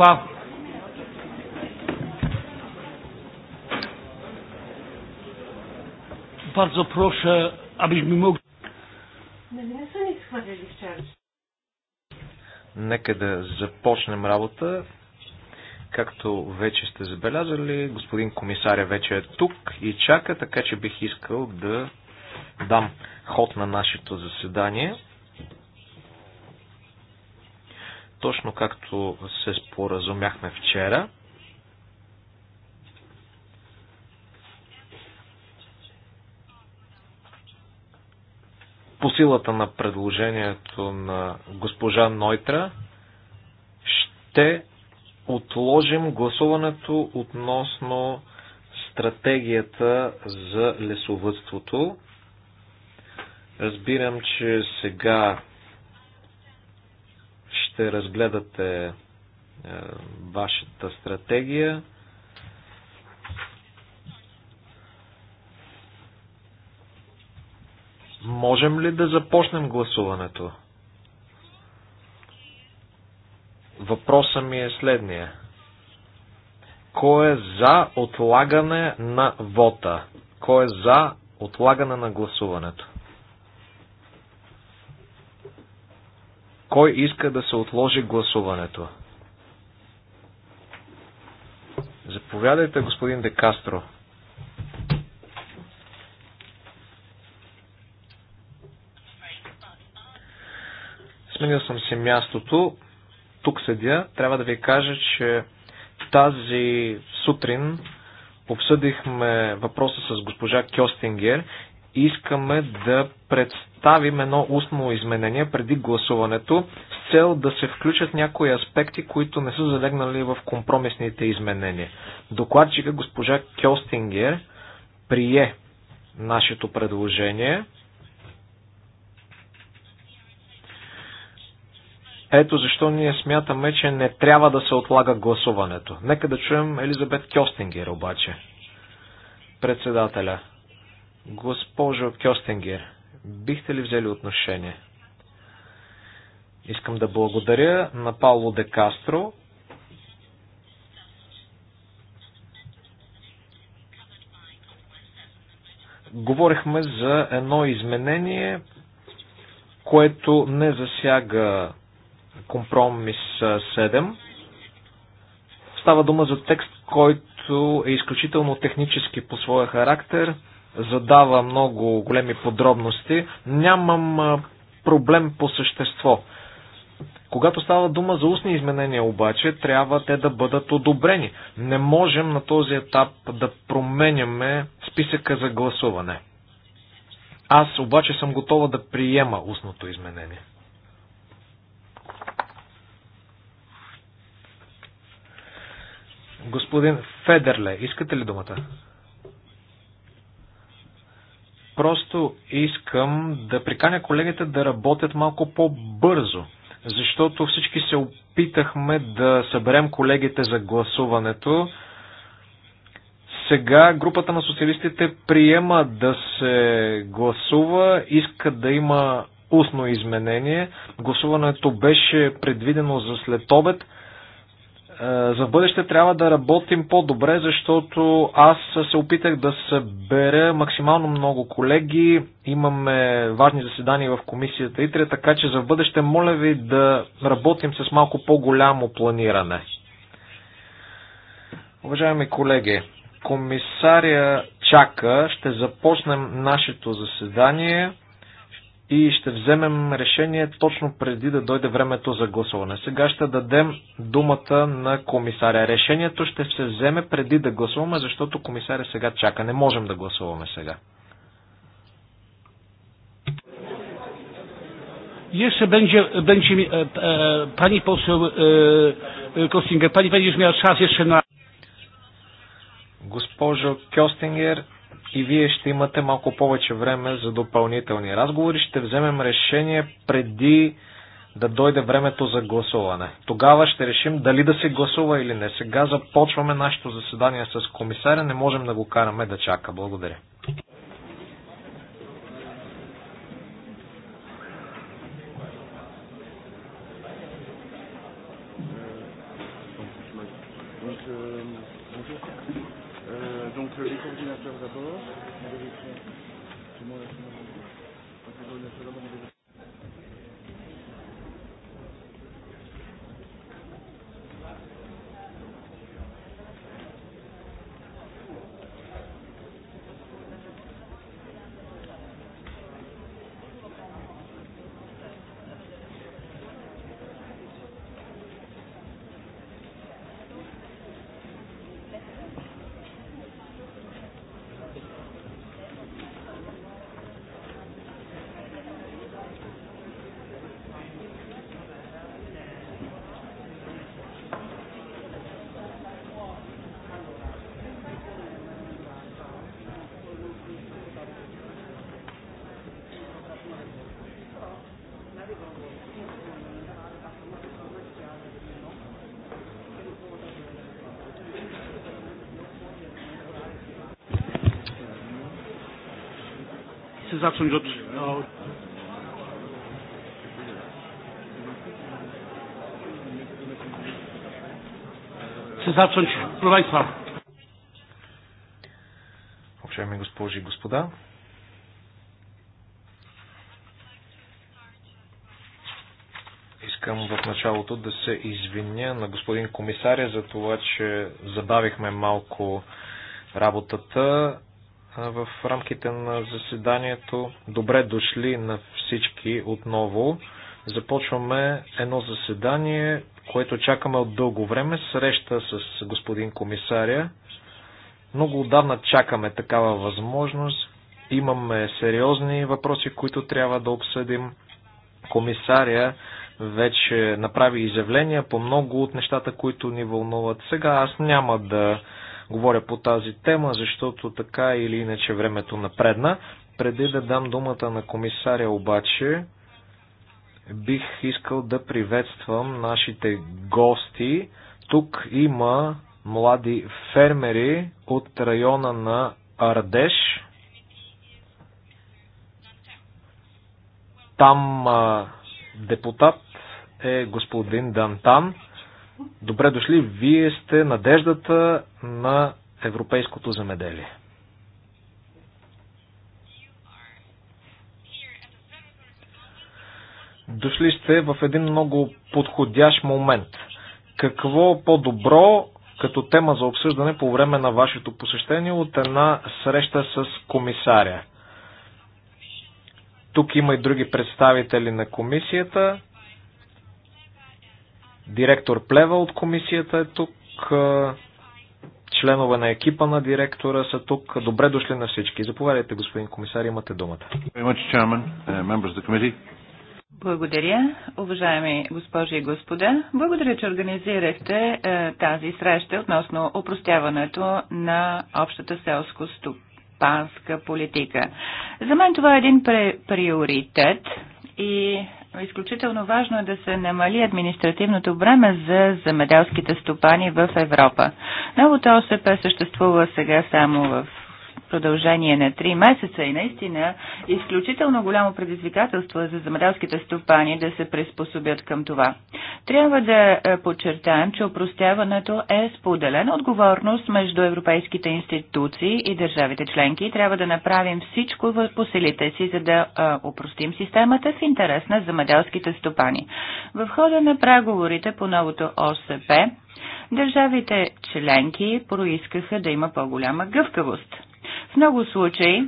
Па. Bardzo proszę, abyśmy mogli. Нека да започнем работа. Както вече сте забелязали, господин комисаря вече е тук и чака, така че бих искал да дам ход на нашето заседание. точно както се споразумяхме вчера. По силата на предложението на госпожа Нойтра ще отложим гласуването относно стратегията за лесовътството. Разбирам, че сега ще разгледате е, вашата стратегия. Можем ли да започнем гласуването? Въпросът ми е следния. Кой е за отлагане на вота? Кой е за отлагане на гласуването? Кой иска да се отложи гласуването? Заповядайте, господин Де Кастро. Сменил съм си мястото. Тук седя. Трябва да ви кажа, че тази сутрин обсъдихме въпроса с госпожа Кьостингер искаме да представим едно устно изменение преди гласуването с цел да се включат някои аспекти, които не са залегнали в компромисните изменения. Докладчика госпожа Кьостингер прие нашето предложение. Ето защо ние смятаме, че не трябва да се отлага гласуването. Нека да чуем Елизабет Кьостингер обаче. Председателя. Госпожо Кьостенгер, бихте ли взели отношение? Искам да благодаря на Пауло де Кастро. Говорихме за едно изменение, което не засяга компромис 7. Става дума за текст, който е изключително технически по своя характер – задава много големи подробности. Нямам проблем по същество. Когато става дума за устни изменения обаче, трябва те да бъдат одобрени. Не можем на този етап да променяме списъка за гласуване. Аз обаче съм готова да приема устното изменение. Господин Федерле, искате ли думата? Просто искам да приканя колегите да работят малко по-бързо, защото всички се опитахме да съберем колегите за гласуването. Сега групата на социалистите приема да се гласува, иска да има устно изменение. Гласуването беше предвидено за след обед. Е, за бъдеще трябва да работим по-добре, защото аз се опитах да събера максимално много колеги. Имаме важни заседания в комисията ИТРЕ, така че за бъдеще моля ви да работим с малко по-голямо планиране. Уважаеми колеги, комисаря чака, ще започнем нашето заседание и ще вземем решение точно преди да дойде времето за гласуване. Сега ще дадем думата на комисаря. Решението ще се вземе преди да гласуваме, защото комисаря сега чака. Не можем да гласуваме сега. Jeszcze będzie, będzie e, e, pani poseł e, e, Kostinger, pani będzie miała czas jeszcze na... Госпожо Кьостингер, и вие ще имате малко повече време за допълнителни разговори. Ще вземем решение преди да дойде времето за гласуване. Тогава ще решим дали да се гласува или не. Сега започваме нашето заседание с комисаря, не можем да го караме да чака. Благодаря. les coordinateurs d'abord. zacząć od... Chcę zacząć, proszę Państwa. Уважаеми госпожи и господа, искам в началото да се извиня на господин комисаря за това, че забавихме малко работата в рамките на заседанието. Добре дошли на всички отново. Започваме едно заседание, което чакаме от дълго време. Среща с господин комисаря. Много отдавна чакаме такава възможност. Имаме сериозни въпроси, които трябва да обсъдим. Комисаря вече направи изявления по много от нещата, които ни вълнуват. Сега аз няма да говоря по тази тема, защото така или иначе времето напредна. Преди да дам думата на комисаря обаче, бих искал да приветствам нашите гости. Тук има млади фермери от района на Ардеш. Там а, депутат е господин Дантан. Добре дошли, вие сте надеждата на европейското земеделие. Дошли сте в един много подходящ момент. Какво по-добро като тема за обсъждане по време на вашето посещение от една среща с комисаря? Тук има и други представители на комисията. Директор Плева от комисията е тук. Членове на екипа на директора са тук. Добре дошли на всички. Заповядайте, господин комисар, имате думата. Uh, Благодаря, уважаеми госпожи и господа. Благодаря, че организирахте е, тази среща относно упростяването на общата селско-стопанска политика. За мен това е един приоритет и Изключително важно е да се намали административното бреме за земеделските стопани в Европа. Новото ОСП съществува сега само в продължение на три месеца и наистина изключително голямо предизвикателство за замеделските стопани да се приспособят към това. Трябва да е, подчертаем, че опростяването е споделена отговорност между европейските институции и държавите членки и трябва да направим всичко в посилите си, за да опростим е, системата в интерес на замеделските стопани. В хода на преговорите по новото ОСП Държавите членки проискаха да има по-голяма гъвкавост. В много случаи,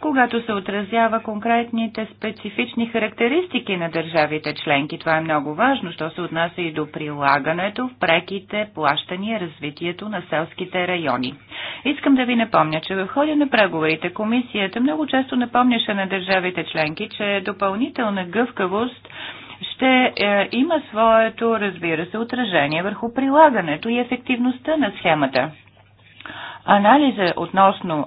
когато се отразява конкретните специфични характеристики на държавите членки, това е много важно, що се отнася и до прилагането в преките плащания развитието на селските райони. Искам да ви напомня, че в хода на преговорите комисията много често напомняше на държавите членки, че допълнителна гъвкавост ще е, има своето, разбира се, отражение върху прилагането и ефективността на схемата. Анализа относно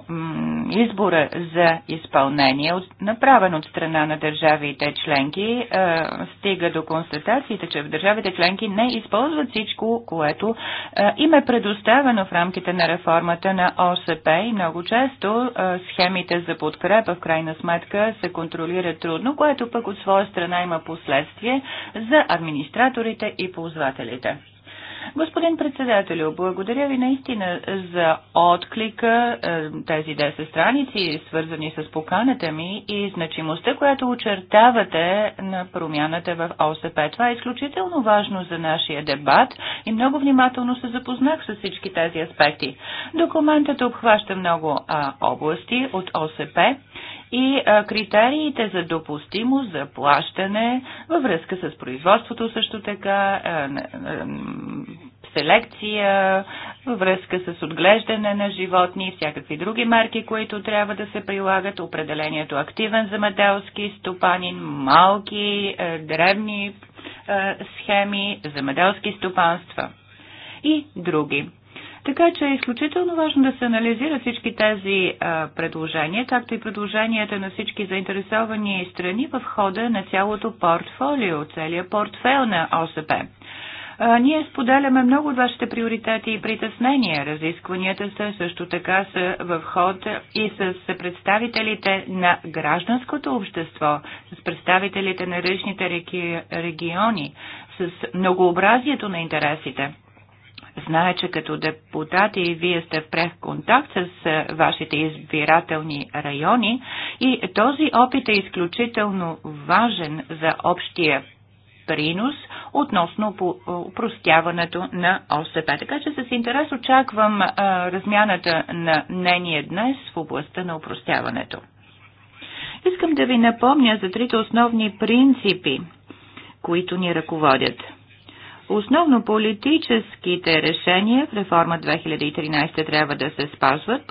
избора за изпълнение, направен от страна на държавите членки, е, стига до констатациите, че в държавите членки не използват всичко, което е, им е предоставено в рамките на реформата на ОСП и много често е, схемите за подкрепа в крайна сметка се контролират трудно, което пък от своя страна има последствие за администраторите и ползвателите. Господин председателю, благодаря ви наистина за отклика е, тези 10 страници, свързани с поканата ми и значимостта, която очертавате на промяната в ОСП. Това е изключително важно за нашия дебат и много внимателно се запознах с всички тези аспекти. Документът обхваща много а, области от ОСП и критериите за допустимост за плащане във връзка с производството също така, селекция, във връзка с отглеждане на животни и всякакви други мерки, които трябва да се прилагат, определението активен замеделски стопанин, малки, древни схеми, замеделски стопанства и други. Така че е изключително важно да се анализират всички тези а, предложения, както и предложенията на всички заинтересовани страни в хода на цялото портфолио, целият портфел на ОСП. А, ние споделяме много от вашите приоритети и притеснения. Разискванията са също така са в ход и с представителите на гражданското общество, с представителите на различните реки, региони, с многообразието на интересите. Знае, че като депутати вие сте в прех контакт с вашите избирателни райони и този опит е изключително важен за общия принос относно упростяването на ОСП. Така че с интерес очаквам а, размяната на мнение днес в областта на упростяването. Искам да ви напомня за трите основни принципи, които ни ръководят – Основно политическите решения в реформа 2013 трябва да се спазват.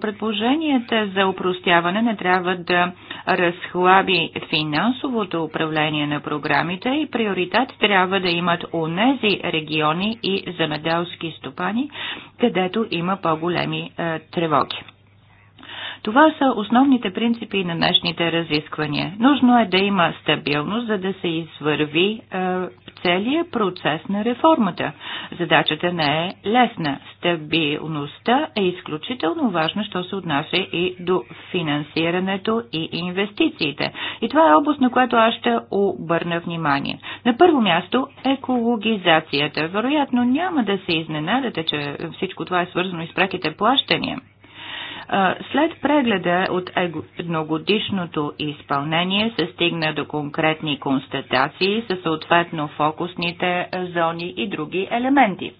Предположенията за упростяване не трябва да разхлаби финансовото управление на програмите и приоритет трябва да имат унези региони и земеделски стопани, където има по-големи е, тревоги. Това са основните принципи на днешните разисквания. Нужно е да има стабилност, за да се извърви е, целият процес на реформата. Задачата не е лесна. Стабилността е изключително важна, що се отнася и до финансирането и инвестициите. И това е област, на която аз ще обърна внимание. На първо място екологизацията. Вероятно няма да се изненадате, че всичко това е свързано и с преките плащания. След прегледа от едногодишното изпълнение се стигна до конкретни констатации със съответно фокусните зони и други елементи.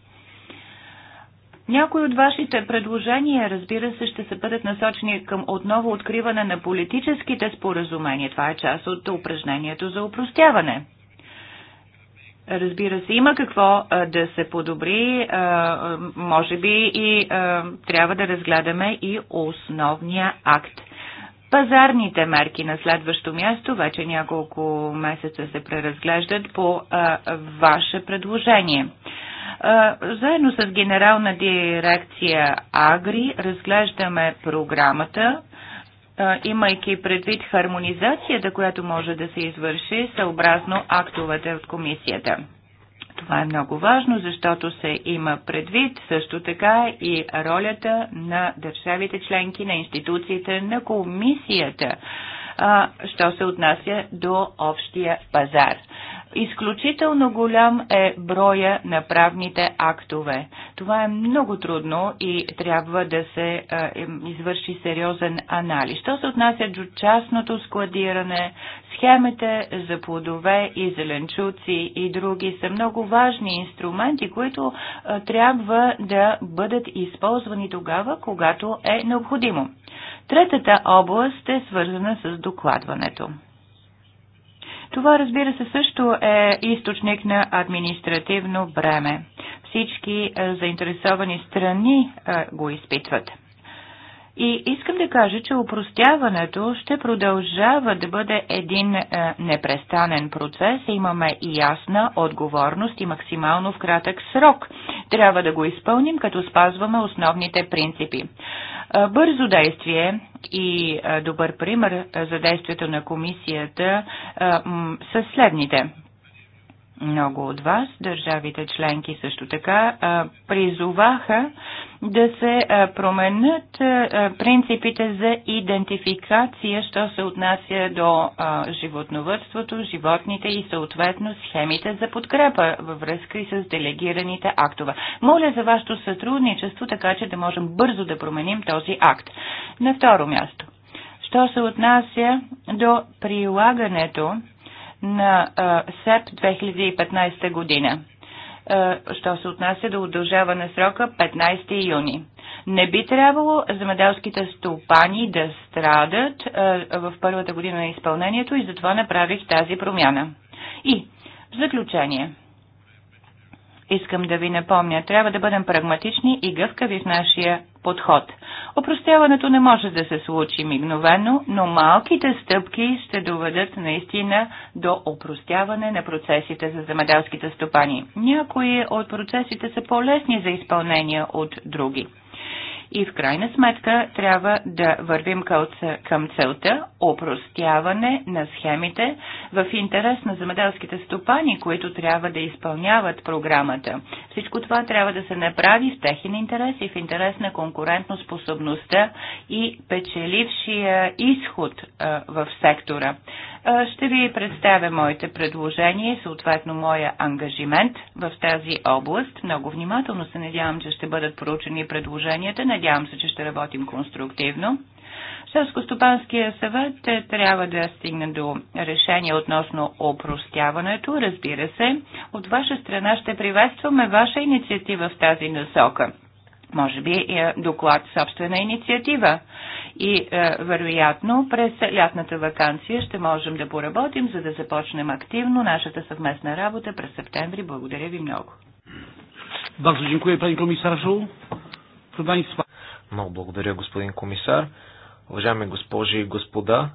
Някои от вашите предложения, разбира се, ще се бъдат насочени към отново откриване на политическите споразумения. Това е част от упражнението за упростяване – Разбира се, има какво да се подобри. Може би и трябва да разгледаме и основния акт. Пазарните мерки на следващо място вече няколко месеца се преразглеждат по ваше предложение. заедно с Генерална дирекция Агри разглеждаме програмата имайки предвид хармонизацията, която може да се извърши съобразно актовете от комисията. Това е много важно, защото се има предвид също така и ролята на държавите членки, на институциите, на комисията, що се отнася до общия пазар. Изключително голям е броя на правните актове. Това е много трудно и трябва да се а, извърши сериозен анализ. Що се отнася до частното складиране, схемите за плодове и зеленчуци и други са много важни инструменти, които а, трябва да бъдат използвани тогава, когато е необходимо. Третата област е свързана с докладването. Това, разбира се, също е източник на административно бреме. Всички е, заинтересовани страни е, го изпитват. И искам да кажа, че упростяването ще продължава да бъде един е, непрестанен процес. Имаме и ясна отговорност и максимално в кратък срок. Трябва да го изпълним, като спазваме основните принципи. Е, бързо действие и добър пример за действието на комисията са следните много от вас, държавите членки също така, призоваха да се променят принципите за идентификация, що се отнася до животновътството, животните и съответно схемите за подкрепа във връзка и с делегираните актове. Моля за вашето сътрудничество, така че да можем бързо да променим този акт. На второ място. Що се отнася до прилагането на СЕП 2015 година що се отнася до удължаване срока 15 юни. Не би трябвало земеделските стопани да страдат в първата година на изпълнението и затова направих тази промяна. И в заключение, искам да ви напомня, трябва да бъдем прагматични и гъвкави в нашия подход. Опростяването не може да се случи мигновено, но малките стъпки ще доведат наистина до опростяване на процесите за земеделските стопани. Някои от процесите са по-лесни за изпълнение от други. И в крайна сметка трябва да вървим към целта опростяване на схемите в интерес на земеделските стопани, които трябва да изпълняват програмата. Всичко това трябва да се направи в техен интерес и в интерес на конкурентоспособността и печелившия изход в сектора ще ви представя моите предложения и съответно моя ангажимент в тази област. Много внимателно се надявам, че ще бъдат проучени предложенията. Надявам се, че ще работим конструктивно. Селско-стопанския съвет трябва да стигне до решение относно опростяването. Разбира се, от ваша страна ще приветстваме ваша инициатива в тази насока. Може би е доклад собствена инициатива и е, вероятно през лятната вакансия ще можем да поработим, за да започнем активно нашата съвместна работа през септември. Благодаря ви много. Много благодаря, господин комисар. Уважаеми госпожи и господа,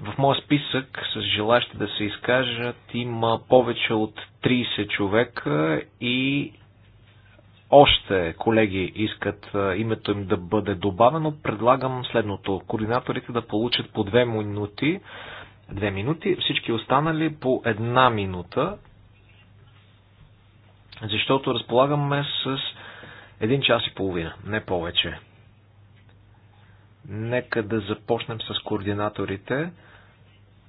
в моя списък с желащи да се изкажат има повече от 30 човека и още колеги искат името им да бъде добавено, предлагам следното. Координаторите да получат по две минути, две минути, всички останали по една минута, защото разполагаме с един час и половина, не повече. Нека да започнем с координаторите.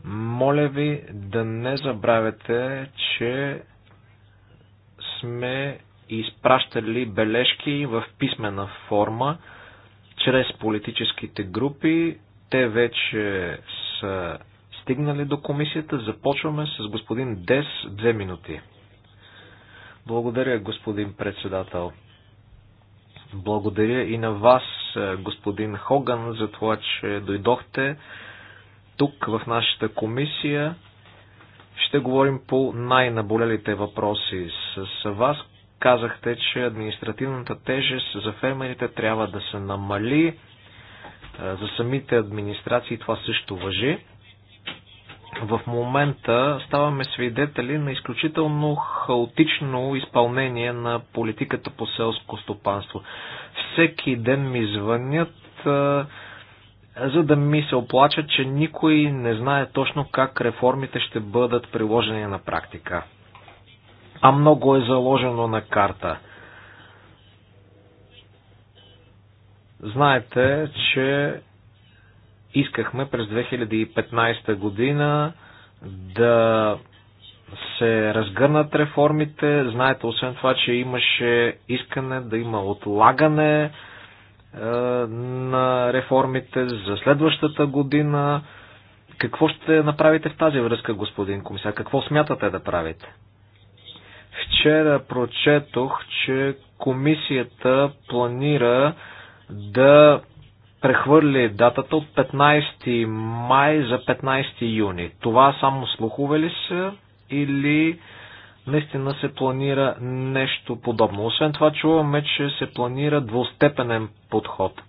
Моля ви да не забравяте, че сме изпращали бележки в писмена форма чрез политическите групи. Те вече са стигнали до комисията. Започваме с господин Дес. Две минути. Благодаря, господин председател. Благодаря и на вас, господин Хоган, за това, че дойдохте тук в нашата комисия. Ще говорим по най-наболелите въпроси с вас казахте, че административната тежест за фермерите трябва да се намали. Е, за самите администрации това също въжи. В момента ставаме свидетели на изключително хаотично изпълнение на политиката по селско стопанство. Всеки ден ми звънят, е, за да ми се оплачат, че никой не знае точно как реформите ще бъдат приложени на практика а много е заложено на карта. Знаете, че искахме през 2015 година да се разгърнат реформите. Знаете, освен това, че имаше искане да има отлагане е, на реформите за следващата година. Какво ще направите в тази връзка, господин комисар? Какво смятате да правите? Вчера прочетох, че комисията планира да прехвърли датата от 15 май за 15 юни. Това само слухове ли са или наистина се планира нещо подобно? Освен това чуваме, че се планира двустепенен подход.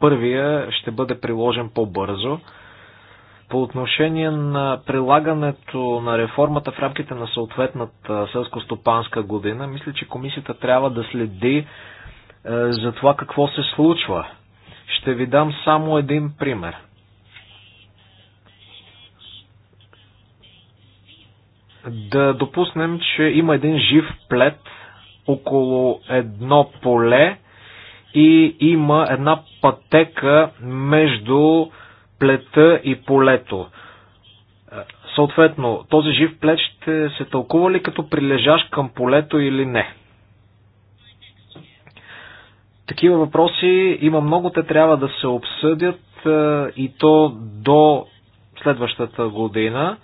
Първия ще бъде приложен по-бързо, по отношение на прилагането на реформата в рамките на съответната селско-стопанска година, мисля, че комисията трябва да следи е, за това какво се случва. Ще ви дам само един пример. Да допуснем, че има един жив плет около едно поле и има една пътека между плета и полето. Е, съответно, този жив плет ще се тълкува ли като прилежащ към полето или не? Такива въпроси има много, те трябва да се обсъдят е, и то до следващата година.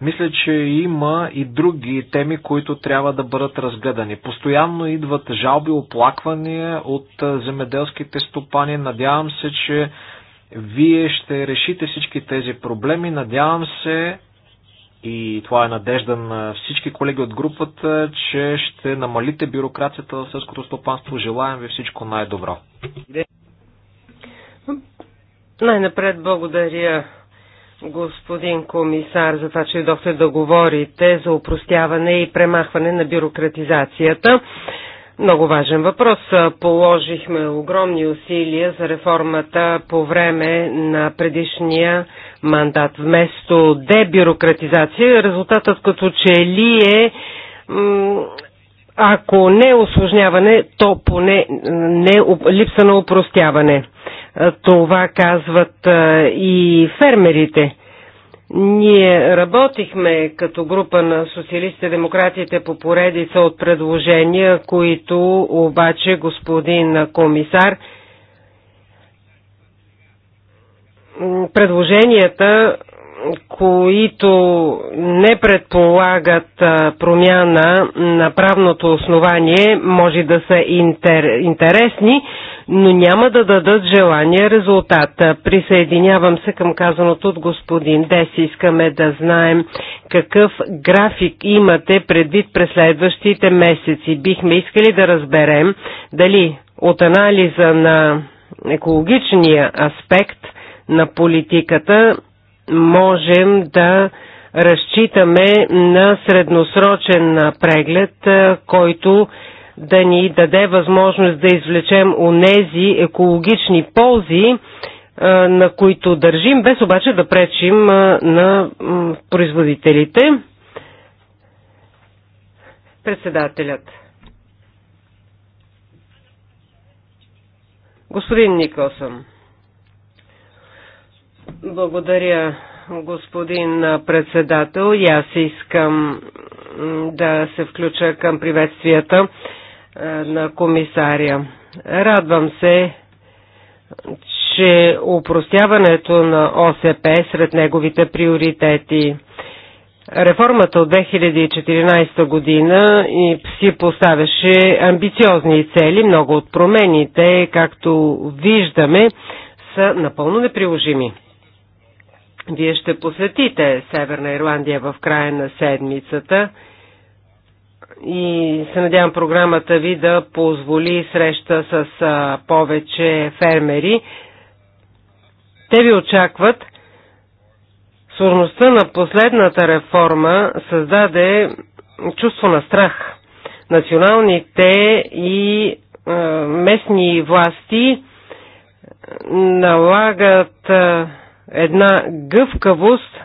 Мисля, че има и други теми, които трябва да бъдат разгледани. Постоянно идват жалби, оплаквания от е, земеделските стопани. Надявам се, че вие ще решите всички тези проблеми. Надявам се и това е надежда на всички колеги от групата, че ще намалите бюрокрацията в сърското стопанство. Желаем ви всичко най-добро. Най-напред благодаря господин комисар за това, че дойдохте да говорите за упростяване и премахване на бюрократизацията. Много важен въпрос. Положихме огромни усилия за реформата по време на предишния мандат. Вместо дебюрократизация, резултатът като че ли е ако не осложняване, то поне не липса на упростяване. Това казват и фермерите. Ние работихме като група на социалистите демократите по поредица от предложения, които обаче господин комисар предложенията които не предполагат промяна на правното основание, може да са интер, интересни, но няма да дадат желания резултат. Присъединявам се към казаното от господин Дес. Искаме да знаем какъв график имате предвид през следващите месеци. Бихме искали да разберем дали от анализа на екологичния аспект на политиката можем да разчитаме на средносрочен преглед, който да ни даде възможност да извлечем онези екологични ползи, на които държим, без обаче да пречим на производителите. Председателят. Господин Николсън. Благодаря, господин председател. И аз искам да се включа към приветствията е, на комисаря. Радвам се, че упростяването на ОСП е сред неговите приоритети. Реформата от 2014 година и си поставяше амбициозни цели. Много от промените, както виждаме, са напълно неприложими. Вие ще посетите Северна Ирландия в края на седмицата и се надявам програмата ви да позволи среща с повече фермери. Те ви очакват. Сложността на последната реформа създаде чувство на страх. Националните и местни власти налагат една гъвкавост,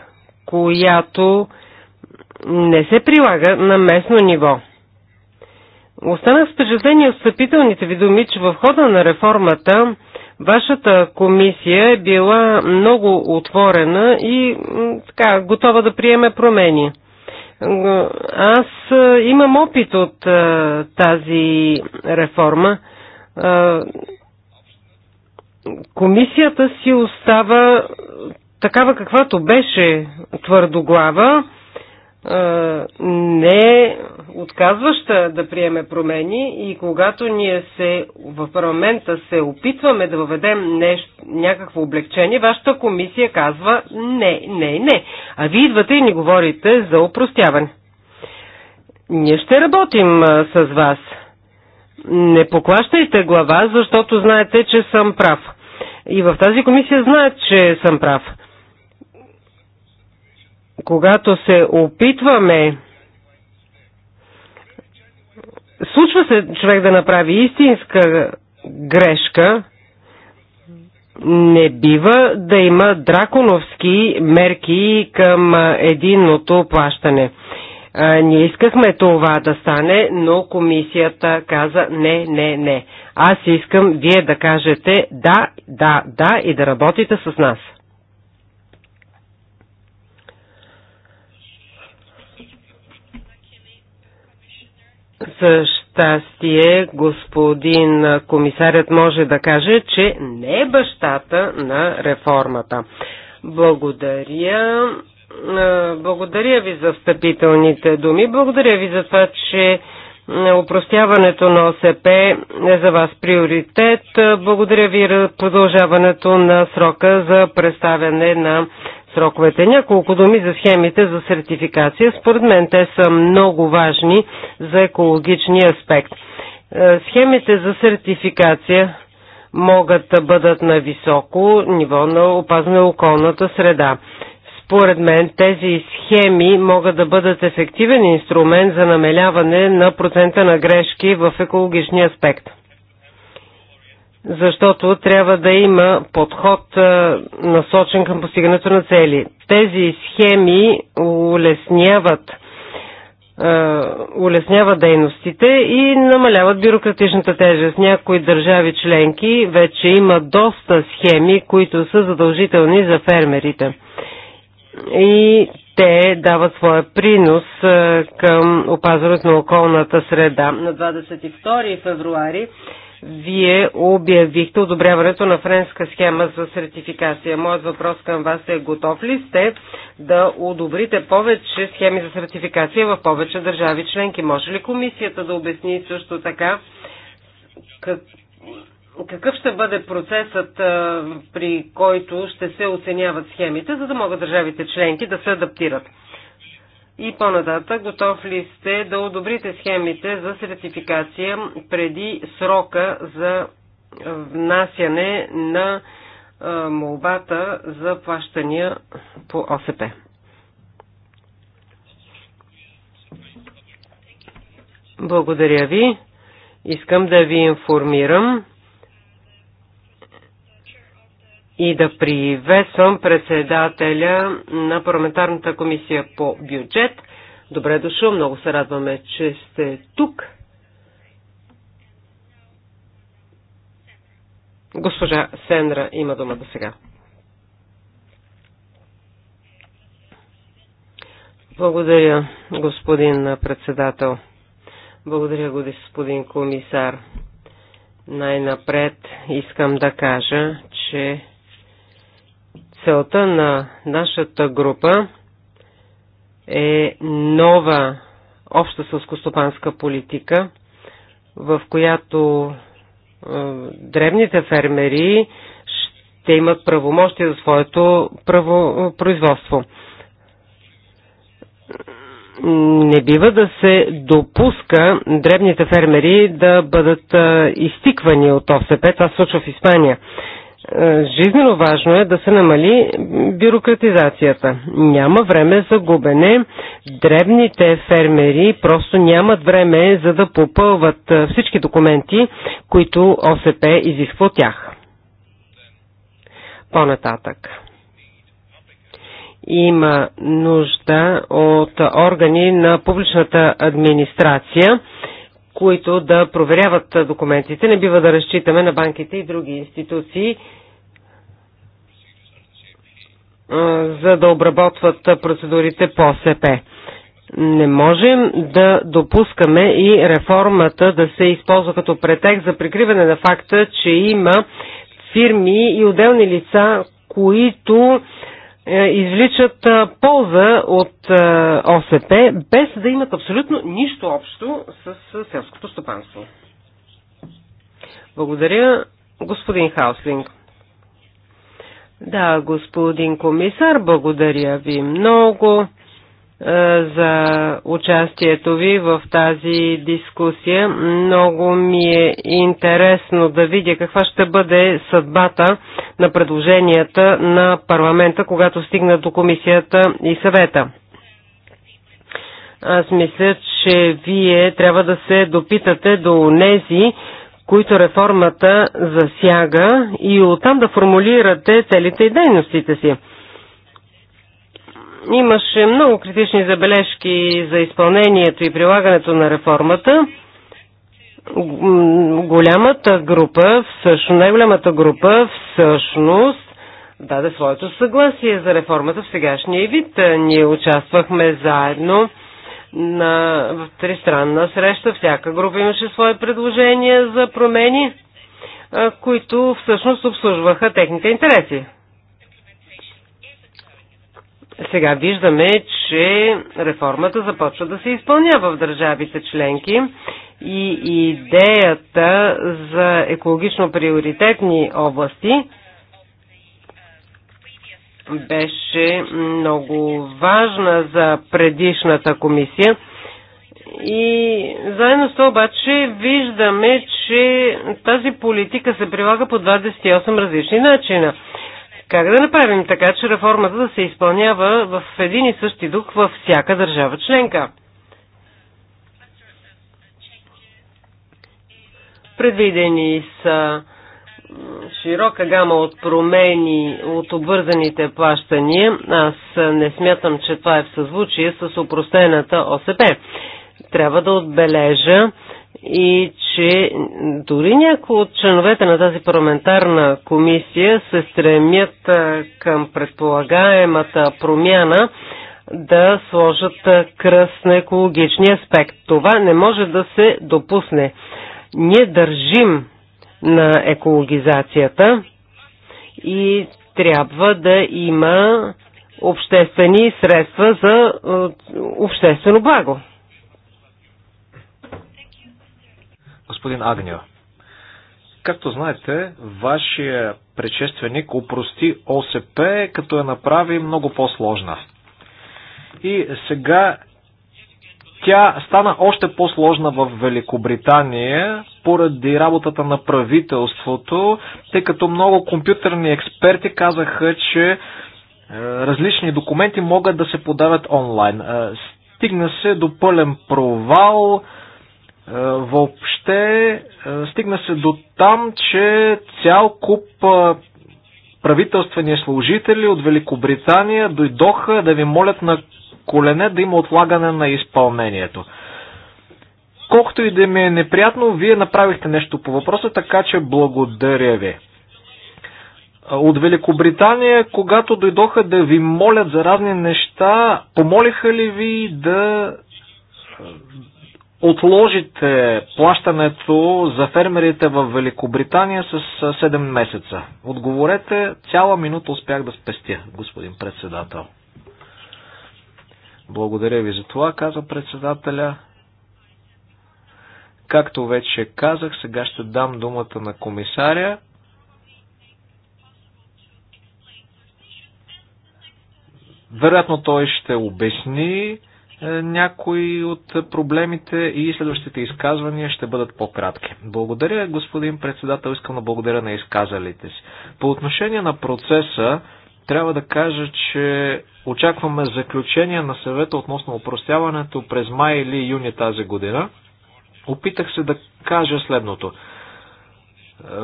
която не се прилага на местно ниво. Останах с впечатление от встъпителните ви думи, че в хода на реформата вашата комисия е била много отворена и така, готова да приеме промени. Аз имам опит от тази реформа комисията си остава е, такава каквато беше твърдоглава, е, не е отказваща да приеме промени и когато ние се в парламента се опитваме да въведем нещо, някакво облегчение, вашата комисия казва не, не, не. А вие идвате и ни говорите за упростяване. Ние ще работим с вас не поклащайте глава, защото знаете, че съм прав. И в тази комисия знаят, че съм прав. Когато се опитваме случва се човек да направи истинска грешка, не бива да има драконовски мерки към единното плащане. Ние искахме това да стане, но комисията каза не, не, не. Аз искам вие да кажете да, да, да и да работите с нас. За щастие, господин комисарят може да каже, че не е бащата на реформата. Благодаря. Благодаря ви за встъпителните думи. Благодаря ви за това, че упростяването на ОСП е за вас приоритет. Благодаря ви за продължаването на срока за представяне на сроковете. Няколко думи за схемите за сертификация. Според мен те са много важни за екологичния аспект. Схемите за сертификация могат да бъдат на високо ниво на опазване околната среда. Според мен тези схеми могат да бъдат ефективен инструмент за намеляване на процента на грешки в екологичния аспект. Защото трябва да има подход насочен към постигането на цели. Тези схеми улесняват улесняват дейностите и намаляват бюрократичната тежест. Някои държави членки вече има доста схеми, които са задължителни за фермерите и те дават своя принос е, към опазването на околната среда. На 22 февруари вие обявихте одобряването на френска схема за сертификация. Моят въпрос към вас е готов ли сте да одобрите повече схеми за сертификация в повече държави членки? Може ли комисията да обясни също така какъв ще бъде процесът, при който ще се оценяват схемите, за да могат държавите членки да се адаптират? И по-нататък, готов ли сте да одобрите схемите за сертификация преди срока за внасяне на молбата за плащания по ОСП? Благодаря ви. Искам да ви информирам, и да приветствам председателя на парламентарната комисия по бюджет. Добре дошъл, много се радваме, че сте тук. Госпожа Сенра има дума до сега. Благодаря, господин председател. Благодаря, господин комисар. Най-напред искам да кажа, че целта на нашата група е нова обща сълскостопанска политика, в която е, древните фермери ще имат правомощи за своето право, е, производство. Не бива да се допуска дребните фермери да бъдат е, изтиквани от ОСП. Това случва в Испания. Е, жизнено важно е да се намали бюрократизацията. Няма време за губене. Дребните фермери просто нямат време за да попълват е, всички документи, които ОСП изисква от тях. По-нататък. Има нужда от органи на публичната администрация, които да проверяват документите. Не бива да разчитаме на банките и други институции за да обработват процедурите по СП. Не можем да допускаме и реформата да се използва като претекст за прикриване на факта, че има фирми и отделни лица, които е, извличат полза от ОСП, без да имат абсолютно нищо общо с селското стопанство. Благодаря, господин Хауслинг. Да, господин комисар, благодаря ви много е, за участието ви в тази дискусия. Много ми е интересно да видя каква ще бъде съдбата на предложенията на парламента, когато стигна до комисията и съвета. Аз мисля, че вие трябва да се допитате до нези, които реформата засяга и оттам да формулирате целите и дейностите си. Имаше много критични забележки за изпълнението и прилагането на реформата. Голямата група, всъщност, най-голямата група, всъщност, даде своето съгласие за реформата в сегашния вид. Ние участвахме заедно на, в тристранна среща. Всяка група имаше свои предложения за промени, които всъщност обслужваха техните интереси. Сега виждаме, че реформата започва да се изпълнява в държавите членки и идеята за екологично приоритетни области – беше много важна за предишната комисия. И заедно с това обаче виждаме, че тази политика се прилага по 28 различни начина. Как да направим така, че реформата да се изпълнява в един и същи дух във всяка държава членка? Предвидени са широка гама от промени от обвързаните плащания. Аз не смятам, че това е в съзвучие с упростената ОСП. Трябва да отбележа и че дори някои от членовете на тази парламентарна комисия се стремят към предполагаемата промяна да сложат кръст на екологичния аспект. Това не може да се допусне. Ние държим на екологизацията и трябва да има обществени средства за е, обществено благо. Господин Агнио, както знаете, вашия предшественик упрости ОСП, като я направи много по-сложна. И сега тя стана още по-сложна в Великобритания поради работата на правителството, тъй като много компютърни експерти казаха, че е, различни документи могат да се подават онлайн. Е, стигна се до пълен провал, е, въобще стигна се до там, че цял куп правителствени служители от Великобритания дойдоха да ви молят на колене, да има отлагане на изпълнението. Колкото и да ми е неприятно, вие направихте нещо по въпроса, така че благодаря ви. От Великобритания, когато дойдоха да ви молят за разни неща, помолиха ли ви да отложите плащането за фермерите в Великобритания с 7 месеца? Отговорете, цяла минута успях да спестя, господин председател. Благодаря ви за това, каза председателя. Както вече казах, сега ще дам думата на комисаря. Вероятно той ще обясни е, някои от проблемите и следващите изказвания ще бъдат по-кратки. Благодаря, господин председател, искам да благодаря на изказалите си. По отношение на процеса, трябва да кажа, че очакваме заключение на съвета относно упростяването през май или юни тази година. Опитах се да кажа следното.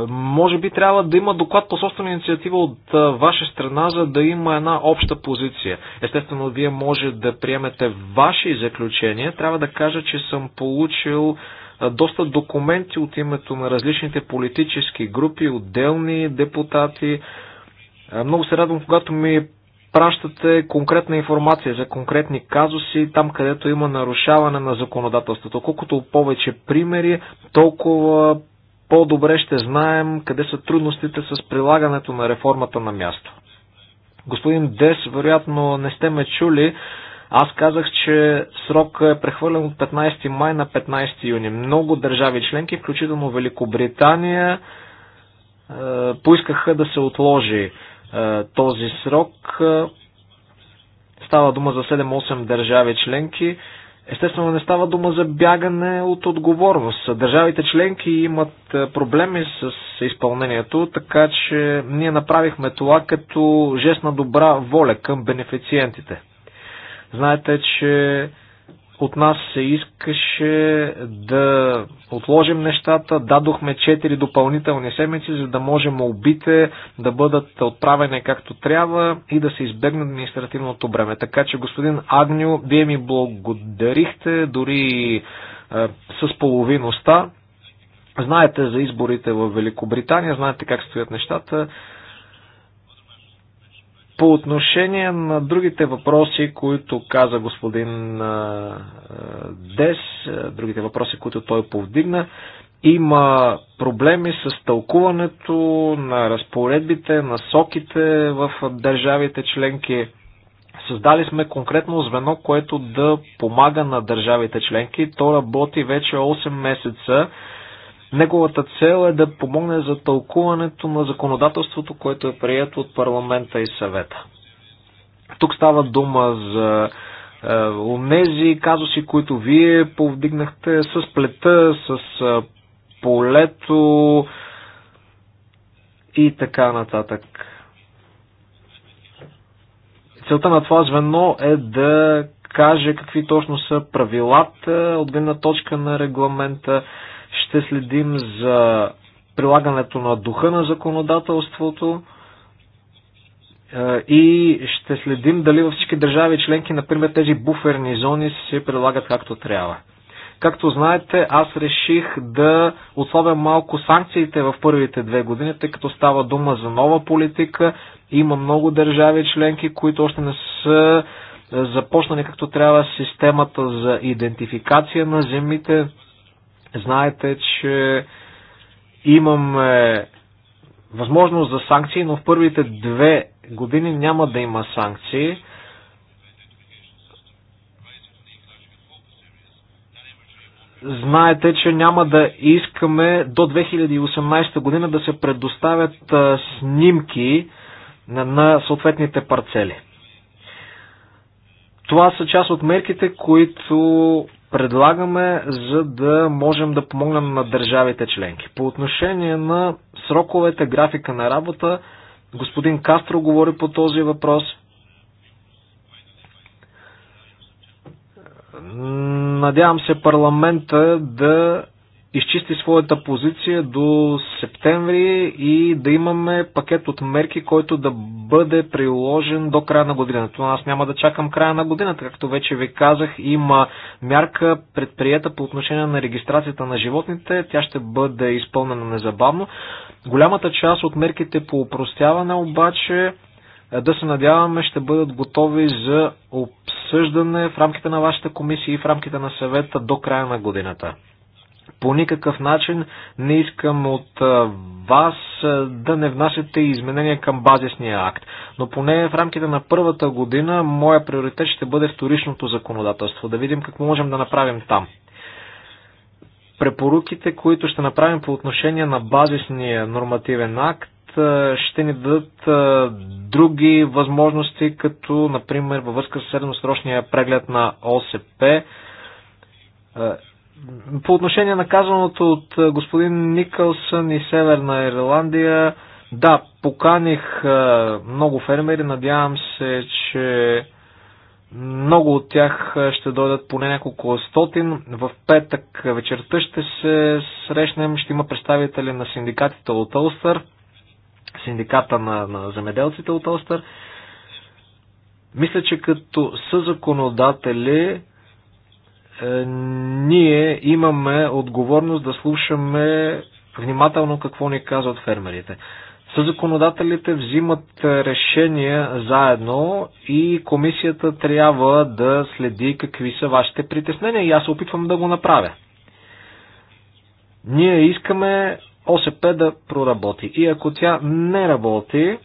Може би трябва да има доклад по собствена инициатива от ваша страна, за да има една обща позиция. Естествено, вие може да приемете ваши заключения. Трябва да кажа, че съм получил доста документи от името на различните политически групи, отделни депутати, много се радвам, когато ми пращате конкретна информация за конкретни казуси, там където има нарушаване на законодателството. Колкото повече примери, толкова по-добре ще знаем къде са трудностите с прилагането на реформата на място. Господин Дес, вероятно не сте ме чули, аз казах, че срок е прехвърлен от 15 май на 15 юни. Много държави членки, включително Великобритания, е, поискаха да се отложи е, този срок. Е, става дума за 7-8 държави членки. Естествено не става дума за бягане от отговорност. Държавите членки имат е, проблеми с изпълнението, така че ние направихме това като жест на добра воля към бенефициентите. Знаете, че от нас се искаше да отложим нещата. Дадохме 4 допълнителни седмици, за да можем убите, да бъдат отправени както трябва и да се избегне административното бреме. Така че, господин Агню, вие ми благодарихте дори е, с половиността. Знаете за изборите в Великобритания, знаете как стоят нещата. По отношение на другите въпроси, които каза господин Дес, другите въпроси, които той повдигна, има проблеми с тълкуването на разпоредбите, насоките в държавите членки. Създали сме конкретно звено, което да помага на държавите членки. То работи вече 8 месеца Неговата цел е да помогне за тълкуването на законодателството, което е прието от парламента и съвета. Тук става дума за е, онези казуси, които вие повдигнахте с плета, с е, полето и така нататък. Целта на това звено е да каже какви точно са правилата от гледна точка на регламента, ще следим за прилагането на духа на законодателството е, и ще следим дали във всички държави членки, например, тези буферни зони се прилагат както трябва. Както знаете, аз реших да отслабя малко санкциите в първите две години, тъй като става дума за нова политика. Има много държави членки, които още не са започнали както трябва системата за идентификация на земите, Знаете, че имаме възможност за санкции, но в първите две години няма да има санкции. Знаете, че няма да искаме до 2018 година да се предоставят снимки на съответните парцели. Това са част от мерките, които предлагаме, за да можем да помогнем на държавите членки. По отношение на сроковете, графика на работа, господин Кастро говори по този въпрос. Надявам се парламента да изчисти своята позиция до септември и да имаме пакет от мерки, който да бъде приложен до края на годината. Аз няма да чакам края на годината. Както вече ви казах, има мярка предприета по отношение на регистрацията на животните. Тя ще бъде изпълнена незабавно. Голямата част от мерките по упростяване обаче е, да се надяваме ще бъдат готови за обсъждане в рамките на вашата комисия и в рамките на съвета до края на годината. По никакъв начин не искам от вас да не внасяте изменения към базисния акт. Но поне в рамките на първата година моя приоритет ще бъде вторичното законодателство. Да видим какво можем да направим там Препоруките, които ще направим по отношение на базисния нормативен акт, ще ни дадат други възможности, като например във връзка с средносрочния преглед на ОСП по отношение на казаното от господин Никълсън и Северна Ирландия, да, поканих много фермери, надявам се, че много от тях ще дойдат поне няколко стотин. В петък вечерта ще се срещнем, ще има представители на синдикатите от Олстър, синдиката на, на земеделците от Олстър. Мисля, че като съзаконодатели е, ние имаме отговорност да слушаме внимателно какво ни казват фермерите. Съзаконодателите взимат решения заедно и комисията трябва да следи какви са вашите притеснения и аз се опитвам да го направя. Ние искаме ОСП да проработи и ако тя не работи, е,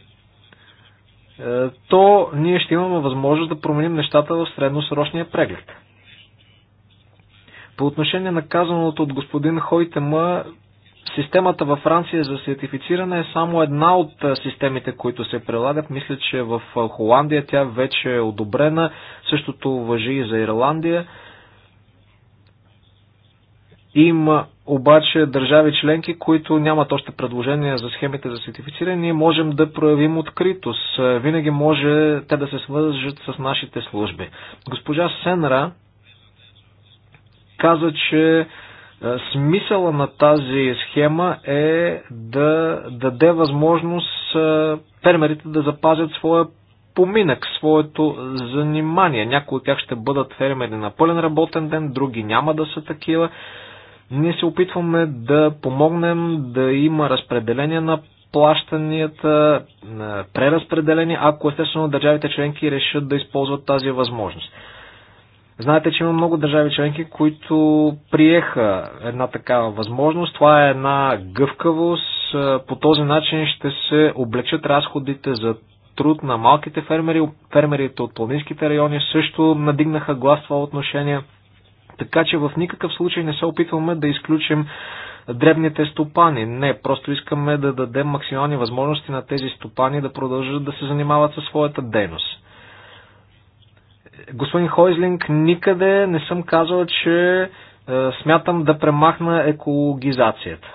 то ние ще имаме възможност да променим нещата в средносрочния преглед. По отношение на казаното от господин Хойтема, системата във Франция за сертифициране е само една от системите, които се прилагат. Мисля, че в Холандия тя вече е одобрена. Същото въжи и за Ирландия. Има обаче държави членки, които нямат още предложения за схемите за сертифициране. Ние можем да проявим откритост. Винаги може те да се свържат с нашите служби. Госпожа Сенра каза, че е, смисъла на тази схема е да даде възможност е, фермерите да запазят своя поминък, своето занимание. Някои от тях ще бъдат фермери на пълен работен ден, други няма да са такива. Ние се опитваме да помогнем да има разпределение на плащанията, преразпределение, ако естествено държавите членки решат да използват тази възможност. Знаете, че има много държави членки, които приеха една такава възможност. Това е една гъвкавост. Е, по този начин ще се облегчат разходите за труд на малките фермери. Фермерите от планинските райони също надигнаха глас това отношение. Така че в никакъв случай не се опитваме да изключим дребните стопани. Не, просто искаме да дадем максимални възможности на тези стопани да продължат да се занимават със своята дейност господин Хойзлинг, никъде не съм казал, че е, смятам да премахна екологизацията.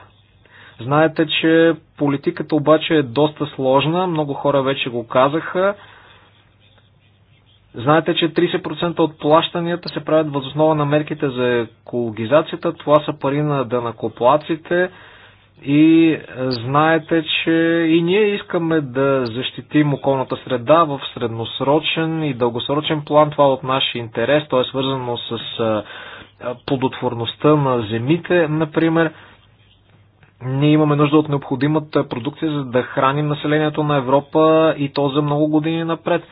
Знаете, че политиката обаче е доста сложна, много хора вече го казаха. Знаете, че 30% от плащанията се правят възоснова на мерките за екологизацията. Това са пари на данакоплаците. И е, знаете, че и ние искаме да защитим околната среда в средносрочен и дългосрочен план. Това е от нашия интерес, то е свързано с е, плодотворността на земите, например. Ние имаме нужда от необходимата продукция, за да храним населението на Европа и то за много години напред.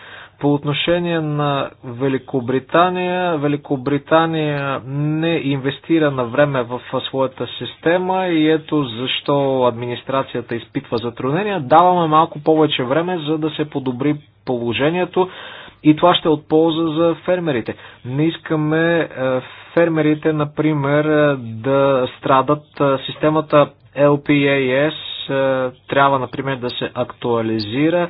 По отношение на Великобритания, Великобритания не инвестира на време в своята система и ето защо администрацията изпитва затруднения. Даваме малко повече време, за да се подобри положението и това ще е от полза за фермерите. Не искаме е, фермерите, например, е, да страдат. Е, системата LPAS трябва, например, да се актуализира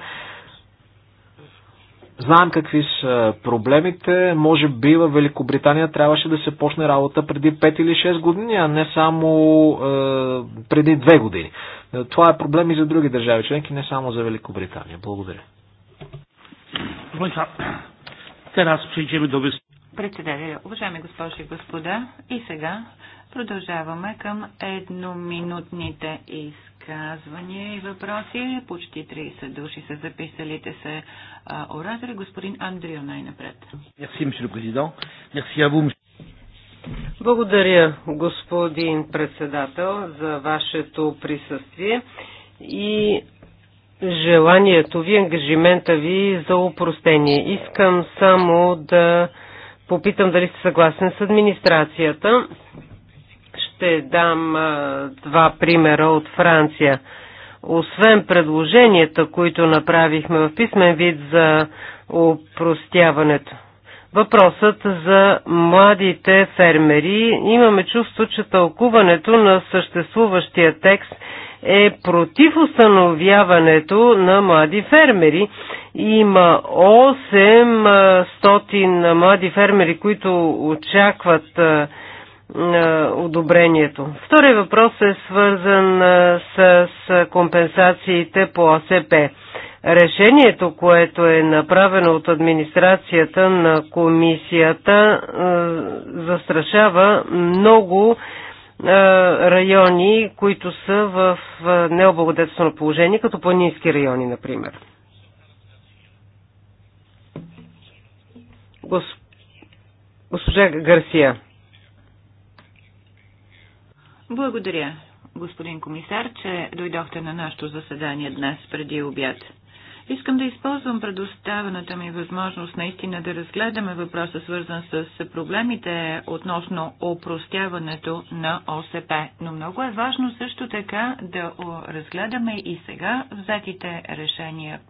Знаем какви са проблемите. Може би в Великобритания трябваше да се почне работа преди 5 или 6 години, а не само е, преди 2 години. Е, това е проблем и за други държави членки, не само за Великобритания. Благодаря. Председателя, уважаеми госпожи и господа, и сега продължаваме към едноминутните изказвания и въпроси. Почти 30 души са записалите се оратори, господин Андрио най-напред. Благодаря, господин председател, за вашето присъствие и желанието ви, ангажимента ви за упростение. Искам само да попитам дали сте съгласен с администрацията. Ще дам а, два примера от Франция освен предложенията, които направихме в писмен вид за упростяването. Въпросът за младите фермери. Имаме чувство, че тълкуването на съществуващия текст е против установяването на млади фермери. Има 800 млади фермери, които очакват одобрението. Втория въпрос е свързан с компенсациите по АСП. Решението, което е направено от администрацията на комисията, застрашава много райони, които са в необлагодетелствено положение, като планински райони, например. Госпожа Гарсия. Благодаря, господин комисар, че дойдохте на нашето заседание днес преди обяд. Искам да използвам предоставената ми възможност наистина да разгледаме въпроса, свързан с проблемите относно опростяването на ОСП. Но много е важно също така да разгледаме и сега взетите решения,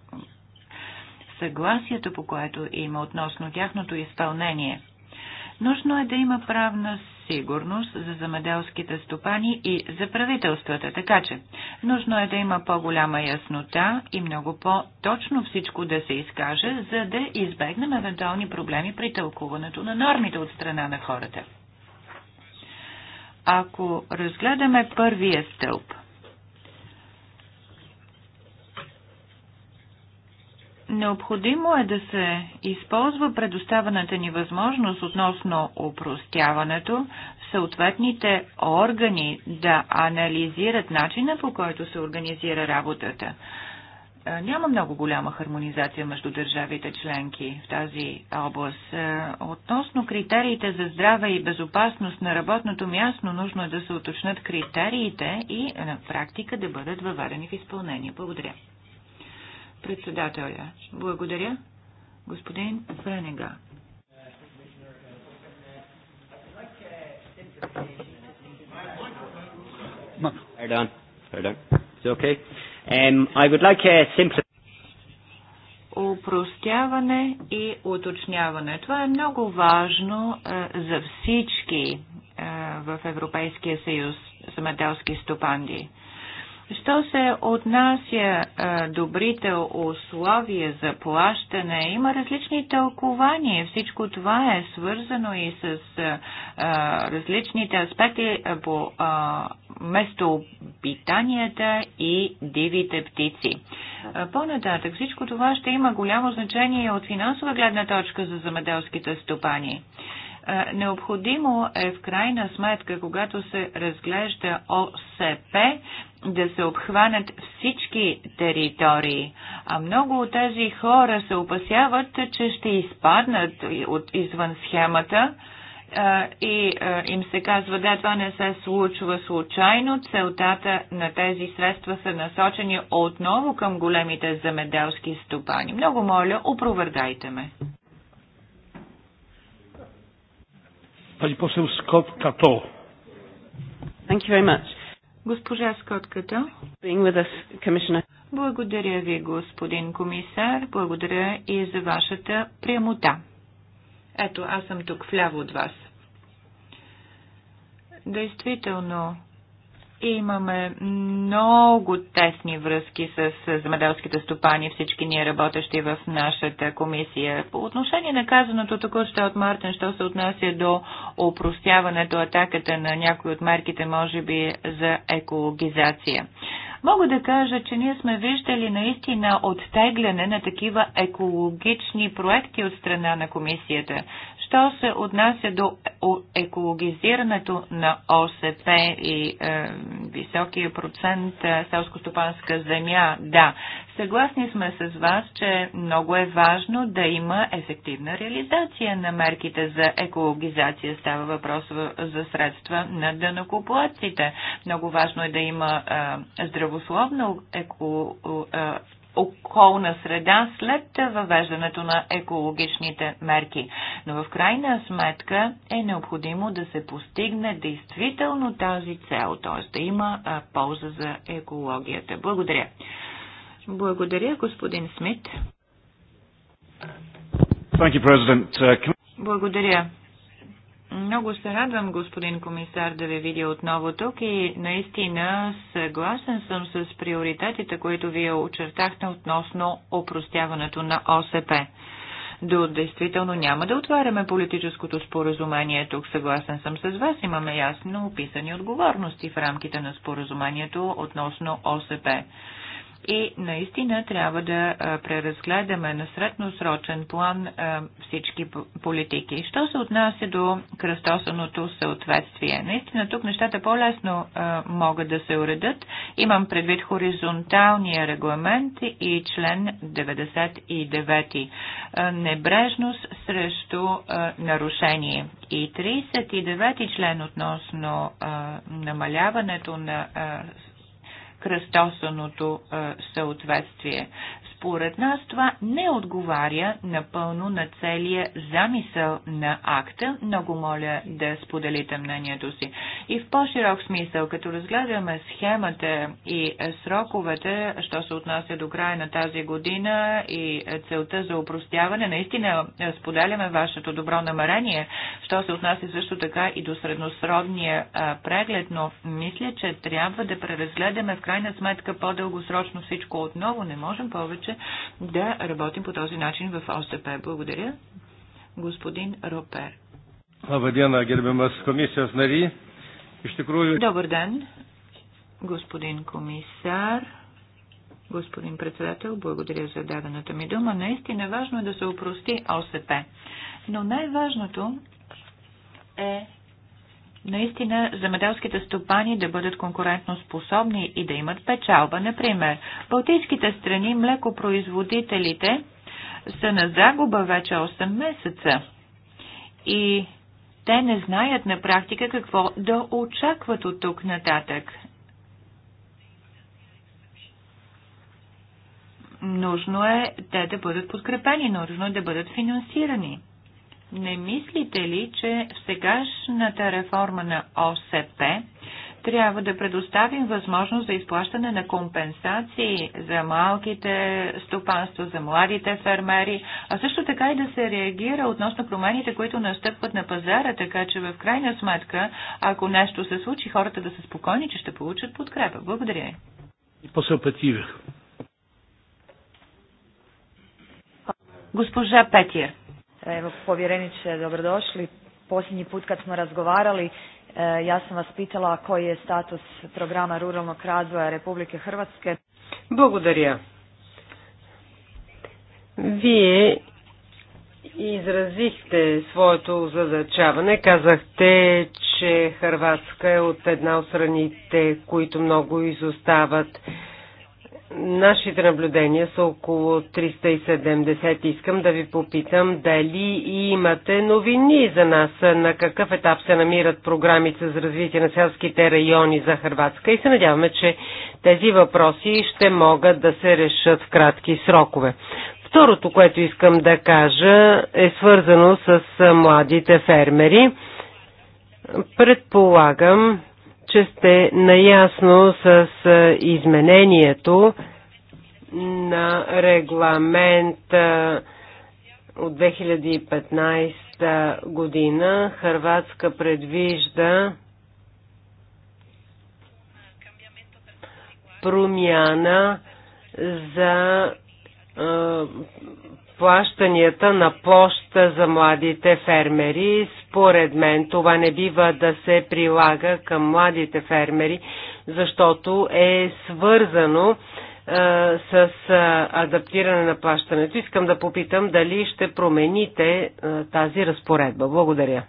съгласието по което има относно тяхното изпълнение. Нужно е да има правна сигурност за замеделските стопани и за правителствата. Така че, нужно е да има по-голяма яснота и много по-точно всичко да се изкаже, за да избегнем евентуални проблеми при тълкуването на нормите от страна на хората. Ако разгледаме първия стълб – Необходимо е да се използва предоставената ни възможност относно упростяването, съответните органи да анализират начина по който се организира работата. Е, няма много голяма хармонизация между държавите членки в тази област. Е, относно критериите за здраве и безопасност на работното място, нужно е да се уточнят критериите и е, на практика да бъдат въведени в изпълнение. Благодаря. Председателя. Благодаря. Господин Френега. Опростяване um, uh, Упростяване и уточняване. Това е много важно е, за всички е, в Европейския съюз земеделски стопанди. Що се отнася а, добрите условия за плащане, има различни тълкования. Всичко това е свързано и с а, различните аспекти по а, местообитанията и дивите птици. По-нататък всичко това ще има голямо значение от финансова гледна точка за замеделските стопани. Е, необходимо е в крайна сметка, когато се разглежда ОСП, да се обхванат всички територии. А много от тези хора се опасяват, че ще изпаднат от извън схемата е, и е, им се казва, да, това не се случва случайно. Целтата на тези средства са насочени отново към големите земеделски стопани. Много моля, опровергайте ме. Pani poseł Scott Cato. Thank you very much. Госпожа Скот Като. Being with us, Commissioner. Благодаря ви, господин комисар. Благодаря и за вашата прямота. Ето, аз съм тук вляво от вас. Действително, Имаме много тесни връзки с земеделските стопани, всички ние работещи в нашата комисия. По отношение на казаното току-що от Мартин, що се отнася до опростяването, атаката на някои от мерките, може би, за екологизация. Мога да кажа, че ние сме виждали наистина оттегляне на такива екологични проекти от страна на комисията. Що се отнася до екологизирането на ОСП и е, високия процент е, селско-стопанска земя, да, Съгласни сме с вас, че много е важно да има ефективна реализация на мерките за екологизация. Става въпрос за средства на дънокоплаците. Много важно е да има здравословна еко, околна среда след въвеждането на екологичните мерки. Но в крайна сметка е необходимо да се постигне действително тази цел, т.е. да има полза за екологията. Благодаря. Благодаря, господин Смит. Thank you, President. Uh, Благодаря. Много се радвам, господин комисар, да ви видя отново тук и наистина съгласен съм с приоритетите, които вие очертахте относно опростяването на ОСП. До действително няма да отваряме политическото споразумение. Тук съгласен съм с вас. Имаме ясно описани отговорности в рамките на споразумението относно ОСП и наистина трябва да преразгледаме на средносрочен план всички политики. Що се отнася до кръстосаното съответствие? Наистина тук нещата по-лесно могат да се уредят. Имам предвид хоризонталния регламент и член 99. Небрежност срещу нарушение. И 39 член относно намаляването на кръстосаното съответствие. Според нас това не отговаря напълно на целия замисъл на акта. Много моля да споделите мнението си. И в по-широк смисъл, като разгледаме схемата и сроковете, що се отнася до края на тази година и целта за упростяване, наистина споделяме вашето добро намерение, що се отнася също така и до средносродния преглед, но мисля, че трябва да преразгледаме в крайна сметка по-дългосрочно всичко отново. Не можем повече се, да работим по този начин в ОСП. Благодаря. Господин Ропер. Добър ден, господин комисар, господин председател, благодаря за дадената ми дума. Наистина важно е да се опрости ОСП. Но най-важното е наистина земеделските стопани да бъдат конкурентно способни и да имат печалба. Например, Балтийските страни млекопроизводителите са на загуба вече 8 месеца и те не знаят на практика какво да очакват от тук нататък. Нужно е те да бъдат подкрепени, нужно е да бъдат финансирани. Не мислите ли, че в сегашната реформа на ОСП трябва да предоставим възможност за изплащане на компенсации за малките стопанства, за младите фермери, а също така и да се реагира относно промените, които настъпват на пазара, така че в крайна сметка, ако нещо се случи, хората да са спокойни, че ще получат подкрепа. Благодаря ви. Госпожа Петия. Evo, povjereniče, dobrodošli. Posljednji put kad smo razgovarali, ja sam vas pitala koji je status programa ruralnog razvoja Republike Hrvatske. Благодаря. Вие изразихте своето задачаване. Казахте, че Хрватска е от една от страните, които много изостават Нашите наблюдения са около 370. Искам да ви попитам дали имате новини за нас, на какъв етап се намират програмите за развитие на селските райони за Хрватска и се надяваме, че тези въпроси ще могат да се решат в кратки срокове. Второто, което искам да кажа, е свързано с младите фермери. Предполагам, че сте наясно с изменението на регламент от 2015 година. Харватска предвижда промяна за плащанията на площа за младите фермери. Според мен това не бива да се прилага към младите фермери, защото е свързано с адаптиране на плащането. Искам да попитам дали ще промените тази разпоредба. Благодаря.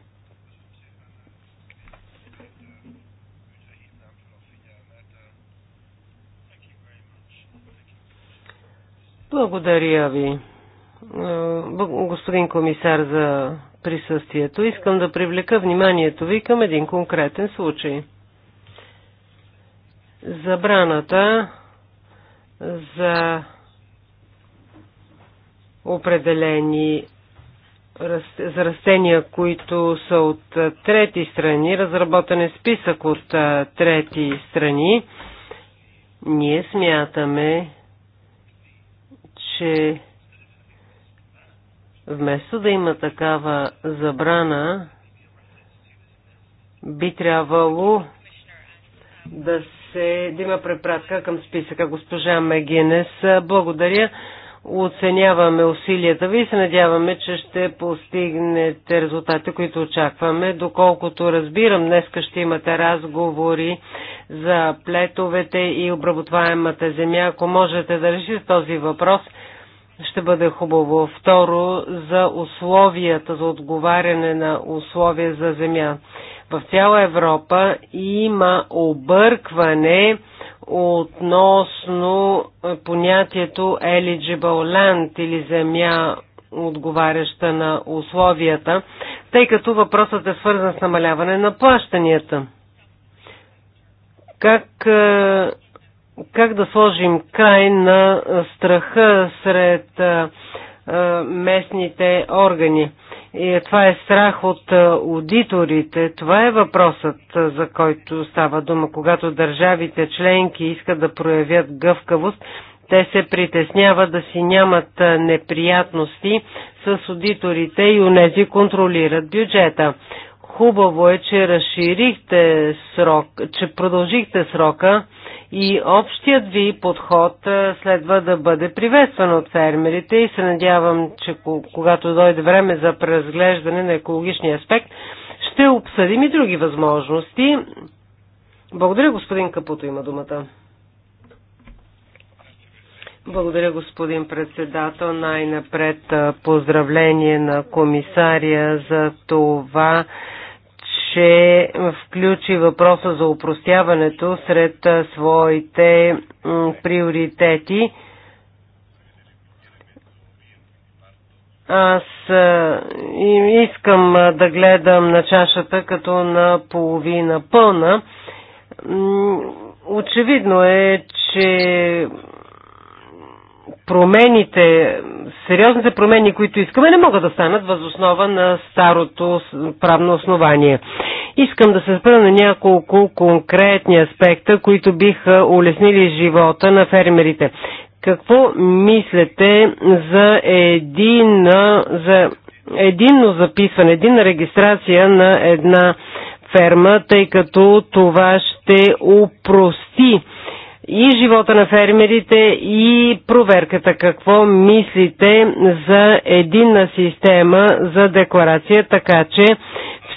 Благодаря ви. Е, господин комисар, за присъствието. Искам да привлека вниманието ви към един конкретен случай. Забраната за определени за растения, които са от е, трети страни, разработен е списък от е, трети страни. Ние смятаме, че Вместо да има такава забрана, би трябвало да, се, да има препратка към списъка. Госпожа Мегенес. благодаря. Оценяваме усилията ви и се надяваме, че ще постигнете резултати, които очакваме. Доколкото разбирам, днес ще имате разговори за плетовете и обработваемата земя. Ако можете да решите този въпрос – ще бъде хубаво. Второ, за условията, за отговаряне на условия за земя. В цяла Европа има объркване относно е, понятието eligible land или земя отговаряща на условията, тъй като въпросът е свързан с намаляване на плащанията. Как е, как да сложим край на страха сред местните органи. И това е страх от аудиторите. Това е въпросът, за който става дума. Когато държавите членки искат да проявят гъвкавост, те се притесняват да си нямат неприятности с аудиторите и унези контролират бюджета. Хубаво е, че разширихте срок, че продължихте срока и общият ви подход следва да бъде приветстван от фермерите и се надявам, че когато дойде време за преразглеждане на екологичния аспект, ще обсъдим и други възможности. Благодаря, господин Капуто има думата. Благодаря, господин председател. Най-напред поздравление на комисария за това, че включи въпроса за упростяването сред своите приоритети. Аз искам да гледам на чашата като на половина пълна. Очевидно е, че промените, сериозните промени, които искаме, не могат да станат възоснова на старото правно основание. Искам да се спра на няколко конкретни аспекта, които биха улеснили живота на фермерите. Какво мислите за, един, за единно записване, един регистрация на една ферма, тъй като това ще упрости и живота на фермерите и проверката. Какво мислите за единна система за декларация, така че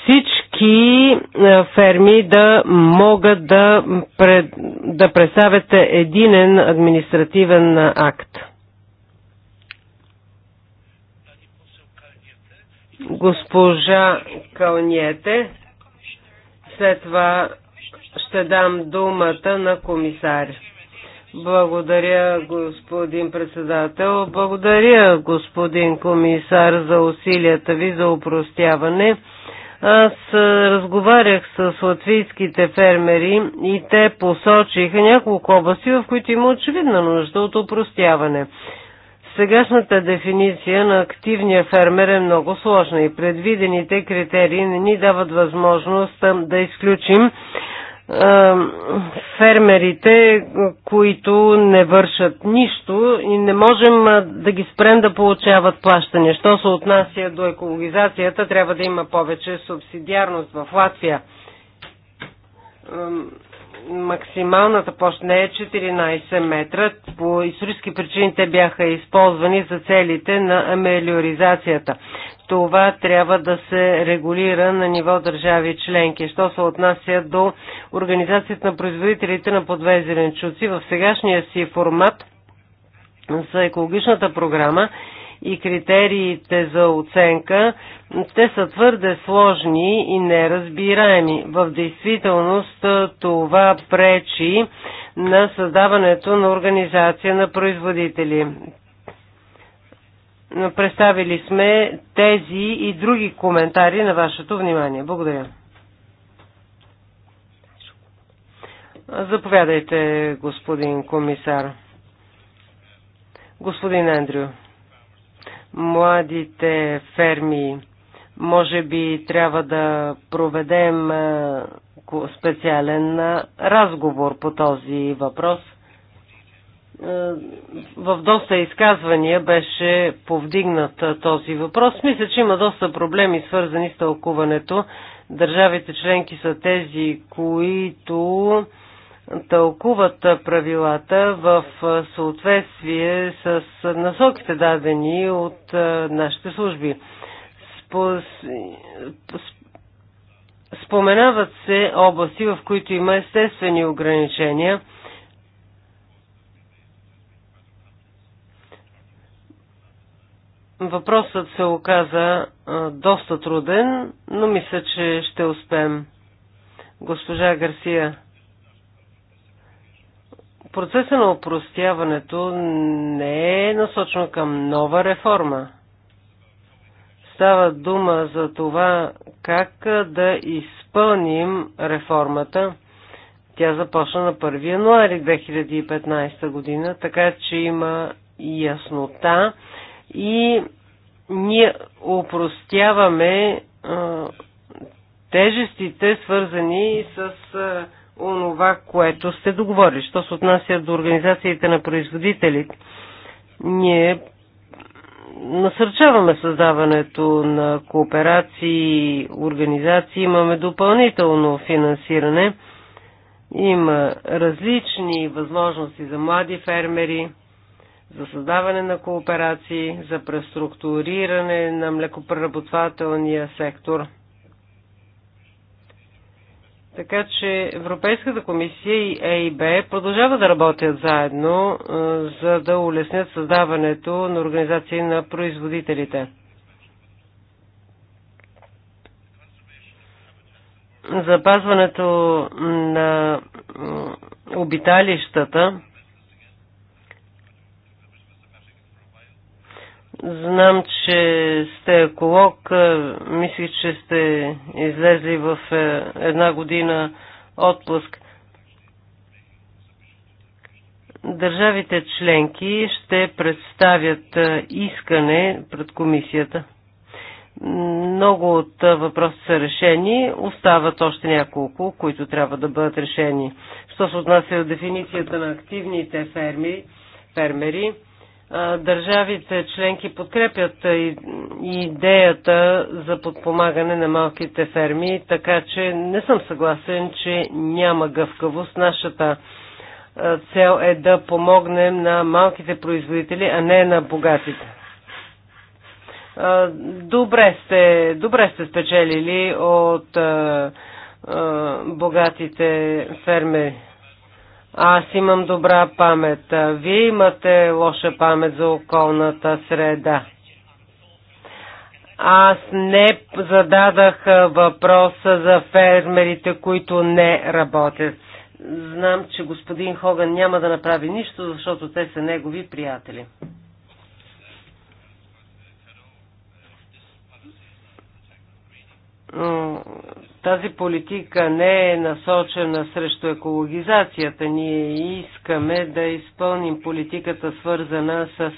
всички е, ферми да могат да, пред, да представят единен административен акт? Госпожа Кълниете, след това ще дам думата на комисар. Благодаря, господин председател. Благодаря, господин комисар, за усилията ви за упростяване. Аз разговарях с латвийските фермери и те посочиха няколко области, в които има очевидна нужда от упростяване. Сегашната дефиниция на активния фермер е много сложна и предвидените критерии не ни дават възможност да изключим фермерите, които не вършат нищо и не можем да ги спрем да получават плащане. Що се отнася до екологизацията, трябва да има повече субсидиарност в Латвия максималната площ не е 14 метра. По исторически причини те бяха използвани за целите на амелиоризацията. Това трябва да се регулира на ниво държави членки. Що се отнася до Организацията на производителите на подве зеленчуци в сегашния си формат за екологичната програма, и критериите за оценка, те са твърде сложни и неразбираеми. В действителност това пречи на създаването на организация на производители. Представили сме тези и други коментари на вашето внимание. Благодаря. Заповядайте, господин комисар. Господин Андрю младите ферми. Може би трябва да проведем е, специален е, разговор по този въпрос. Е, в доста изказвания беше повдигнат този въпрос. Мисля, че има доста проблеми, свързани с тълкуването. Държавите членки са тези, които тълкуват правилата в съответствие с насоките дадени от нашите служби. Споменават се области, в които има естествени ограничения. Въпросът се оказа доста труден, но мисля, че ще успеем. Госпожа Гарсия. Процеса на опростяването не е насочен към нова реформа. Става дума за това как да изпълним реформата. Тя започна на 1 януари 2015 година, така че има яснота и ние опростяваме тежестите, свързани с онова, което сте договорили. Що се отнася до организациите на производителите, ние насърчаваме създаването на кооперации, организации, имаме допълнително финансиране, има различни възможности за млади фермери, за създаване на кооперации, за преструктуриране на млекопреработвателния сектор – така че Европейската комисия и ЕИБ продължават да работят заедно, за да улеснят създаването на организации на производителите. Запазването на обиталищата Знам, че сте еколог. Е, мислих, че сте излезли в е, една година отпуск. Държавите членки ще представят е, искане пред комисията. Много от въпроси са решени, остават още няколко, които трябва да бъдат решени. Що се отнася до дефиницията на активните ферми, фермери, държавите членки подкрепят идеята за подпомагане на малките ферми, така че не съм съгласен, че няма гъвкавост. Нашата цел е да помогнем на малките производители, а не на богатите. Добре сте, добре сте спечелили от богатите фермери. Аз имам добра памет. Вие имате лоша памет за околната среда. Аз не зададах въпроса за фермерите, които не работят. Знам, че господин Хоган няма да направи нищо, защото те са негови приятели. Тази политика не е насочена срещу екологизацията. Ние искаме да изпълним политиката свързана с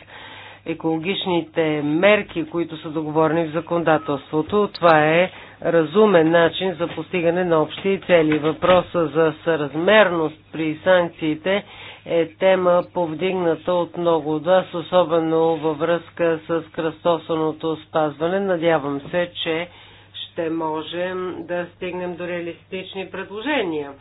екологичните мерки, които са договорени в законодателството. Това е разумен начин за постигане на общи цели. Въпроса за съразмерност при санкциите е тема повдигната от много от вас, особено във връзка с кръстосаното спазване. Надявам се, че ще можем да стигнем до реалистични предложения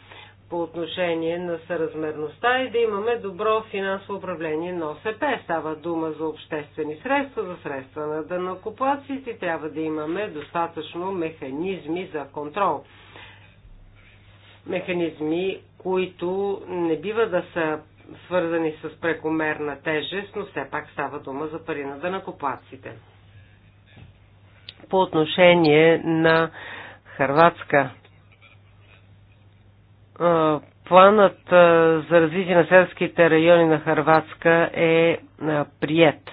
по отношение на съразмерността и да имаме добро финансово управление на ОСП. Става дума за обществени средства, за средства на дънокоплаците. Трябва да имаме достатъчно механизми за контрол. Механизми, които не бива да са свързани с прекомерна тежест, но все пак става дума за пари на дънокоплаците по отношение на Харватска. Планът за развитие на селските райони на Харватска е прият.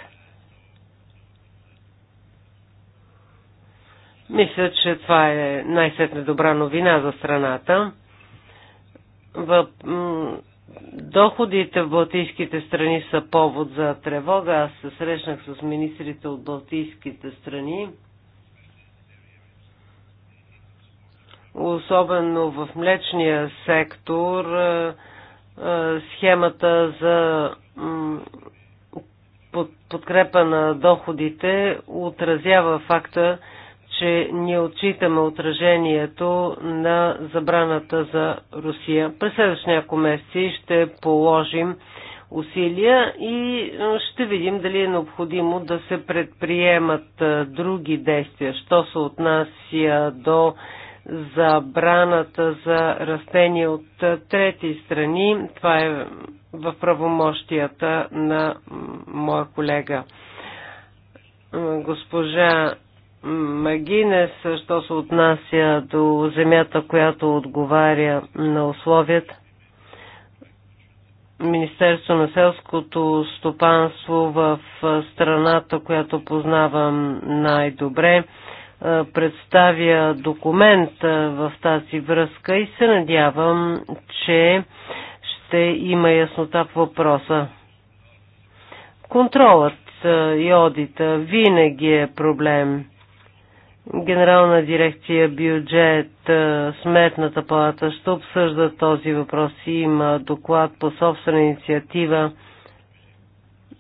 Мисля, че това е най-сетне добра новина за страната. В доходите в Балтийските страни са повод за тревога. Аз се срещнах с министрите от Балтийските страни особено в млечния сектор, е, е, схемата за подкрепа на доходите отразява факта, че ние отчитаме отражението на забраната за Русия. През следващи няколко месеци ще положим усилия и е, ще видим дали е необходимо да се предприемат други действия. Що се отнася до забраната за растения от трети страни. Това е в правомощията на моя колега. Госпожа Магинес, що се отнася до земята, която отговаря на условията. Министерство на селското стопанство в страната, която познавам най-добре представя документ в тази връзка и се надявам, че ще има яснота по въпроса. Контролът и одита винаги е проблем. Генерална дирекция бюджет, Сметната палата ще обсъжда този въпрос и има доклад по собствена инициатива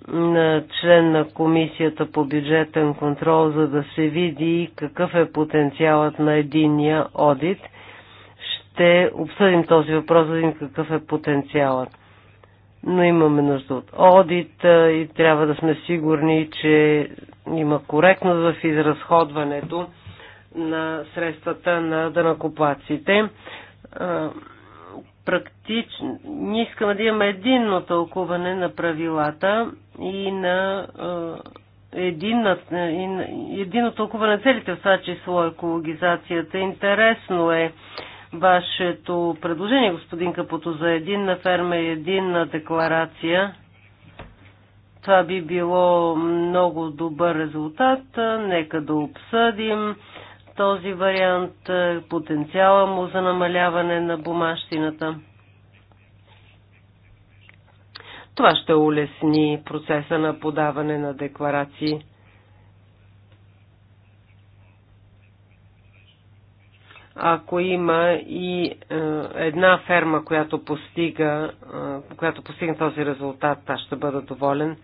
на член на Комисията по бюджетен контрол, за да се види какъв е потенциалът на единия одит. Ще обсъдим този въпрос, да видим какъв е потенциалът. Но имаме нужда от одит и трябва да сме сигурни, че има коректност в изразходването на средствата на дънакоплаците практично. Ние искаме да имаме единно тълкуване на правилата и на единна, единно тълкуване на целите, в това число екологизацията. Интересно е вашето предложение, господин Капото, за единна ферма и единна декларация. Това би било много добър резултат. Нека да обсъдим този вариант, е, потенциала му за намаляване на бумащината. Това ще улесни процеса на подаване на декларации. Ако има и е, една ферма, която постига, е, която постигне този резултат, аз ще бъда доволен.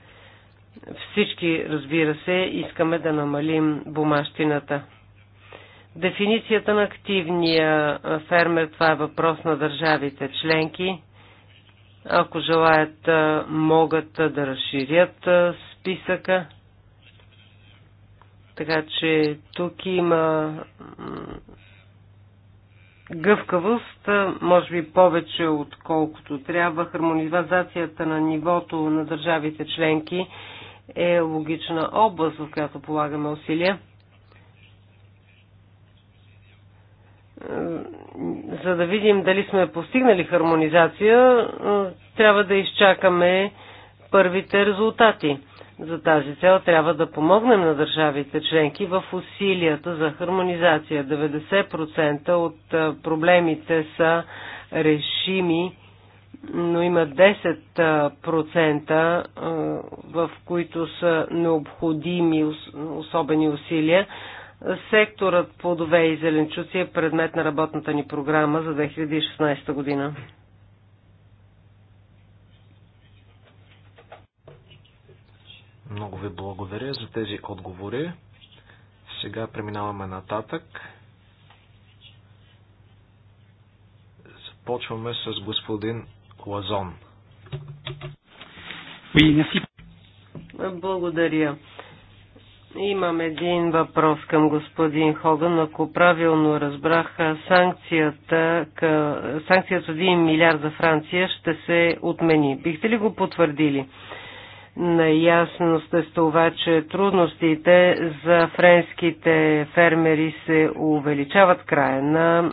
Всички, разбира се, искаме да намалим бумащината. Дефиницията на активния фермер, това е въпрос на държавите членки. Ако желаят, могат да разширят списъка. Така че тук има гъвкавост, може би повече отколкото трябва. Хармонизацията на нивото на държавите членки е логична област, в която полагаме усилия. за да видим дали сме постигнали хармонизация, трябва да изчакаме първите резултати. За тази цел трябва да помогнем на държавите членки в усилията за хармонизация. 90% от проблемите са решими, но има 10% в които са необходими особени усилия. Секторът плодове и зеленчуци е предмет на работната ни програма за 2016 година. Много ви благодаря за тези отговори. Сега преминаваме нататък. Започваме с господин Лазон. Благодаря. Имам един въпрос към господин Хоган. Ако правилно разбрах, санкцията, къ... санкцията от 1 милиард за Франция ще се отмени. Бихте ли го потвърдили? Наясно сте с това, че трудностите за френските фермери се увеличават края на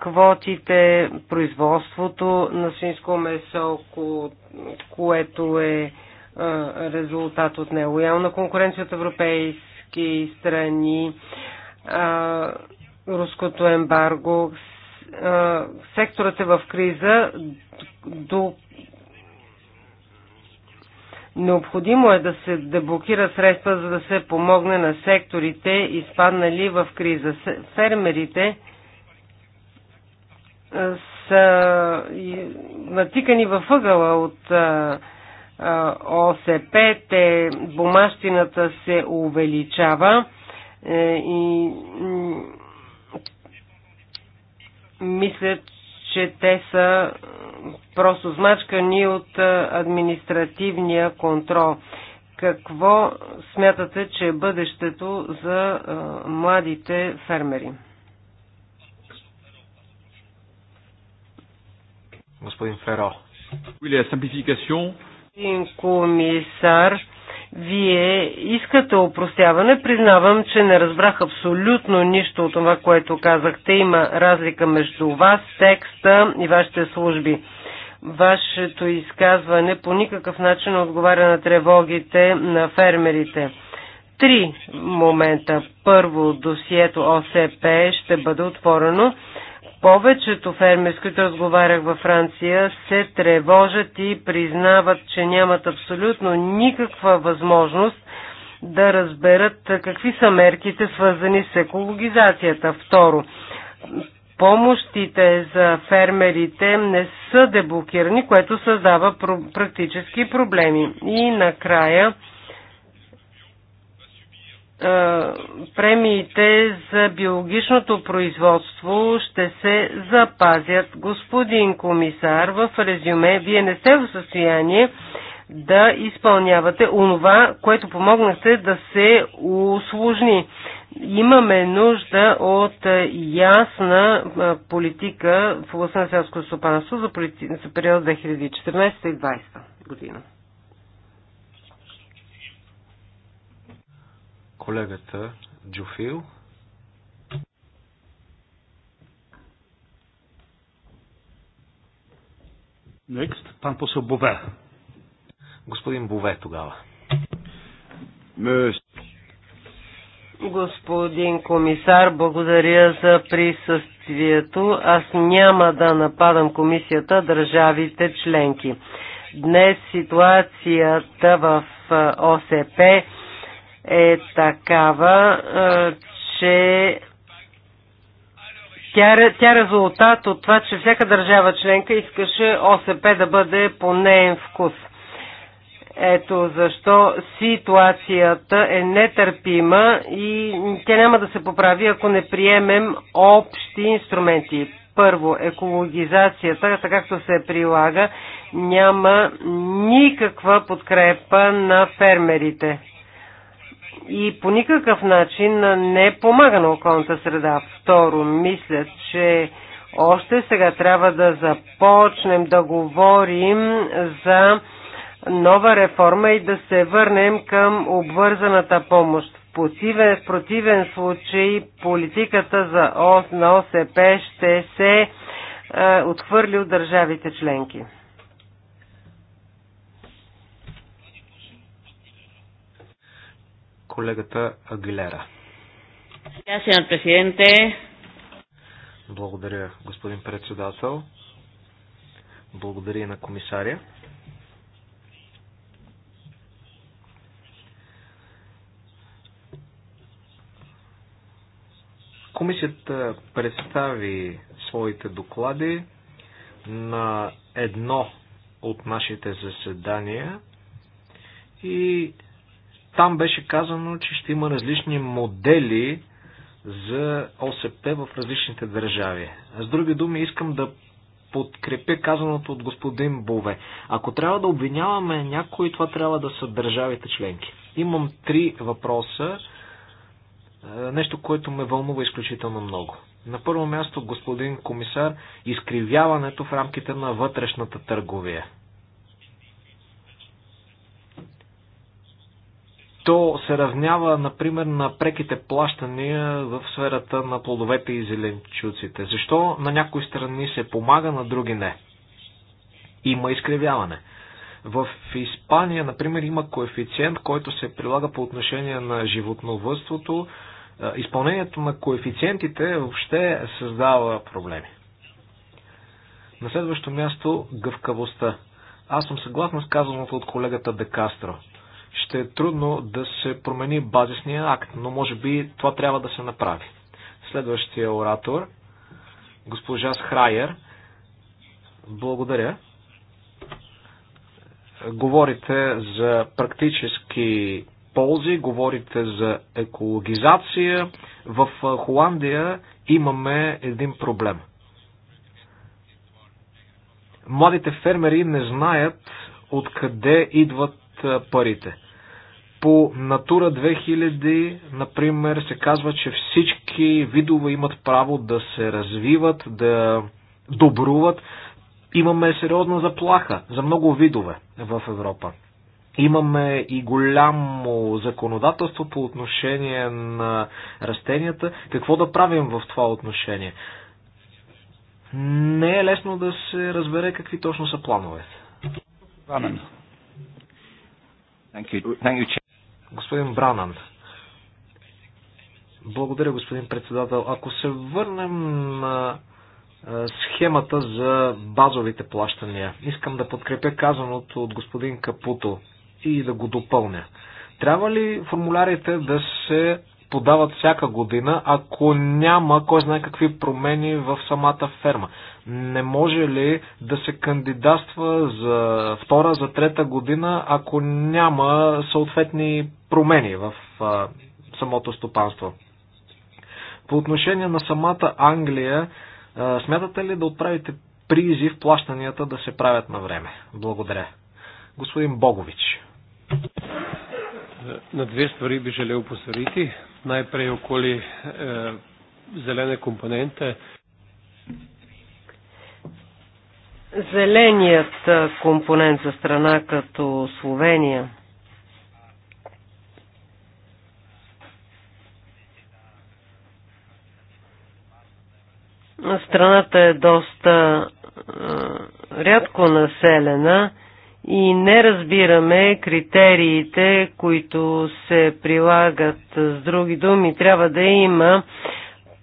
квотите, производството на свинско месо, което е резултат от нелоялна конкуренция от европейски страни, руското ембарго. Секторът е в криза. До... Необходимо е да се деблокира средства, за да се помогне на секторите, изпаднали в криза. Фермерите са натикани във ъгъла от ОСП, те, бумащината се увеличава е, и мисля, че те са просто смачкани от административния контрол. Какво смятате, че е бъдещето за младите фермери? Господин Феро. Oui, Господин комисар, вие искате опростяване. Признавам, че не разбрах абсолютно нищо от това, което казахте. Има разлика между вас, текста и вашите служби. Вашето изказване по никакъв начин отговаря на тревогите на фермерите. Три момента. Първо, досието ОСП ще бъде отворено повечето фермери, с които разговарях във Франция, се тревожат и признават, че нямат абсолютно никаква възможност да разберат какви са мерките, свързани с екологизацията. Второ, помощите за фермерите не са деблокирани, което създава практически проблеми. И накрая, е, премиите за биологичното производство ще се запазят. Господин комисар, в резюме, вие не сте в състояние да изпълнявате онова, което помогнахте да се усложни. Имаме нужда от ясна е, политика в областта на селското стопанство за, за период 2014-2020 година. колегата Джофил. Next, пан посъл Бове. Господин Бове тогава. Господин комисар, благодаря за присъствието. Аз няма да нападам комисията, държавите членки. Днес ситуацията в ОСП е такава, че тя, тя е резултат от това, че всяка държава членка искаше ОСП да бъде по неен вкус. Ето защо ситуацията е нетърпима и тя няма да се поправи, ако не приемем общи инструменти. Първо, екологизацията, така както се прилага, няма никаква подкрепа на фермерите и по никакъв начин не помага на околната среда. Второ, мисля, че още сега трябва да започнем да говорим за нова реформа и да се върнем към обвързаната помощ. В противен, в противен случай политиката за на ОСП ще се е, отхвърли от държавите членки. колегата Агилера. Благодаря, господин председател. Благодаря и на комисаря. Комисията представи своите доклади на едно от нашите заседания и там беше казано, че ще има различни модели за ОСП в различните държави. С други думи, искам да подкрепя казаното от господин Бове. Ако трябва да обвиняваме някой, това трябва да са държавите членки. Имам три въпроса, е, нещо, което ме вълнува изключително много. На първо място, господин комисар, изкривяването в рамките на вътрешната търговия. то се равнява, например, на преките плащания в сферата на плодовете и зеленчуците. Защо на някои страни се помага, на други не? Има изкривяване. В Испания, например, има коефициент, който се прилага по отношение на животновътството. Изпълнението на коефициентите въобще създава проблеми. На следващо място гъвкавостта. Аз съм съгласна с казаното от колегата Декастро ще е трудно да се промени базисния акт, но може би това трябва да се направи. Следващия оратор, госпожа Схрайер, благодаря. Говорите за практически ползи, говорите за екологизация. В Холандия имаме един проблем. Младите фермери не знаят откъде идват парите. По Натура 2000, например, се казва, че всички видове имат право да се развиват, да добруват. Имаме сериозна заплаха за много видове в Европа. Имаме и голямо законодателство по отношение на растенията. Какво да правим в това отношение? Не е лесно да се разбере какви точно са плановете. Thank you. Thank you, Господин Бранан. Благодаря, господин председател. Ако се върнем на е, схемата за базовите плащания, искам да подкрепя казаното от господин Капуто и да го допълня. Трябва ли формулярите да се подават всяка година, ако няма кой знае какви промени в самата ферма? Не може ли да се кандидатства за втора, за трета година, ако няма съответни промени в самото стопанство? По отношение на самата Англия, смятате ли да отправите призив плащанията да се правят на време? Благодаря. Господин Богович. На две stvari би želel най Najprej okoli eh, зелена компонента. Зеленият компонент за страна като Словения страната е доста рядко населена и не разбираме критериите, които се прилагат с други думи. Трябва да има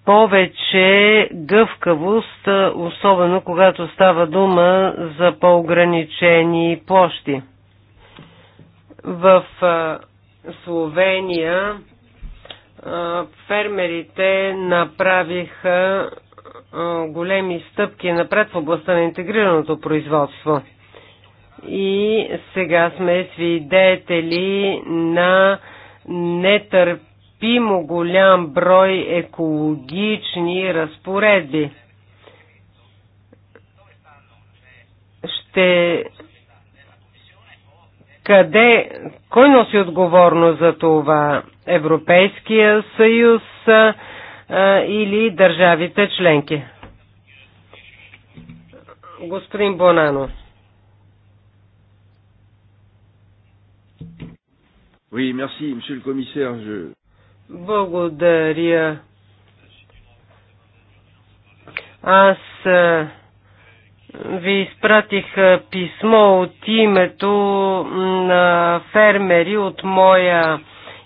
повече гъвкавост, особено когато става дума за по-ограничени площи. В Словения фермерите направиха големи стъпки напред в областта на интегрираното производство. И сега сме свидетели на нетърпение нетърпимо голям брой екологични разпореди. Ще къде, кой носи отговорно за това? Европейския съюз а, или държавите членки? Господин Бонано. Oui, merci, monsieur le commissaire. Je... Благодаря. Аз ви изпратих писмо от името на фермери от моя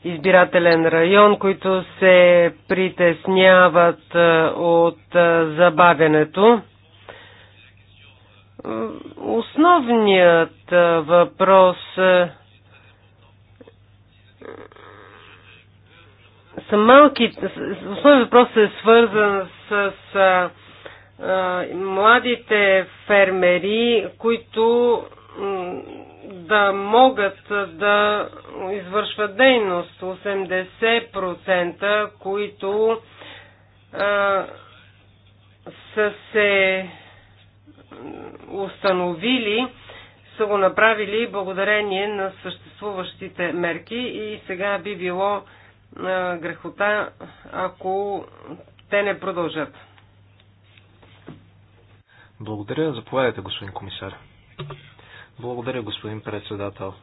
избирателен район, които се притесняват от забавянето. Основният въпрос е са малки. Основен въпрос е свързан с, а, а, младите фермери, които да могат да извършват дейност. 80% които а, са се установили, са го направили благодарение на съществуващите мерки и сега би било на грехота, ако те не продължат. Благодаря. Заповядайте, господин комисар. Благодаря, господин председател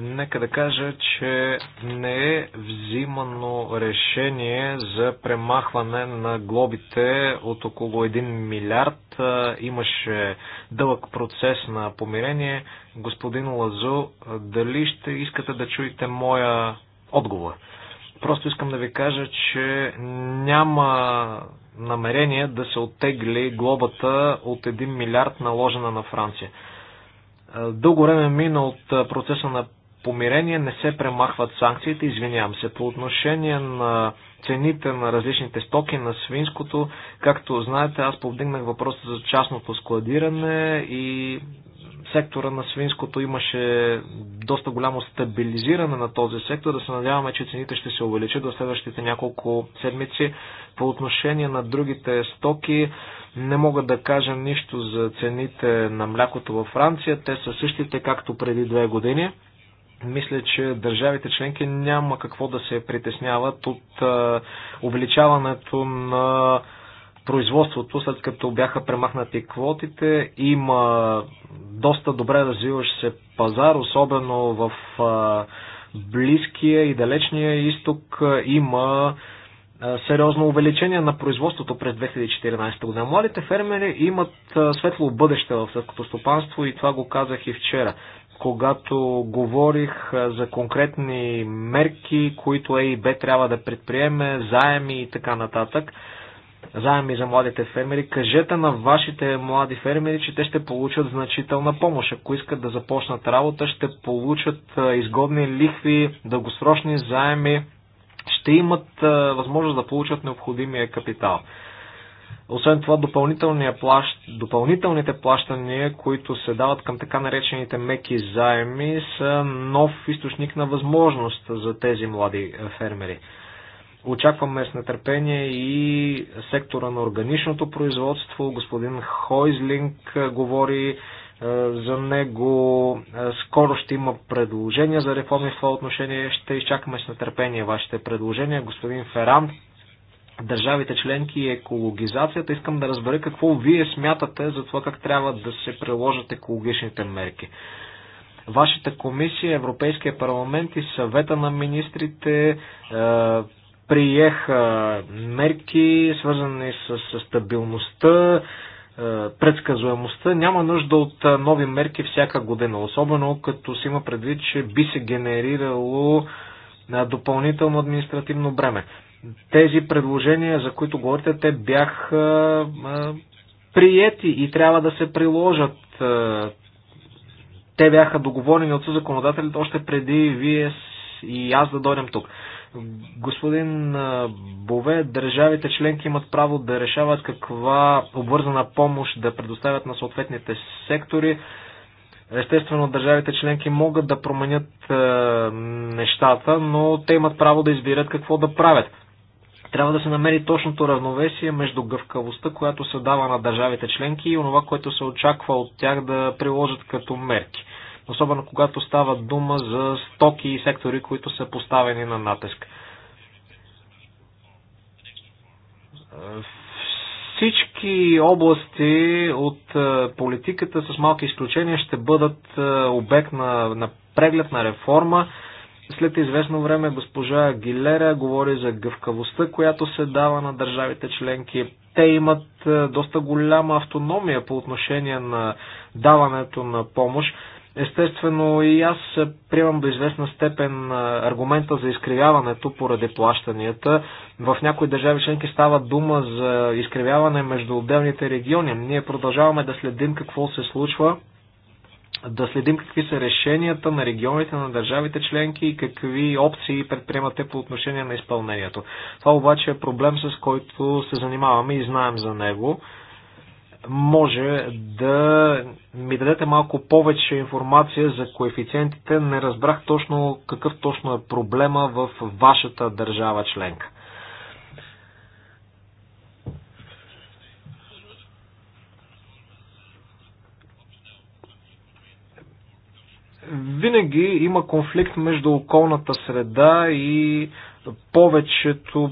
нека да кажа, че не е взимано решение за премахване на глобите от около 1 милиард. Имаше дълъг процес на помирение. Господин Лазо, дали ще искате да чуете моя отговор? Просто искам да ви кажа, че няма намерение да се оттегли глобата от 1 милиард наложена на Франция. Дълго време мина от процеса на помирение не се премахват санкциите, извинявам се, по отношение на цените на различните стоки на свинското. Както знаете, аз повдигнах въпроса за частното складиране и сектора на свинското имаше доста голямо стабилизиране на този сектор. Да се надяваме, че цените ще се увеличат в следващите няколко седмици. По отношение на другите стоки, не мога да кажа нищо за цените на млякото във Франция. Те са същите, както преди две години. Мисля, че държавите членки няма какво да се притесняват от увеличаването на производството, след като бяха премахнати квотите. Има доста добре развиващ се пазар, особено в Близкия и Далечния изток. Има сериозно увеличение на производството през 2014 година. Младите фермери имат светло бъдеще в сърското стопанство и това го казах и вчера когато говорих за конкретни мерки, които ЕИБ трябва да предприеме, заеми и така нататък, заеми за младите фермери, кажете на вашите млади фермери, че те ще получат значителна помощ. Ако искат да започнат работа, ще получат изгодни лихви, дългосрочни заеми, ще имат възможност да получат необходимия капитал. Освен това, плащ... допълнителните плащания, които се дават към така наречените меки заеми, са нов източник на възможност за тези млади е, фермери. Очакваме с нетърпение и сектора на органичното производство. Господин Хойзлинг е, говори е, за него. Скоро ще има предложения за реформи в това отношение. Ще изчакаме с нетърпение вашите предложения. Господин Ферам държавите членки и екологизацията. Искам да разбера какво вие смятате за това как трябва да се приложат екологичните мерки. Вашата комисия, Европейския парламент и съвета на министрите е, приеха мерки, свързани с, с стабилността, е, предсказуемостта. Няма нужда от е, нови мерки всяка година, особено като се има предвид, че би се генерирало е, допълнително административно бреме тези предложения, за които говорите, те бяха приети и трябва да се приложат. Те бяха договорени от законодателите още преди вие и аз да дойдем тук. Господин Бове, държавите членки имат право да решават каква обвързана помощ да предоставят на съответните сектори. Естествено, държавите членки могат да променят нещата, но те имат право да избират какво да правят трябва да се намери точното равновесие между гъвкавостта, която се дава на държавите членки и онова, което се очаква от тях да приложат като мерки. Особено когато става дума за стоки и сектори, които са поставени на натиск. Всички области от е, политиката, с малки изключения, ще бъдат е, обект на, на преглед, на реформа. След известно време госпожа Гилера говори за гъвкавостта, която се дава на държавите членки. Те имат е, доста голяма автономия по отношение на даването на помощ. Естествено и аз приемам до известна степен е, аргумента за изкривяването поради плащанията. В някои държави членки става дума за изкривяване между отделните региони. Ние продължаваме да следим какво се случва да следим какви са решенията на регионите, на държавите членки и какви опции предприемат те по отношение на изпълнението. Това обаче е проблем, с който се занимаваме и знаем за него. Може да ми дадете малко повече информация за коефициентите. Не разбрах точно какъв точно е проблема в вашата държава членка. Винаги има конфликт между околната среда и повечето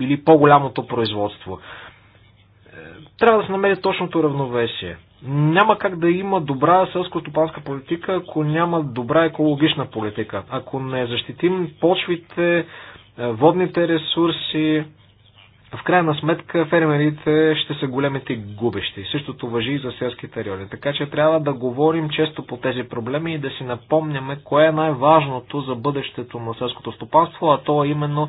или по-голямото производство. Е, трябва да се намери точното равновесие. Няма как да има добра селско-стопанска политика, ако няма добра екологична политика. Ако не защитим почвите, е, водните ресурси, в крайна сметка фермерите ще са големите губещи. Същото въжи и за селските райони. Така че трябва да говорим често по тези проблеми и да си напомняме кое е най-важното за бъдещето на селското стопанство, а то е именно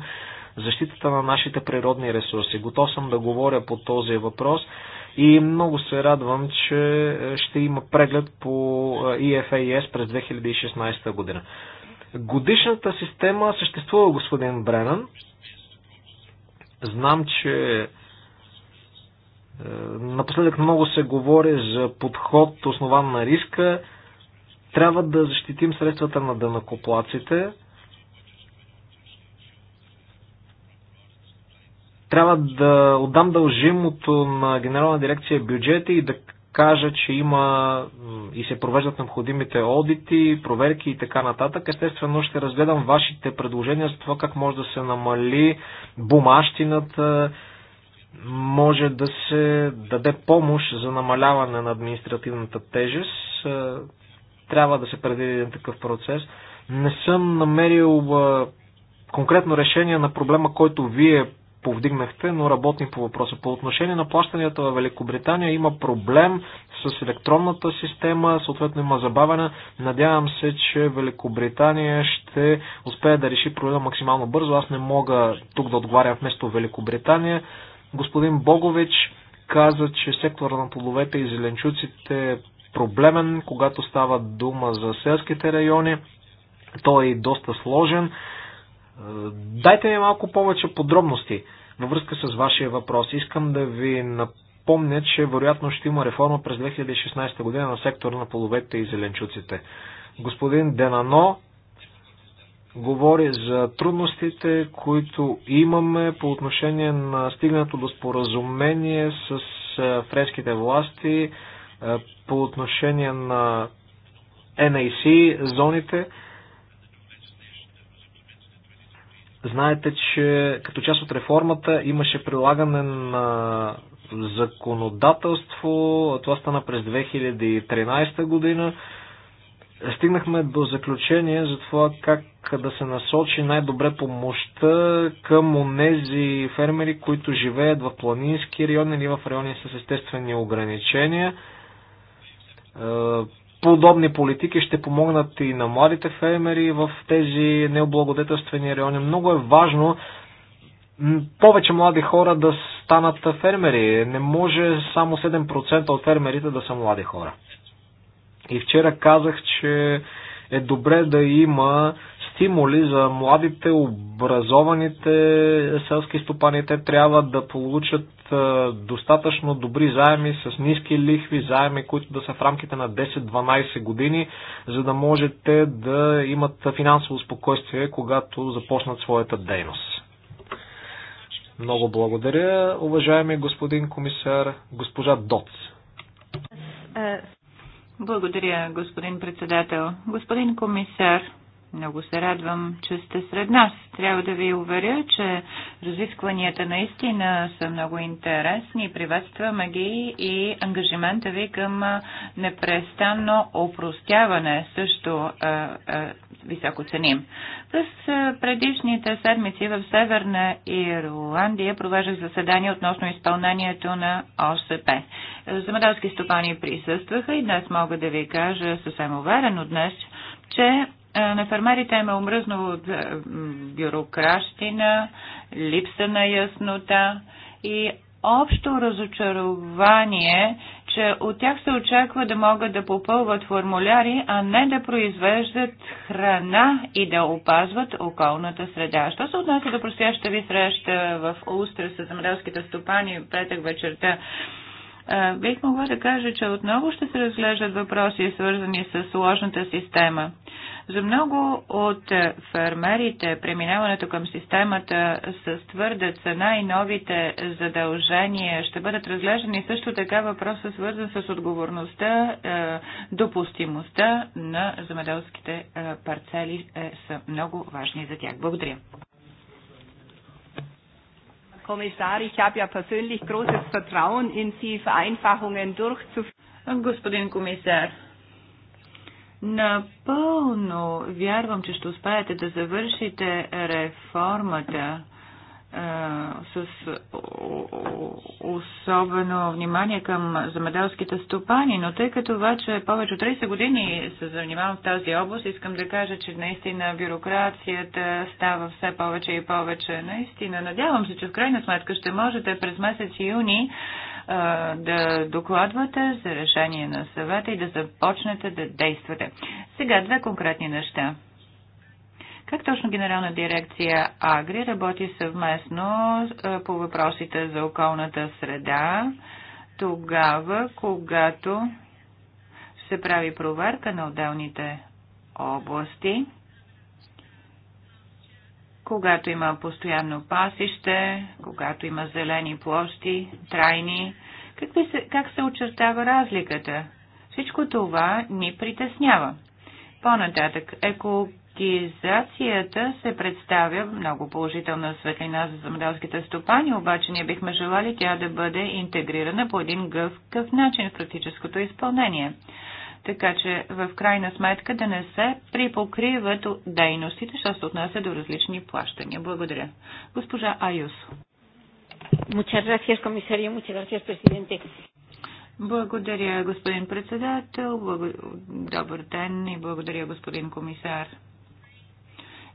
защитата на нашите природни ресурси. Готов съм да говоря по този въпрос и много се радвам, че е, ще има преглед по е, EFAS през 2016 година. Годишната система съществува, господин Бренан, Знам, че е, напоследък много се говори за подход, основан на риска. Трябва да защитим средствата на дънакоплаците. Трябва да отдам дължимото на Генерална дирекция бюджета и да кажа, че има и се провеждат необходимите одити, проверки и така нататък. Естествено ще разгледам вашите предложения за това как може да се намали бумащината, може да се даде помощ за намаляване на административната тежест. Е, трябва да се предвиди един такъв процес. Не съм намерил е, конкретно решение на проблема, който вие повдигнахте, но работим по въпроса. По отношение на плащанията в Великобритания има проблем с електронната система, съответно има забавена. Надявам се, че Великобритания ще успее да реши проблема максимално бързо. Аз не мога тук да отговарям вместо Великобритания. Господин Богович каза, че сектора на плодовете и зеленчуците е проблемен, когато става дума за селските райони. Той е доста сложен. Дайте ми малко повече подробности във връзка с вашия въпрос. Искам да ви напомня, че вероятно ще има реформа през 2016 година на сектора на половете и зеленчуците. Господин Денано говори за трудностите, които имаме по отношение на стигнато до споразумение с френските власти по отношение на NAC зоните. Знаете, че като част от реформата имаше прилагане на законодателство. Това стана през 2013 година. Стигнахме до заключение за това как да се насочи най-добре помощта към онези фермери, които живеят в планински райони или в райони с естествени ограничения е, подобни политики ще помогнат и на младите фермери в тези необлагодетелствени райони. Много е важно повече млади хора да станат фермери. Не може само 7% от фермерите да са млади хора. И вчера казах, че е добре да има стимули за младите, образованите селски стопани. Те трябва да получат е, достатъчно добри заеми с ниски лихви, заеми, които да са в рамките на 10-12 години, за да можете да имат финансово спокойствие, когато започнат своята дейност. Много благодаря, уважаеми господин комисар, госпожа Доц. Благодаря, господин председател. Господин комисар, много се радвам, че сте сред нас. Трябва да ви уверя, че разискванията наистина са много интересни. Приветстваме ги и ангажимента ви към непрестанно опростяване също е, е, високо ценим. През предишните седмици в Северна Ирландия провеждах заседание относно изпълнението на ОСП. Земеделски стопани присъстваха и днес мога да ви кажа съвсем уверено днес, че е, на фермерите им е омръзно от бюрокращина, липса на яснота и общо разочарование, че от тях се очаква да могат да попълват формуляри, а не да произвеждат храна и да опазват околната среда. Що се отнася до предстоящата ви среща в Устра с земеделските стопани петък вечерта, бих могла да кажа, че отново ще се разглеждат въпроси, свързани с сложната система. За много от е, фермерите преминаването към системата с твърда цена и новите задължения ще бъдат разглеждани също така въпроса свързан с отговорността, е, допустимостта на земеделските е, парцели са много важни за тях. Благодаря. Kommissar, ich habe ja persönlich großes Vertrauen in Sie, Vereinfachungen durchzuführen. Господин комисар, напълно вярвам, че ще успеете да завършите реформата с особено внимание към замеделските стопани, но тъй като обаче повече от 30 години се занимавам в тази област, искам да кажа, че наистина бюрокрацията става все повече и повече. Наистина, надявам се, че в крайна сметка ще можете през месец юни да докладвате за решение на съвета и да започнете да действате. Сега две конкретни неща. Как точно Генерална дирекция Агри работи съвместно е, по въпросите за околната среда, тогава, когато се прави проверка на отделните области, когато има постоянно пасище, когато има зелени площи, трайни, какви се, как се очертава разликата? Всичко това ни притеснява. По-нататък, еко Стандартизацията се представя много положителна светлина за земеделските стопани, обаче ние бихме желали тя да бъде интегрирана по един гъвкав начин в практическото изпълнение. Така че в крайна сметка да не се припокриват дейностите, що се отнася до различни плащания. Благодаря. Госпожа Айус. Muchas gracias, комисария, Muchas gracias, Благодаря, господин председател. Добър ден и благодаря, господин комисар.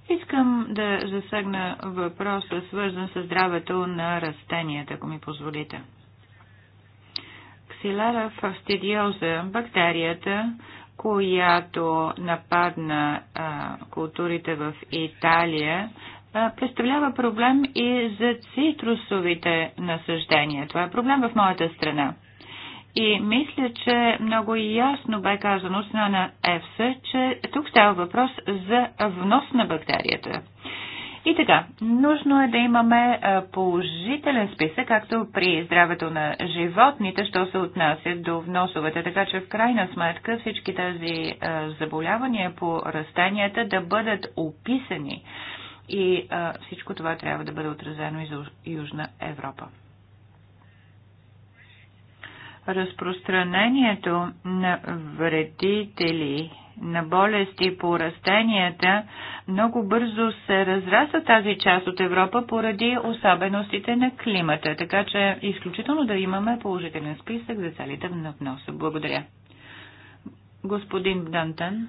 Искам да засегна въпроса, свързан с здравето на растенията, ако ми позволите. Ксилара фастидиоза, бактерията, която нападна а, културите в Италия, а, представлява проблем и за цитрусовите насъждения. Това е проблем в моята страна. И мисля, че много ясно бе казано страна на ЕФСА, че тук става въпрос за внос на бактерията. И така, нужно е да имаме положителен списък, както при здравето на животните, що се отнася до вносовете. Така че в крайна сметка всички тези заболявания по растенията да бъдат описани. И всичко това трябва да бъде отразено и за Южна Европа разпространението на вредители на болести по растенията много бързо се разраса тази част от Европа поради особеностите на климата. Така че е изключително да имаме положителен списък за целите на вноса. Благодаря. Господин Дантен.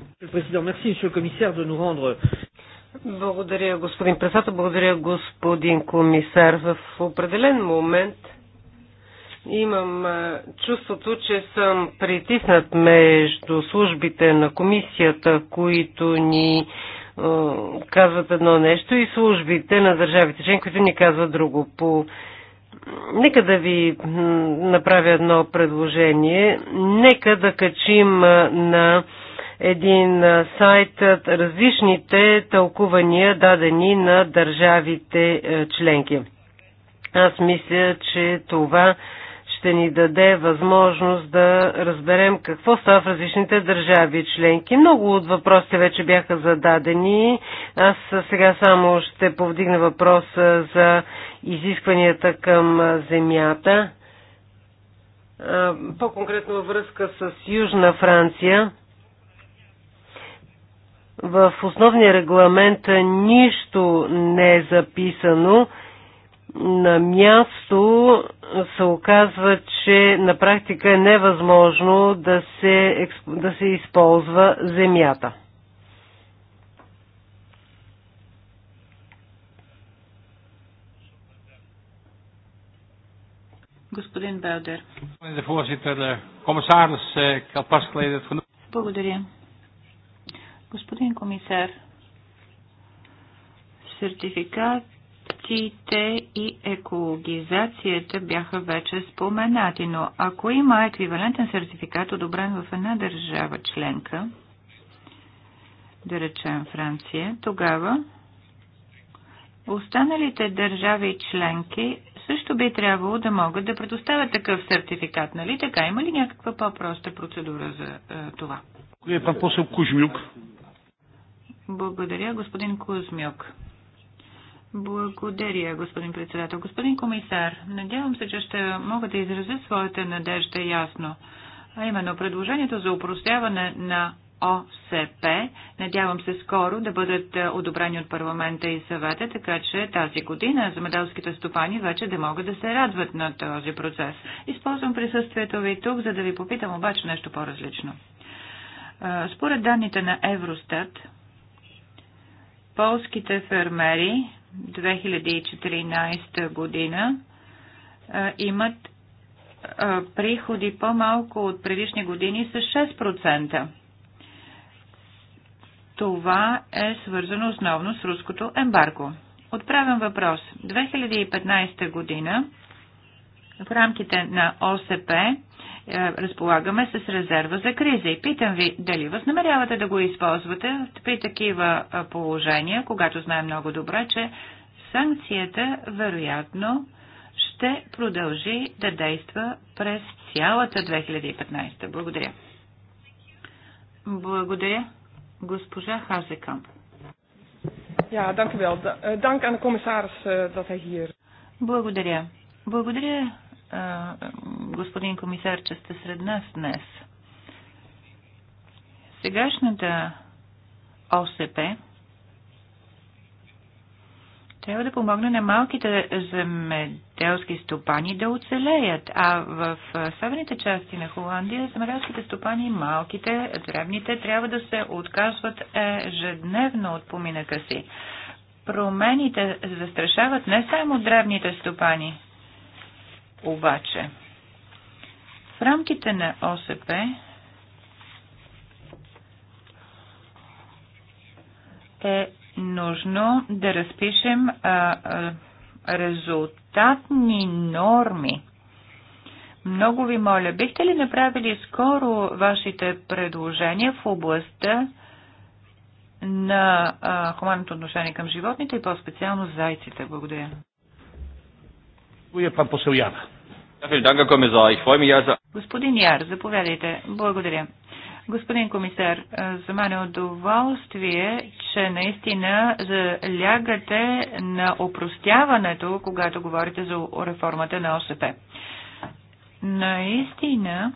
Благодаря, господин председател. Благодаря, господин комисар. В определен момент Имам чувството, че съм притиснат между службите на комисията, които ни казват едно нещо и службите на държавите член, които ни казват друго. По... Нека да ви направя едно предложение. Нека да качим на един сайт различните тълкувания, дадени на държавите членки. Аз мисля, че това ще ни даде възможност да разберем какво става в различните държави членки. Много от въпросите вече бяха зададени. Аз сега само ще повдигна въпроса за изискванията към земята. По-конкретно във връзка с Южна Франция. В основния регламент нищо не е записано на място се оказва, че на практика е невъзможно да се, да се използва земята. Господин Белдер. Eh, Благодаря. Господин комисар, сертификат Иновациите и екологизацията бяха вече споменати, но ако има еквивалентен сертификат, одобрен в една държава членка, да речем Франция, тогава останалите държави членки също би трябвало да могат да предоставят такъв сертификат, нали така? Има ли някаква по-проста процедура за е, това? Кой е пан посъл Кузмюк? Благодаря, господин Кузмюк. Благодаря, господин председател. Господин комисар, надявам се, че ще мога да изразя своята надежда ясно. А именно, предложението за упростяване на ОСП, надявам се скоро да бъдат одобрени от парламента и съвета, така че тази година земеделските стопани вече да могат да се радват на този процес. Използвам присъствието ви тук, за да ви попитам обаче нещо по-различно. Според данните на Евростат, полските фермери 2014 година имат приходи по-малко от предишни години с 6%. Това е свързано основно с руското ембарго. Отправям въпрос. 2015 година в рамките на ОСП е, разполагаме с резерва за криза. И питам ви, дали възнамерявате да го използвате при такива е, положения, когато знаем много добре, че санкцията вероятно ще продължи да действа през цялата 2015. Благодаря. Благодаря. Госпожа Хазекамп. Ja, dank u wel. Eh, dank aan de commissaris uh, dat hij hier. Благодаря. Благодаря господин комисар, че сте сред нас днес. Сегашната ОСП трябва да помогне на малките земеделски стопани да оцелеят. А в северните части на Холандия земеделските стопани, малките, дребните, трябва да се отказват ежедневно от поминъка си. Промените застрашават не само древните стопани, обаче. В рамките на ОСП е нужно да разпишем а, а, резултатни норми. Много ви моля, бихте ли направили скоро вашите предложения в областта на а, хуманното отношение към животните и по-специално зайците? Благодаря. Господин Яр, заповядайте. Благодаря. Господин комисар, за мен е удоволствие, че наистина залягате на опростяването, когато говорите за реформата на ОСП. Наистина,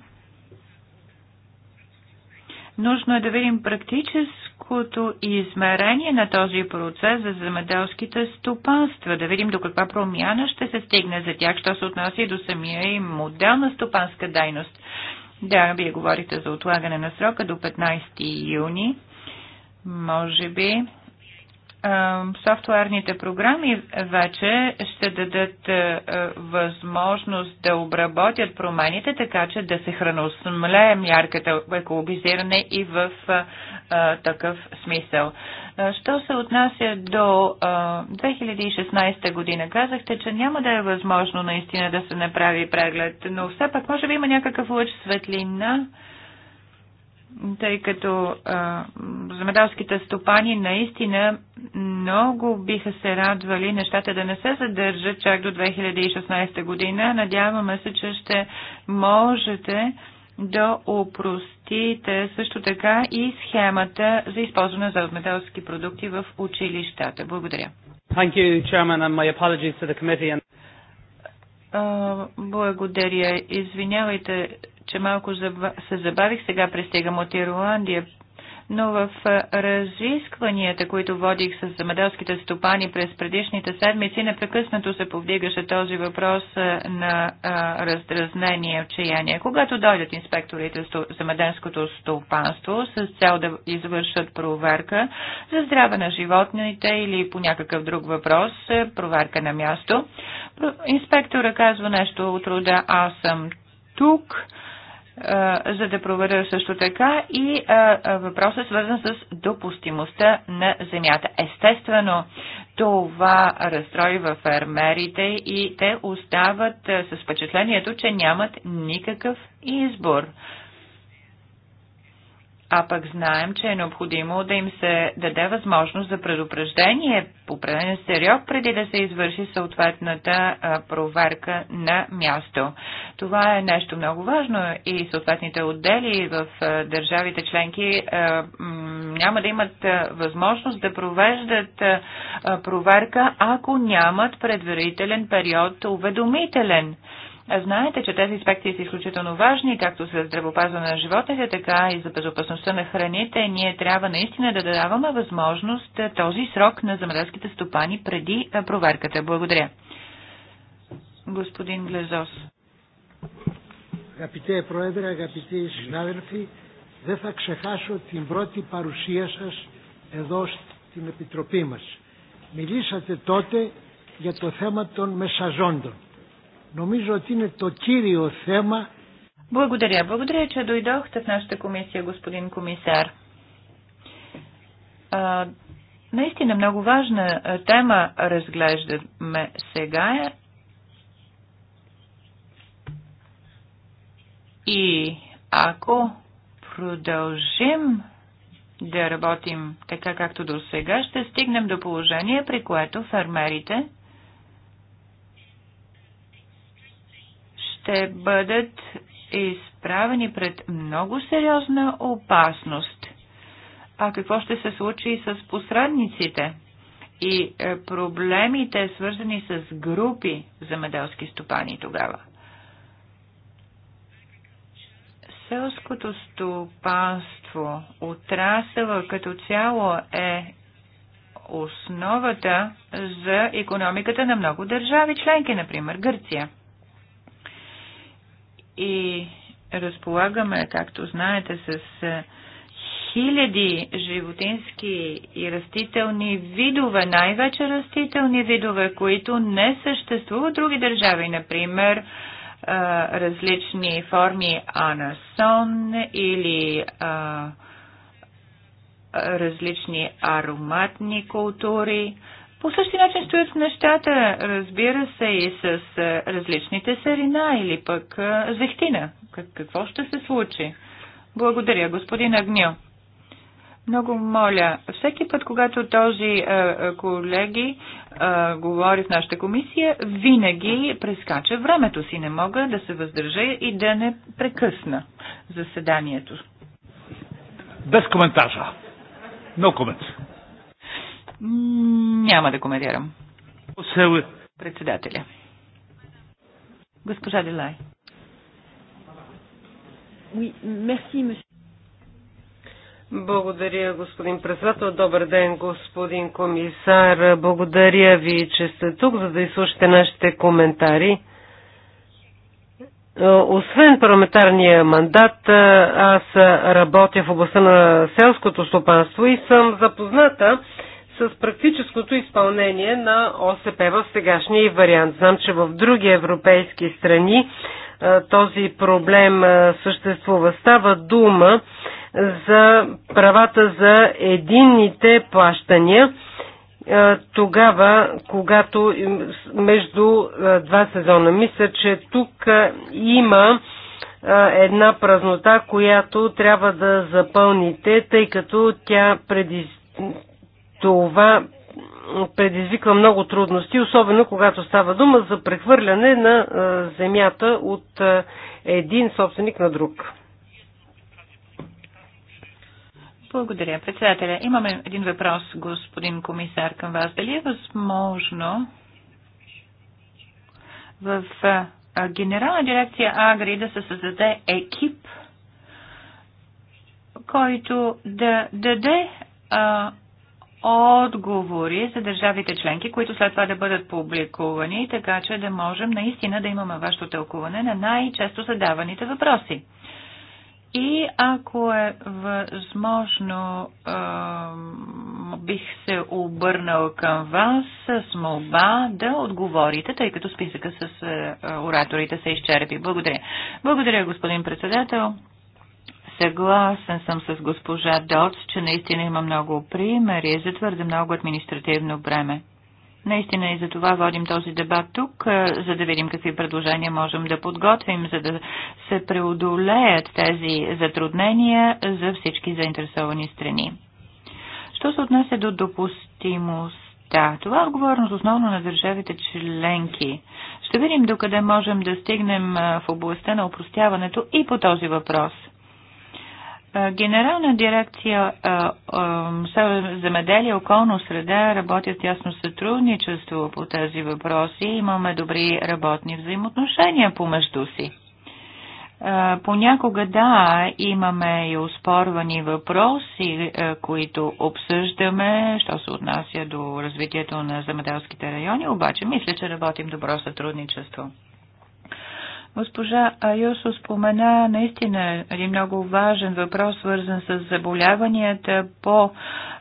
нужно е да видим практически политическото измерение на този процес за земеделските стопанства. Да видим до каква промяна ще се стигне за тях, що се отнася и до самия им модел на стопанска дайност. Да, вие говорите за отлагане на срока до 15 юни. Може би софтуерните програми вече ще дадат възможност да обработят промените, така че да се храносмлее мярката в екологизиране и в такъв смисъл. Що се отнася до 2016 година, казахте, че няма да е възможно наистина да се направи преглед, но все пак може би има някакъв лъч светлина тъй като а, земеделските стопани наистина много биха се радвали нещата да не се задържат чак до 2016 година. Надяваме се, че ще можете да опростите също така и схемата за използване за земеделски продукти в училищата. Благодаря. Thank you, Chairman, and my apologies to the committee. And... Uh, благодаря. Извинявайте че малко се забавих, сега пристигам от Ирландия. Но в разискванията, които водих с замеделските стопани през предишните седмици, непрекъснато се повдигаше този въпрос на раздразнение отчаяние. Когато дойдат инспекторите за меденското стопанство с цел да извършат проверка за здраве на животните или по някакъв друг въпрос, проверка на място, инспектора казва нещо от рода «Аз съм тук», за да проверя също така и въпросът свързан с допустимостта на земята. Естествено, това разстройва фермерите и те остават с впечатлението, че нямат никакъв избор а пък знаем, че е необходимо да им се даде възможност за предупреждение по определен сериод, преди да се извърши съответната проверка на място. Това е нещо много важно и съответните отдели в държавите членки няма да имат възможност да провеждат проверка, ако нямат предварителен период уведомителен. Знаете, че тези аспекти са изключително важни, както за здравопазване на животните, така и за безопасността на храните. Ние трябва наистина да даваме възможност е, този срок на земеделските стопани преди е, проверката. Благодаря. Господин Глезос. Αγαπητέ проедра, αγαπητοί συνάδελφοι, δεν θα ξεχάσω την πρώτη παρουσία σας εδώ στην Επιτροπή μας. Μιλήσατε τότε για το θέμα των μεσαζόντων Νομίζω ότι είναι το κύριο θέμα. Благодаря. Благодаря, че дойдохте в нашата комисия, господин комисар. А, наистина много важна тема разглеждаме сега. Е и ако продължим да работим така както до сега, ще стигнем до положение, при което фермерите ще бъдат изправени пред много сериозна опасност. А какво ще се случи с посредниците и е, проблемите, свързани с групи земеделски стопани тогава? Селското стопанство, отрасъла като цяло е основата за економиката на много държави членки, например Гърция и разполагаме, както знаете, с е, хиляди животински и растителни видове, най-вече растителни видове, които не съществуват в други държави, например е, различни форми анасон или а, е, различни ароматни култури. По същия начин стоят нещата, разбира се, и с различните серина или пък зехтина. Какво ще се случи? Благодаря, господин Агньо. Много моля, всеки път, когато този колеги говори в нашата комисия, винаги прескача времето си. Не мога да се въздържа и да не прекъсна заседанието. Без коментажа. Но no коментар. Няма да коментирам. Председателя. Госпожа Делай. Благодаря, господин председател. Добър ден, господин комисар. Благодаря ви, че сте тук, за да изслушате нашите коментари. Е, освен парламентарния мандат, е, аз работя в областта на селското стопанство и съм запозната с практическото изпълнение на ОСП в сегашния вариант. Знам, че в други европейски страни този проблем съществува. Става дума за правата за единните плащания тогава, когато между два сезона. Мисля, че тук има една празнота, която трябва да запълните, тъй като тя преди това предизвиква много трудности, особено когато става дума за прехвърляне на е, земята от е, един собственик на друг. Благодаря, председателя. Имаме един въпрос, господин комисар, към вас. Дали е възможно в е, Генерална дирекция Агри да се създаде екип, който да даде отговори за държавите членки, които след това да бъдат публикувани, така че да можем наистина да имаме вашето тълкуване на най-често задаваните въпроси. И ако е възможно, е, бих се обърнал към вас с молба да отговорите, тъй като списъка с е, е, ораторите се изчерпи. Благодаря. Благодаря, господин председател. Съгласен съм с госпожа Доц, че наистина има много примери за твърде много административно бреме. Наистина и за това водим този дебат тук, е, за да видим какви предложения можем да подготвим, за да се преодолеят тези затруднения за всички заинтересовани страни. Що се отнася до допустимостта? Това е отговорност основно на държавите членки. Ще видим докъде можем да стигнем е, в областта на упростяването и по този въпрос – Генерална дирекция замеделие околно среда работят ясно сътрудничество по тези въпроси. Имаме добри работни взаимоотношения помежду си. Понякога да, имаме и оспорвани въпроси, които обсъждаме, що се отнася до развитието на земеделските райони, обаче мисля, че работим добро сътрудничество. Госпожа Айосо спомена наистина един много важен въпрос, свързан с заболяванията по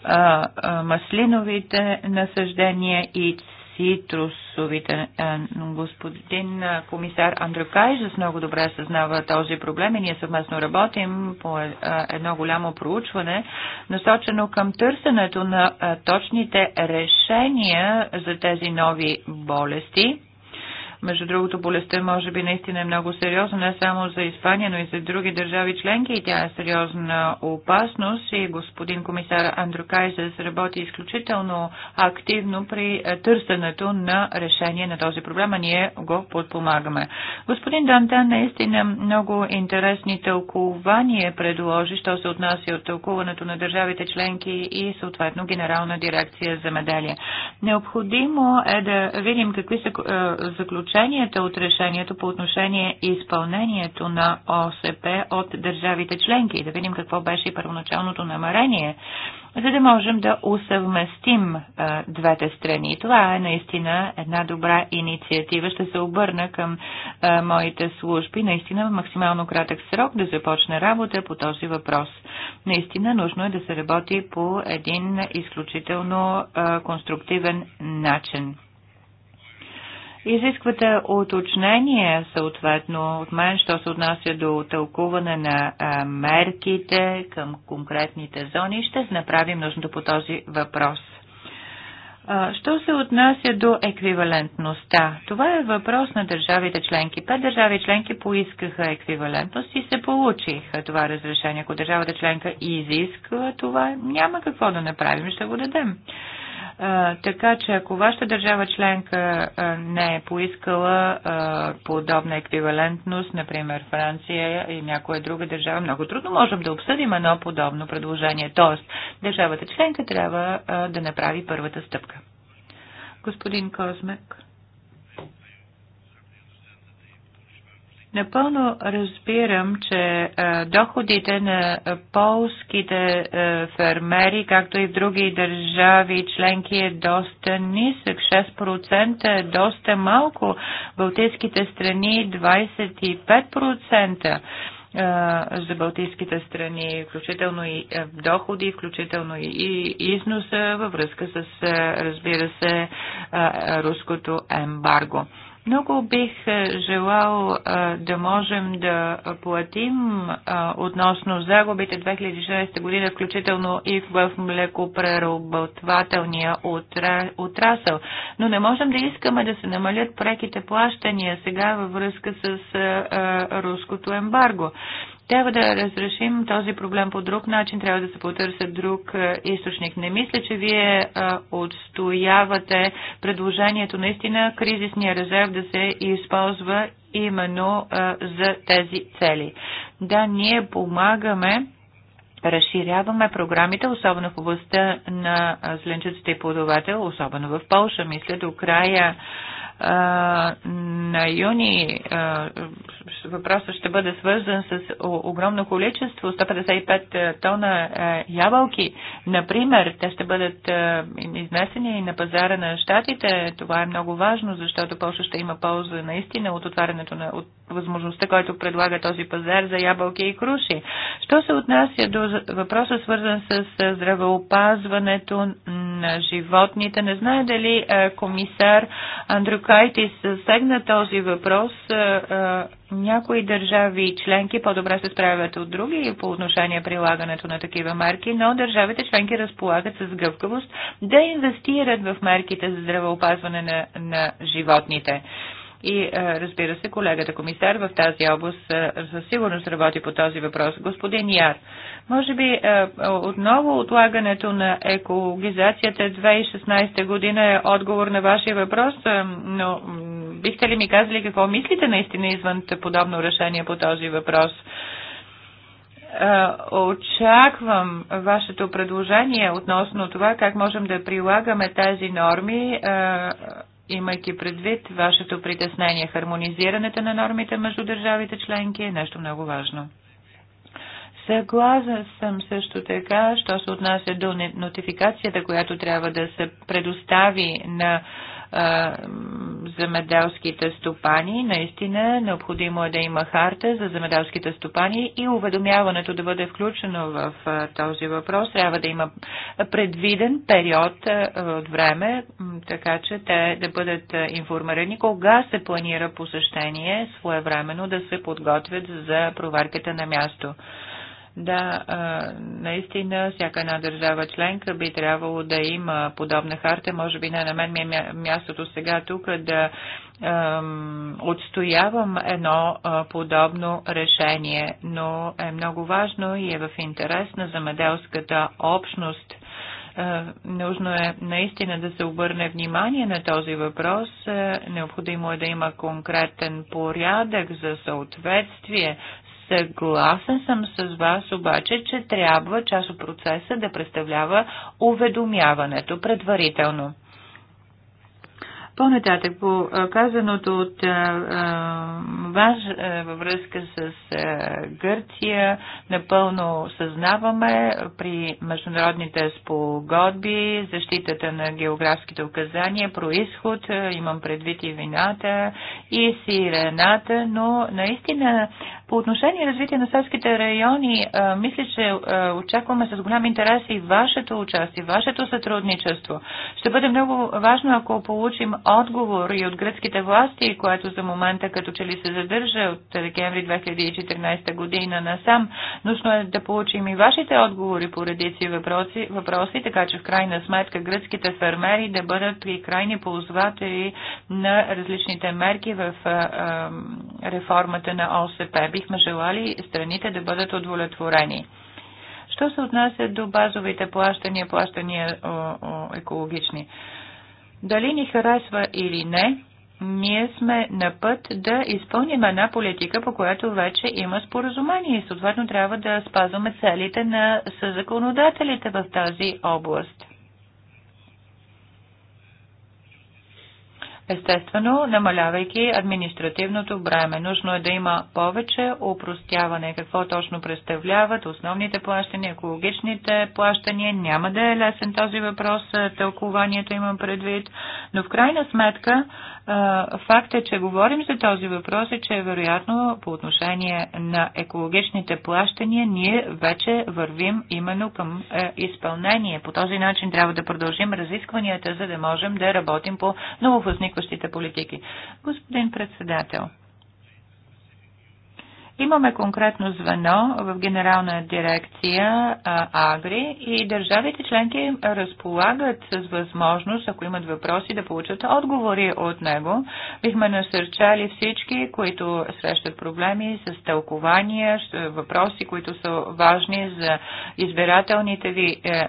а, а, маслиновите насъждения и цитрусовите. Господин комисар Андрюкайжес много добре съзнава този проблем и ние съвместно работим по е, едно голямо проучване, насочено към търсенето на точните решения за тези нови болести между другото, болестта може би наистина е много сериозна, не само за Испания, но и за други държави членки и тя е сериозна опасност и господин комисар Андро Кайзес работи изключително активно при търсенето на решение на този проблем, а ние го подпомагаме. Господин Дантен наистина много интересни тълкования предложи, що се отнася от тълкуването на държавите членки и съответно Генерална дирекция за меделие. Необходимо е да видим какви са е, заключения заключенията от решението по отношение изпълнението на ОСП от държавите членки и да видим какво беше първоначалното намерение, за да можем да усъвместим а, двете страни. Това е наистина една добра инициатива. Ще се обърна към а, моите служби, наистина в максимално кратък срок да започне работа по този въпрос. Наистина нужно е да се работи по един изключително а, конструктивен начин. Изисквате уточнение, съответно, от мен, що се отнася до тълкуване на мерките към конкретните зони. Ще направим нужното по този въпрос. Що се отнася до еквивалентността? Това е въпрос на държавите членки. Пет държави членки поискаха еквивалентност и се получиха това разрешение. Ако държавата членка изисква това, няма какво да направим, ще го дадем така че ако вашата държава членка не е поискала подобна еквивалентност, например Франция и някоя друга държава, много трудно можем да обсъдим едно подобно предложение. Тоест, държавата членка трябва да направи първата стъпка. Господин Козмек. Напълно разбирам, че доходите на полските фермери, както и в други държави членки, е доста нисък. 6% е доста малко. Балтийските страни 25% за балтийските страни, включително и доходи, включително и износа във връзка с, разбира се, руското ембарго. Много бих е, желал е, да можем да платим е, относно загубите 2016 година, включително и в млекопреработвателния отрасъл. Но не можем да искаме да се намалят преките плащания сега във връзка с руското ембарго. Трябва да разрешим този проблем по друг начин, трябва да се потърсят друг е, източник. Не мисля, че вие е, отстоявате предложението наистина кризисния резерв да се използва именно е, за тези цели. Да, ние помагаме разширяваме програмите, особено в областта на зеленчуците и плодовете, особено в Польша. Мисля, до края на юни въпросът ще бъде свързан с огромно количество, 155 тона ябълки. Например, те ще бъдат изнесени на пазара на щатите. Това е много важно, защото Польша ще има полза наистина от отварянето на от възможността, който предлага този пазар за ябълки и круши. Що се отнася до въпроса свързан с здравеопазването на животните, не знае дали комисар Андрюка Хайти засегна този въпрос. Някои държави и членки по-добре се справят от други по отношение прилагането на такива мерки, но държавите членки разполагат с гъвкавост да инвестират в мерките за здравеопазване на, на животните. И е, разбира се, колегата комисар в тази област е, със сигурност работи по този въпрос. Господин Яр, може би е, отново отлагането на екологизацията 2016 година е отговор на вашия въпрос, но бихте ли ми казали какво мислите наистина извън подобно решение по този въпрос? очаквам вашето предложение относно това как можем да прилагаме тези норми имайки предвид вашето притеснение. Хармонизирането на нормите между държавите членки е нещо много важно. Съгласен съм също така, що се отнася до нотификацията, която трябва да се предостави на земеделските стопани. Наистина необходимо е да има харта за земеделските стопани и уведомяването да бъде включено в този въпрос. Трябва да има предвиден период от време, така че те да бъдат информирани кога се планира посещение, своевременно да се подготвят за проверката на място. Да, наистина всяка една държава членка би трябвало да има подобна харта. Може би не на мен ми е мястото сега тук да отстоявам едно подобно решение, но е много важно и е в интерес на замеделската общност. Нужно е наистина да се обърне внимание на този въпрос. Е, необходимо е да има конкретен порядък за съответствие Съгласен съм с вас обаче, че трябва част от процеса да представлява уведомяването предварително. По-нататък, по казаното от вас във връзка с Гърция, напълно съзнаваме при международните спогодби защитата на географските указания, происход, имам предвид и вината и сирената, но наистина по отношение развитие на селските райони, мисля, че очакваме с голям интерес и вашето участие, вашето сътрудничество. Ще бъде много важно, ако получим отговор и от гръцките власти, което за момента като че ли се задържа от декември 2014 година насам. Нужно е да получим и вашите отговори по редици въпроси, въпроси, така че в крайна сметка гръцките фермери да бъдат при крайни ползватели на различните мерки в реформата на ОСП бихме желали страните да бъдат удовлетворени. Що се отнася до базовите плащания, плащания о, о, екологични? Дали ни харесва или не, ние сме на път да изпълним една политика, по която вече има споразумение и съответно трябва да спазваме целите на съзаконодателите в тази област. естествено, намалявайки административното бреме. Нужно е да има повече упростяване. Какво точно представляват основните плащания, екологичните плащания? Няма да е лесен този въпрос, тълкованието имам предвид. Но в крайна сметка, Факт е, че говорим за този въпрос и че вероятно по отношение на екологичните плащания ние вече вървим именно към е, изпълнение. По този начин трябва да продължим разискванията, за да можем да работим по нововъзникващите политики. Господин председател, Имаме конкретно звено в Генерална дирекция Агри и държавите членки разполагат с възможност, ако имат въпроси, да получат отговори от него. Бихме насърчали всички, които срещат проблеми с тълкования, е, въпроси, които са важни за избирателните ви е,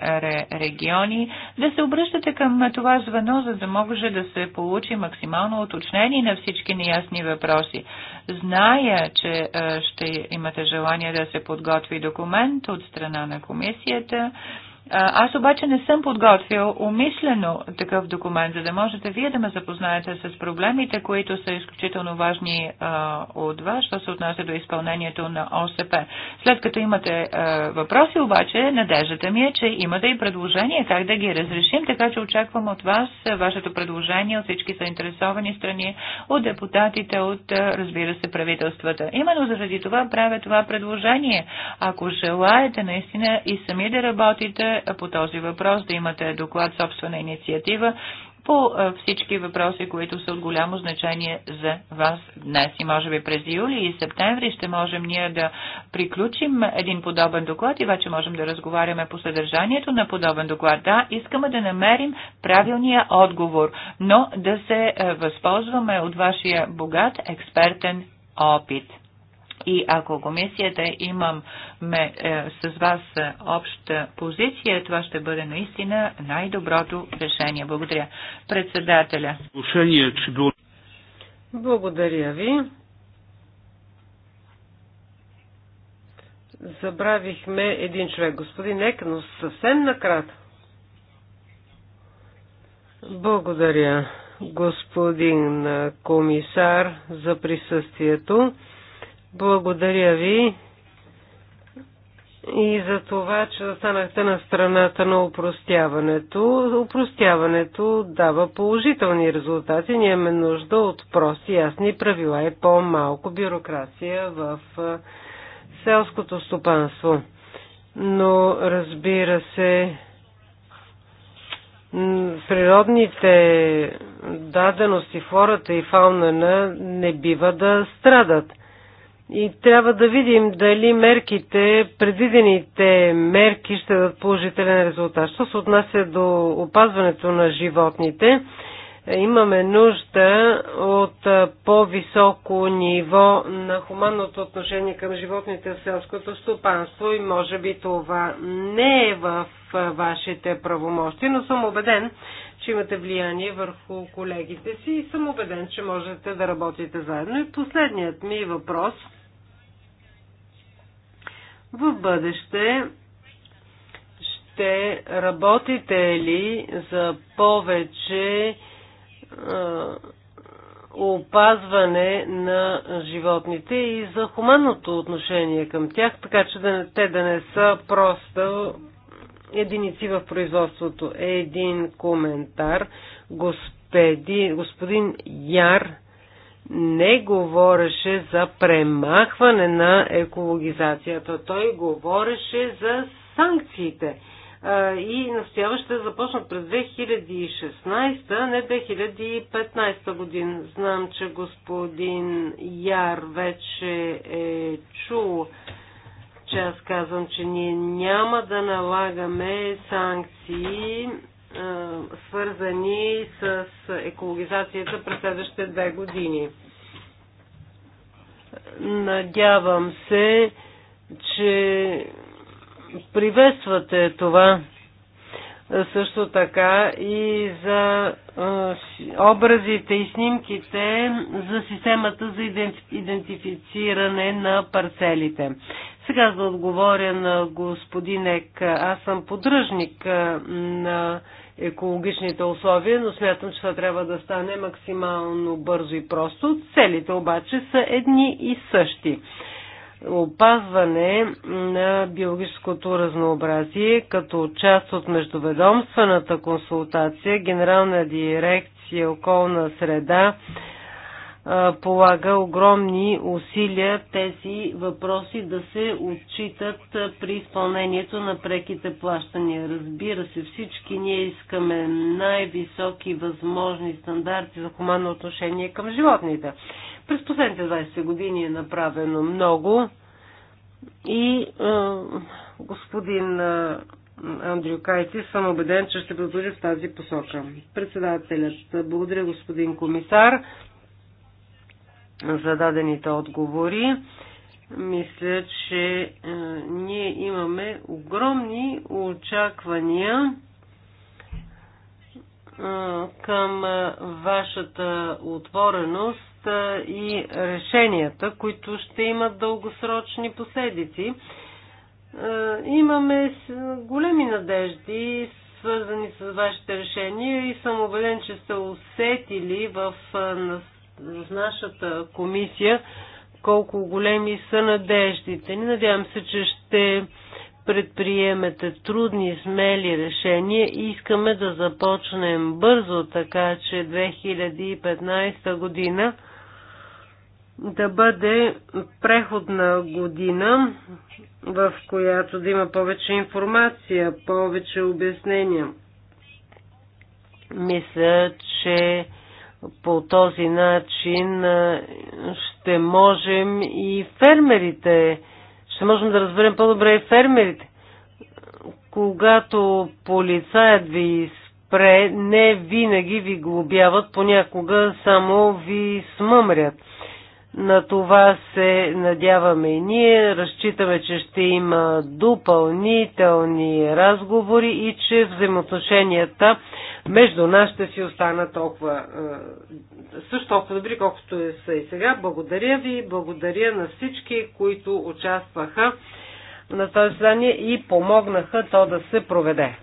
региони, да се обръщате към това звено, за да може да се получи максимално уточнение на всички неясни въпроси. Зная, че ще имате желание да се подготви документ от страна на комисията аз обаче не съм подготвил умишлено такъв документ, за да можете вие да ме запознаете с проблемите, които са изключително важни а, от вас, що се отнася до изпълнението на ОСП. След като имате а, въпроси обаче, надеждата ми е, че имате и предложение как да ги разрешим, така че очаквам от вас вашето предложение, от всички заинтересовани страни, от депутатите, от разбира се правителствата. Именно заради това правя това предложение. Ако желаете наистина и сами да работите, по този въпрос да имате доклад собствена инициатива по е, всички въпроси, които са от голямо значение за вас днес. И може би през юли и септември ще можем ние да приключим един подобен доклад и вече можем да разговаряме по съдържанието на подобен доклад. Да, искаме да намерим правилния отговор, но да се е, възползваме от вашия богат експертен опит. И ако комисията имаме е, с вас е, обща позиция, това ще бъде наистина най-доброто решение. Благодаря. Председателя. Благодаря ви. Забравихме един човек, господин Ек, но съвсем накратко. Благодаря, господин е, комисар, за присъствието. Благодаря ви и за това, че останахте на страната на упростяването. Упростяването дава положителни резултати. Ние имаме нужда от прости, ясни правила и по-малко бюрокрация в селското стопанство. Но разбира се, природните дадености, флората и фауна не бива да страдат – и трябва да видим дали мерките, предвидените мерки ще дадат положителен резултат. Що се отнася до опазването на животните, имаме нужда от по-високо ниво на хуманното отношение към животните в селското стопанство и може би това не е в вашите правомощи, но съм убеден, че имате влияние върху колегите си и съм убеден, че можете да работите заедно. И последният ми въпрос – в бъдеще ще работите ли за повече опазване на животните и за хуманното отношение към тях, така че да те да не са просто единици в производството. Един коментар. Господи, господин Яр не говореше за премахване на екологизацията. Той говореше за санкциите и настояващите да започнат през 2016, а не 2015 година. Знам, че господин Яр вече е чул, че аз казвам, че ние няма да налагаме санкции е, свързани с екологизацията през следващите две години. Надявам се, че приветствате това също така и за е, образите и снимките за системата за идентифициране на парцелите. Сега за да отговоря на господин Ек, аз съм поддръжник е, на екологичните условия, но смятам, че това трябва да стане максимално бързо и просто. Целите обаче са едни и същи. Опазване на биологическото разнообразие като част от междуведомствената консултация, Генерална дирекция околна среда полага огромни усилия тези въпроси да се отчитат при изпълнението на преките плащания. Разбира се, всички ние искаме най-високи възможни стандарти за хуманно отношение към животните. През последните 20 години е направено много и е, господин е, Андрю Кайти съм убеден, че ще продължи в тази посока. Председателят, благодаря господин комисар за дадените отговори. Мисля, че е, ние имаме огромни очаквания е, към е, вашата отвореност е, и решенията, които ще имат дългосрочни последици. Имаме големи надежди, свързани с вашите решения и съм убеден, че сте усетили в в нашата комисия колко големи са надеждите. Ни надявам се, че ще предприемете трудни, смели решения и искаме да започнем бързо, така че 2015 година да бъде преходна година, в която да има повече информация, повече обяснения. Мисля, че по този начин ще можем и фермерите, ще можем да разберем по-добре и фермерите. Когато полицаят ви спре, не винаги ви глобяват, понякога само ви смъмрят – на това се надяваме и ние. Разчитаме, че ще има допълнителни разговори и че взаимоотношенията между нас ще си останат толкова, е, също толкова добри, колкото е са и сега. Благодаря ви, благодаря на всички, които участваха на това заседание и помогнаха то да се проведе.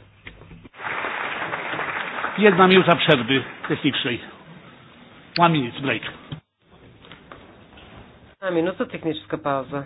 Една минута przerwy technicznej. One minute break. Една минута техническа пауза.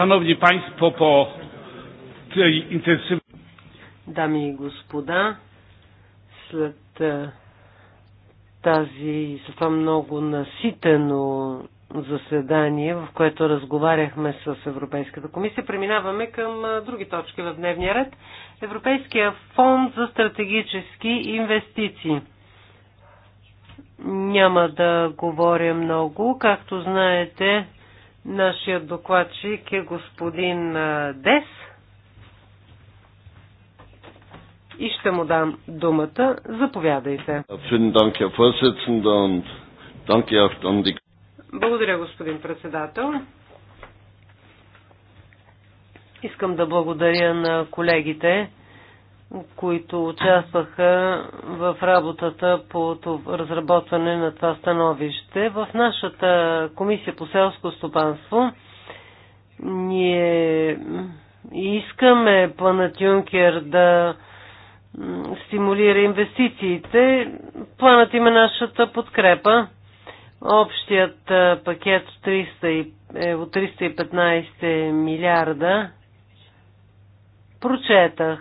Szanowni Państwo, po tej intensywnej... Дами и господа, след е, тази, след това много наситено заседание, в което разговаряхме с Европейската комисия, преминаваме към е, други точки в дневния ред. Европейския фонд за стратегически инвестиции. Няма да говоря много. Както знаете, Нашият докладчик е господин Дес. И ще му дам думата. Заповядайте. Благодаря, господин председател. Искам да благодаря на колегите които участваха в работата по разработване на това становище. В нашата комисия по селско стопанство ние искаме планът Юнкер да стимулира инвестициите. Планът има нашата подкрепа. Общият пакет 300 е от 315 милиарда. Прочетах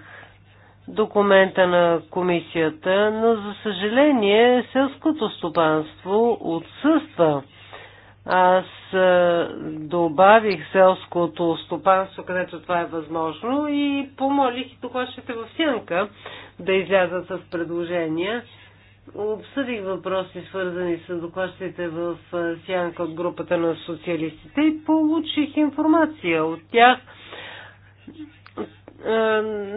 документа на комисията, но за съжаление селското стопанство отсъства. Аз добавих селското стопанство, където това е възможно и помолих докладчите в сянка да излязат с предложения. Обсъдих въпроси, свързани с докладчите в сянка от групата на социалистите и получих информация от тях е,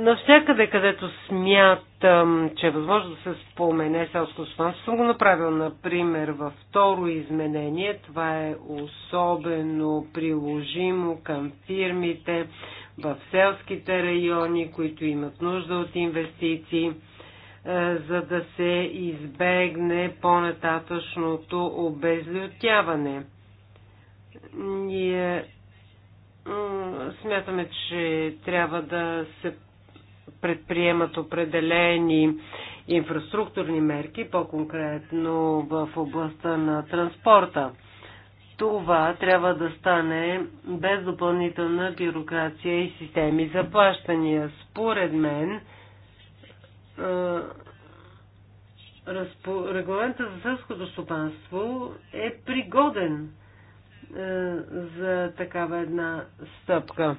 навсякъде, където смятам, че е възможно да се спомене селско стопанство, съм го направил, например, във второ изменение. Това е особено приложимо към фирмите в селските райони, които имат нужда от инвестиции, е, за да се избегне по-нататъчното обезлютяване. Ние Смятаме, че трябва да се предприемат определени инфраструктурни мерки, по-конкретно в областта на транспорта. Това трябва да стане без допълнителна бюрокрация и системи за плащания. Според мен, регламента за сълското стопанство е пригоден е, за такава една стъпка.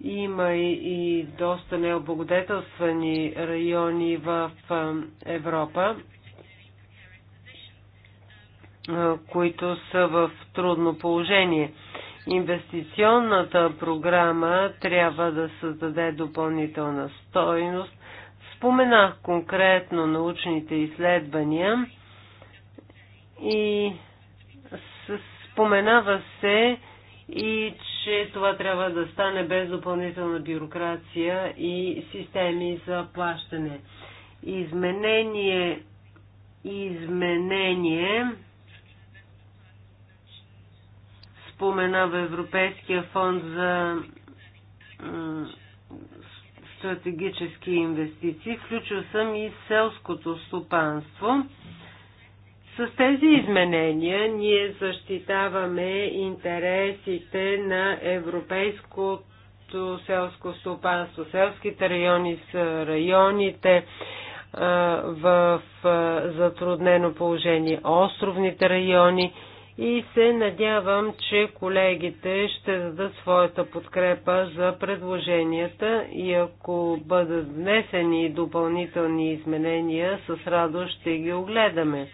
Има и, и доста необлагодетелствани райони в е, Европа, е, които са в трудно положение. Инвестиционната програма трябва да създаде допълнителна стойност. Споменах конкретно научните изследвания и Споменава се и че това трябва да стане без допълнителна бюрокрация и системи за плащане. Изменение изменение споменава Европейския фонд за стратегически инвестиции. Включил съм и селското стопанство. С тези изменения ние защитаваме интересите на европейското селско стопанство. Селските райони са районите в затруднено положение, островните райони и се надявам, че колегите ще дадат своята подкрепа за предложенията и ако бъдат внесени допълнителни изменения, с радост ще ги огледаме.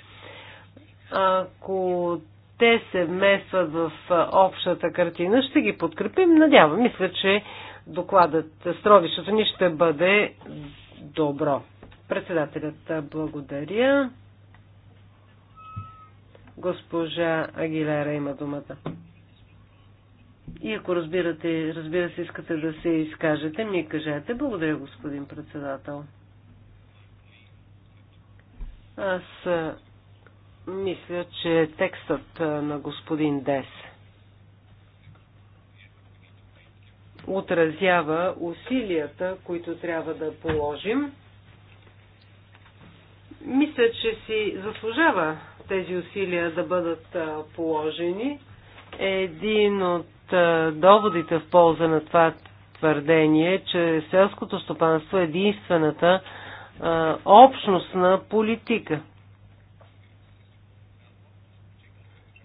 Ако те се вместват в общата картина, ще ги подкрепим. Надявам, мисля, че докладът, стровището ни ще бъде добро. Председателят благодаря. Госпожа Агилера има думата. И ако разбирате, разбира се, искате да се изкажете, ми кажете. Благодаря, господин председател. Аз мисля, че текстът на господин Дес отразява усилията, които трябва да положим. Мисля, че си заслужава тези усилия да бъдат положени. Един от доводите в полза на това твърдение, е, че селското стопанство е единствената общностна политика –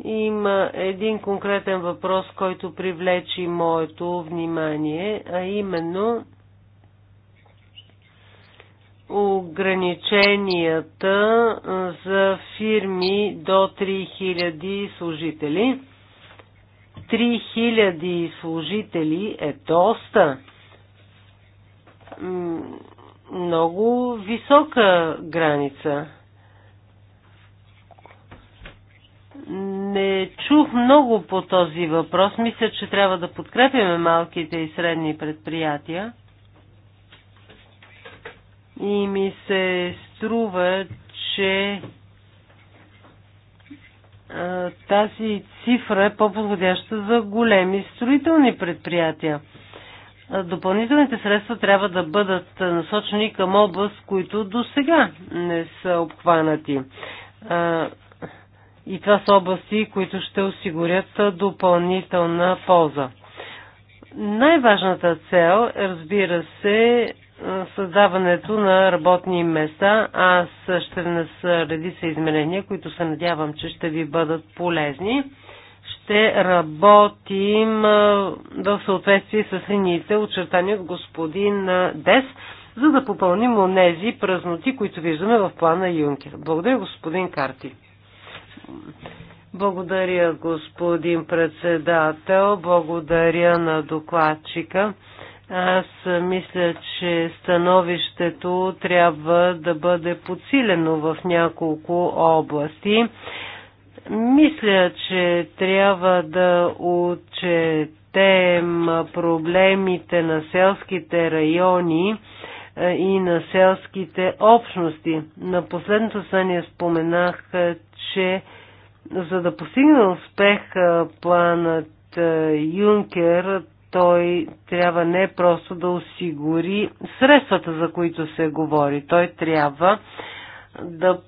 Има един конкретен въпрос, който привлечи моето внимание, а именно ограниченията за фирми до 3000 служители. 3000 служители е доста много висока граница. не чух много по този въпрос. Мисля, че трябва да подкрепяме малките и средни предприятия. И ми се струва, че тази цифра е по-подходяща за големи строителни предприятия. Допълнителните средства трябва да бъдат насочени към област, които до сега не са обхванати. И това са области, които ще осигурят допълнителна полза. Най-важната цел, разбира се, създаването на работни места. Аз ще внеса редица изменения, които се надявам, че ще ви бъдат полезни. Ще работим в съответствие с линиите, очертани от господин Дес, за да попълним онези празноти, които виждаме в плана Юнкер. Благодаря, господин Карти. Благодаря, господин председател. Благодаря на докладчика. Аз мисля, че становището трябва да бъде подсилено в няколко области. Мисля, че трябва да отчетем проблемите на селските райони е, и на селските общности. На последното съня споменах, е, че за да постигне успех планът Юнкер, той трябва не просто да осигури средствата, за които се говори. Той трябва да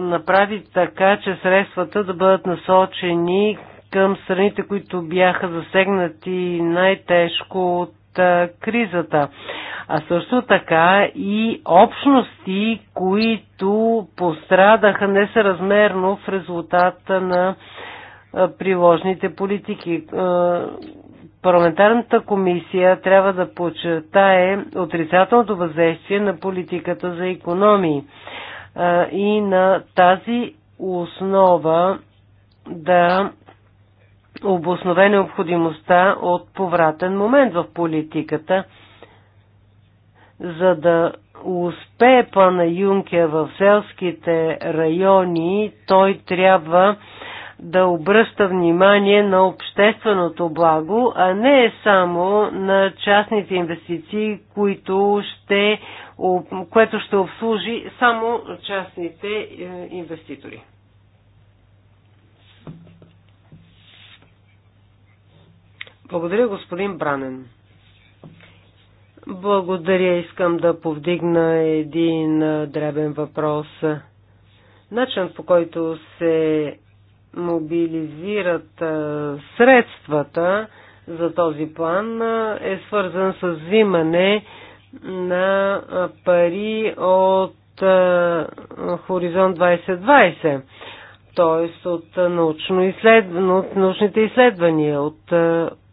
направи така, че средствата да бъдат насочени към страните, които бяха засегнати най-тежко от кризата. А също така и общности, които пострадаха несъразмерно в резултата на приложните политики. Парламентарната комисия трябва да подчертае отрицателното въздействие на политиката за економии и на тази основа да обоснове необходимостта от повратен момент в политиката, за да успее пана Юнкер в селските райони, той трябва да обръща внимание на общественото благо, а не само на частните инвестиции, които ще, което ще обслужи само частните е, инвеститори. Благодаря, господин Бранен. Благодаря. Искам да повдигна един дребен въпрос. Начинът по който се мобилизират средствата за този план е свързан с взимане на пари от Хоризонт 2020, т.е. от научно изследване, от научните изследвания, от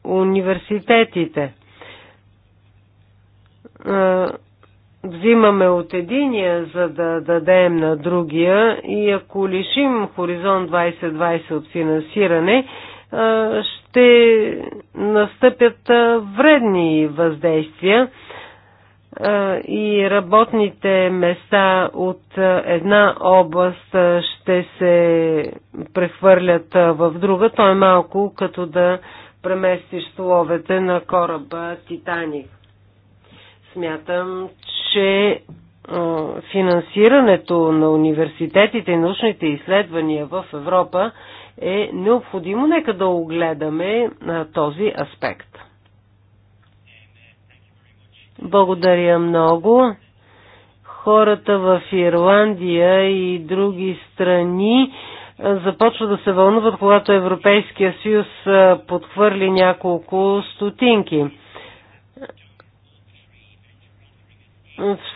университетите. Взимаме от единия, за да дадем на другия и ако лишим Хоризонт 2020 от финансиране, ще настъпят вредни въздействия и работните места от една област ще се прехвърлят в друга. То е малко като да преместиш словете на кораба Титаник. Смятам, че финансирането на университетите и научните изследвания в Европа е необходимо. Нека да огледаме този аспект. Благодаря много. Хората в Ирландия и други страни е, започва да се вълнуват, когато Европейския съюз е, подхвърли няколко стотинки.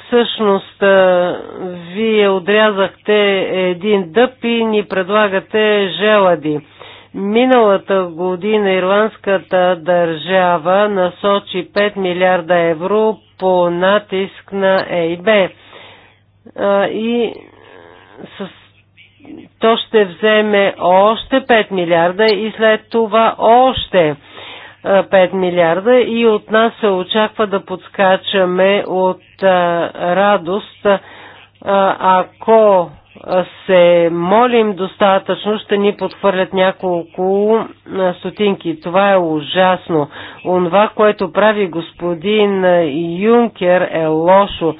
Всъщност, е, вие отрязахте един дъб и ни предлагате желади. Миналата година ирландската държава насочи 5 милиарда евро по натиск на ЕИБ. И с то ще вземе още 5 милиарда и след това още 5 милиарда и от нас се очаква да подскачаме от радост. Ако се молим достатъчно, ще ни подхвърлят няколко стотинки. Това е ужасно. Онова, което прави господин Юнкер е лошо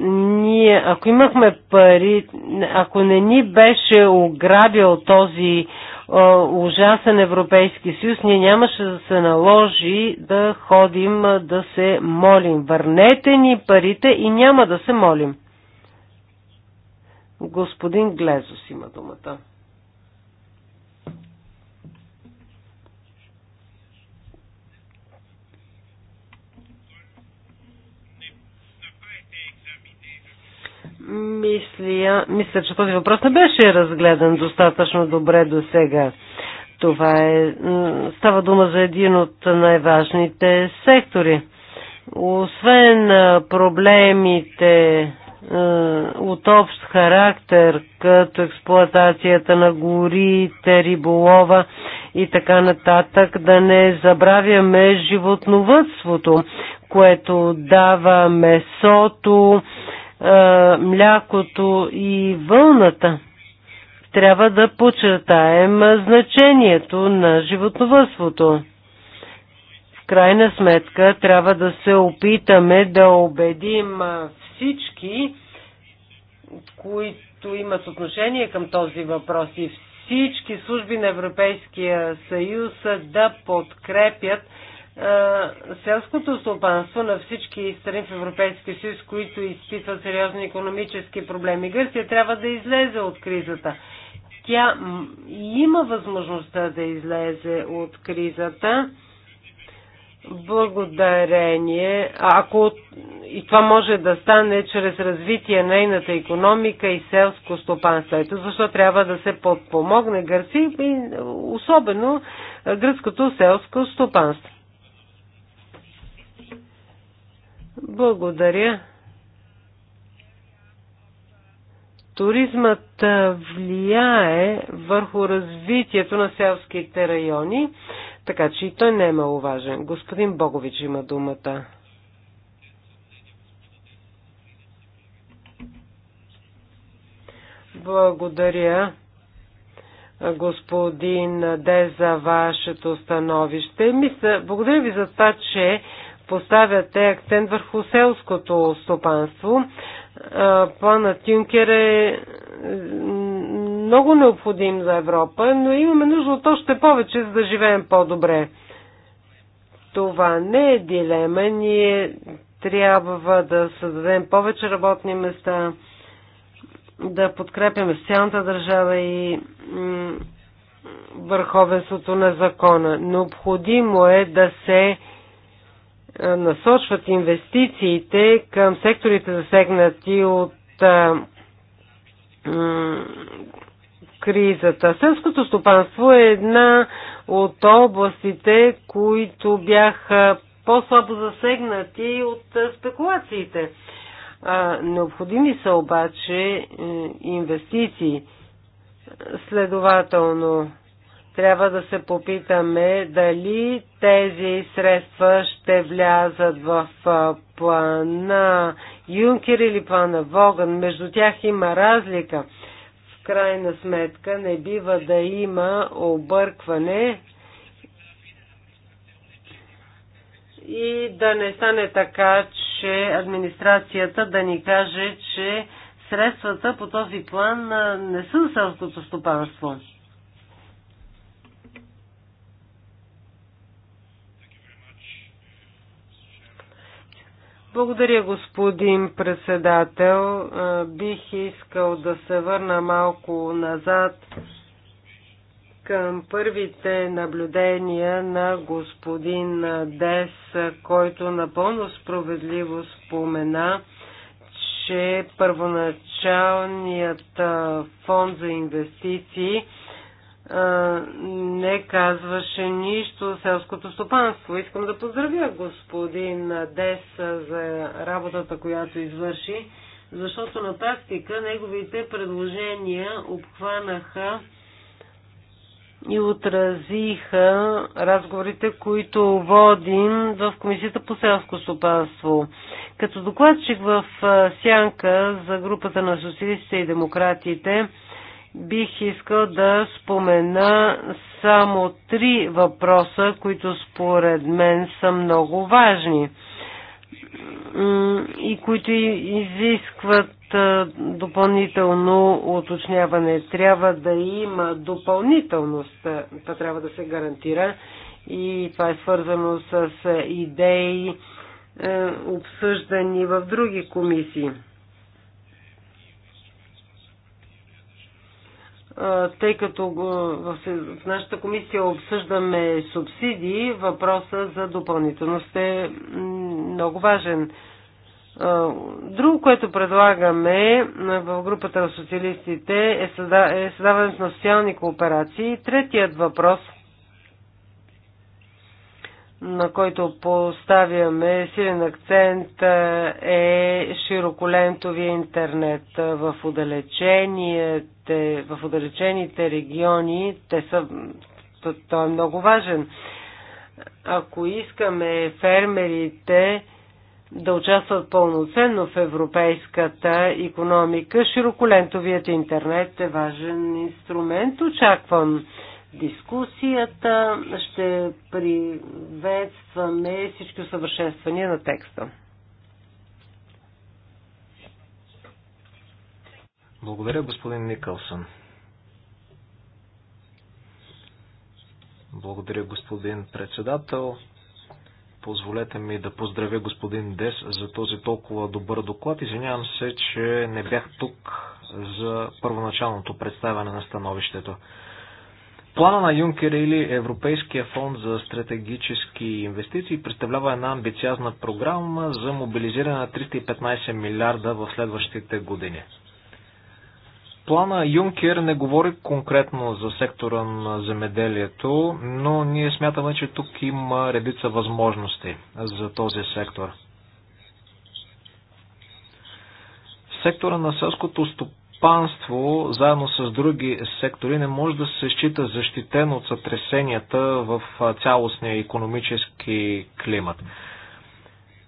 ние, ако имахме пари, ако не ни беше ограбил този ужасен Европейски съюз, ние нямаше да се наложи да ходим да се молим. Върнете ни парите и няма да се молим. Господин Глезос има думата. Мисля, мисля, че този въпрос не беше разгледан достатъчно добре до сега. Това е, става дума за един от най-важните сектори. Освен проблемите от общ характер, като експлоатацията на горите, риболова и така нататък, да не забравяме животновътството, което дава месото, млякото и вълната. Трябва да подчертаем значението на животновътството. В крайна сметка трябва да се опитаме да убедим всички, които имат отношение към този въпрос и всички служби на Европейския съюз да подкрепят е, селското стопанство на всички страни в Европейския съюз, които изпитват сериозни економически проблеми. Гърция трябва да излезе от кризата. Тя има възможността да излезе от кризата благодарение, ако и това може да стане чрез развитие на нейната економика и селско стопанство. Ето защо трябва да се подпомогне Гърция и особено гръцкото селско стопанство. Благодаря. Туризмът влияе върху развитието на селските райони, така че и той не е маловажен. Господин Богович има думата. Благодаря, господин Де, за вашето становище. Мисля, благодаря ви за това, че поставяте акцент върху селското стопанство. Планът Юнкер е много необходим за Европа, но имаме нужда от още повече, за да живеем по-добре. Това не е дилема. Ние трябва да създадем повече работни места, да подкрепяме цялата държава и върховенството на закона. Необходимо е да се насочват инвестициите към секторите засегнати от кризата. Сънското стопанство е една от областите, които бяха по-слабо засегнати от спекулациите. Необходими са обаче е, инвестиции. Следователно, трябва да се попитаме дали тези средства ще влязат в плана Юнкер или плана Воган. Между тях има разлика. В крайна сметка не бива да има объркване и да не стане така, че администрацията да ни каже, че средствата по този план не са за селското стопанство. Благодаря, господин председател. Бих искал да се върна малко назад към първите наблюдения на господин Дес, който напълно справедливо спомена, че първоначалният фонд за инвестиции – не казваше нищо селското стопанство. Искам да поздравя господин Дес за работата, която извърши, защото на практика неговите предложения обхванаха и отразиха разговорите, които водим в Комисията по селско стопанство. Като докладчик в Сянка за групата на социалистите и демократите, Бих искал да спомена само три въпроса, които според мен са много важни и които изискват допълнително уточняване. Трябва да има допълнителност, това трябва да се гарантира и това е свързано с идеи, обсъждани в други комисии. тъй като в нашата комисия обсъждаме субсидии, въпроса за допълнителност е много важен. Друго, което предлагаме в групата на социалистите е, е създаването на социални кооперации. Третият въпрос – на който поставяме силен акцент, е, е широколентовия интернет. В, в отдалечените региони те са, той е много важен. Ако искаме фермерите да участват пълноценно в европейската економика, широколентовият интернет е важен инструмент. Очаквам дискусията. Ще приветстваме всички усъвършенствания на текста. Благодаря, господин Никълсън. Благодаря, господин председател. Позволете ми да поздравя господин Дес за този толкова добър доклад. Извинявам се, че не бях тук за първоначалното представяне на становището. Плана на Юнкер или Европейския фонд за стратегически инвестиции представлява една амбициозна програма за мобилизиране на 315 милиарда в следващите години. Плана Юнкер не говори конкретно за сектора на земеделието, но ние смятаме, че тук има редица възможности за този сектор. Сектора на селското стоп стопанство, заедно с други сектори, не може да се счита защитен от сътресенията в цялостния економически климат.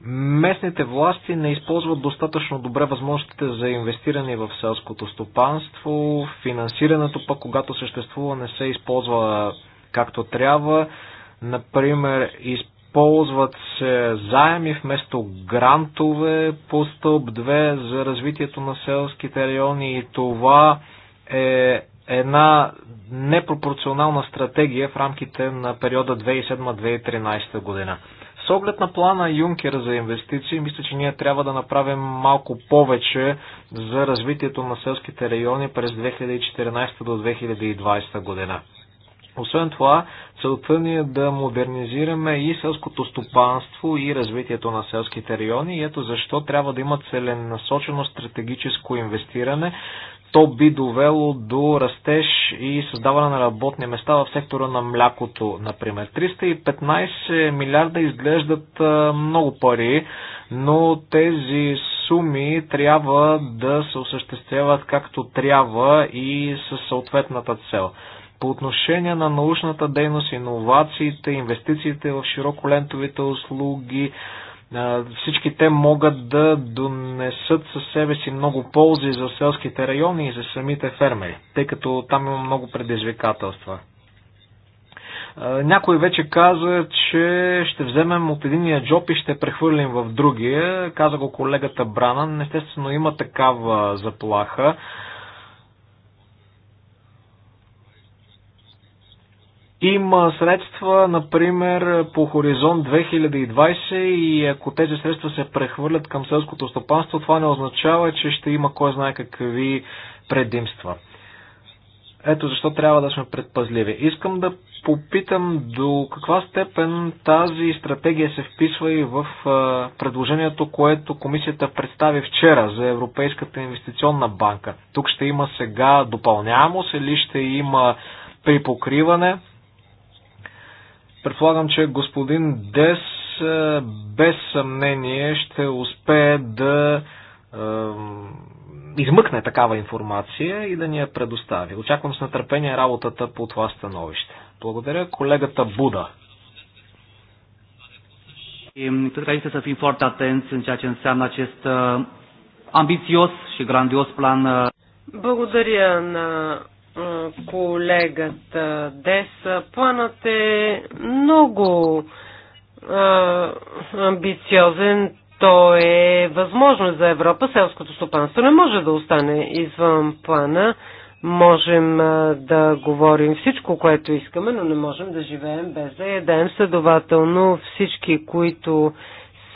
Местните власти не използват достатъчно добре възможностите за инвестиране в селското стопанство, финансирането пък, когато съществува, не се използва както трябва. Например, използват Ползват се заеми вместо грантове по стълб 2 за развитието на селските райони и това е една непропорционална стратегия в рамките на периода 2007-2013 година. С оглед на плана Юнкер за инвестиции, мисля, че ние трябва да направим малко повече за развитието на селските райони през 2014 до 2020 година. Освен това, целта ни е да модернизираме и селското стопанство и развитието на селските райони. Ето защо трябва да има целенасочено стратегическо инвестиране. То би довело до растеж и създаване на работни места в сектора на млякото, например. 315 милиарда изглеждат много пари, но тези суми трябва да се осъществяват както трябва и със съответната цел. По отношение на научната дейност, иновациите, инвестициите в широколентовите услуги, всички те могат да донесат със себе си много ползи за селските райони и за самите фермери, тъй като там има много предизвикателства. Някой вече каза, че ще вземем от единия джоб и ще прехвърлим в другия. Каза го колегата Бранан. Естествено има такава заплаха. Има средства, например, по Хоризонт 2020 и ако тези средства се прехвърлят към селското стопанство, това не означава, че ще има кой знае какви предимства. Ето защо трябва да сме предпазливи. Искам да попитам до каква степен тази стратегия се вписва и в предложението, което комисията представи вчера за Европейската инвестиционна банка. Тук ще има сега допълняемост или ще има припокриване? Предполагам, че господин Дес е, без съмнение ще успее да е, измъкне такава информация и да ни я предостави. Очаквам с нетърпение работата по това становище. Благодаря колегата Буда. Cred că să fim foarte atenți în ceea ce înseamnă acest ambițios și grandios plan. Благодаря на колегата Деса. Планът е много а, амбициозен. То е възможно за Европа. Селското стопанство не може да остане извън плана. Можем да говорим всичко, което искаме, но не можем да живеем без да ядем. Следователно всички, които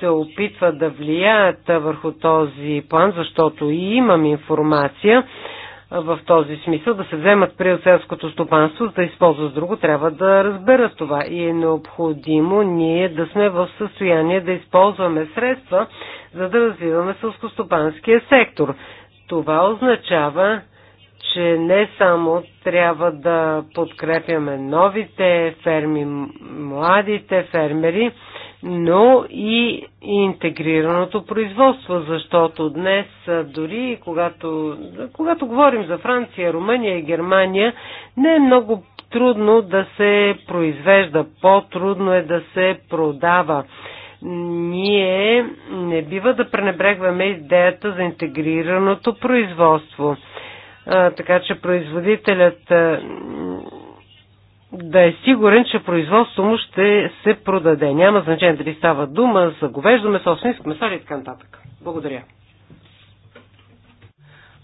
се опитват да влияят върху този план, защото и имам информация, в този смисъл, да се вземат при селското стопанство, да използват друго, трябва да разберат това. И е необходимо ние да сме в състояние да използваме средства, за да развиваме селскостопанския сектор. Това означава, че не само трябва да подкрепяме новите ферми, младите фермери, но и интегрираното производство, защото днес, дори когато, когато говорим за Франция, Румъния и Германия, не е много трудно да се произвежда, по-трудно е да се продава. Ние не бива да пренебрегваме идеята за интегрираното производство. А, така че производителят да е сигурен, че производството му ще се продаде. Няма значение дали става дума за говеждо месо, свинско месо и така нататък. Благодаря.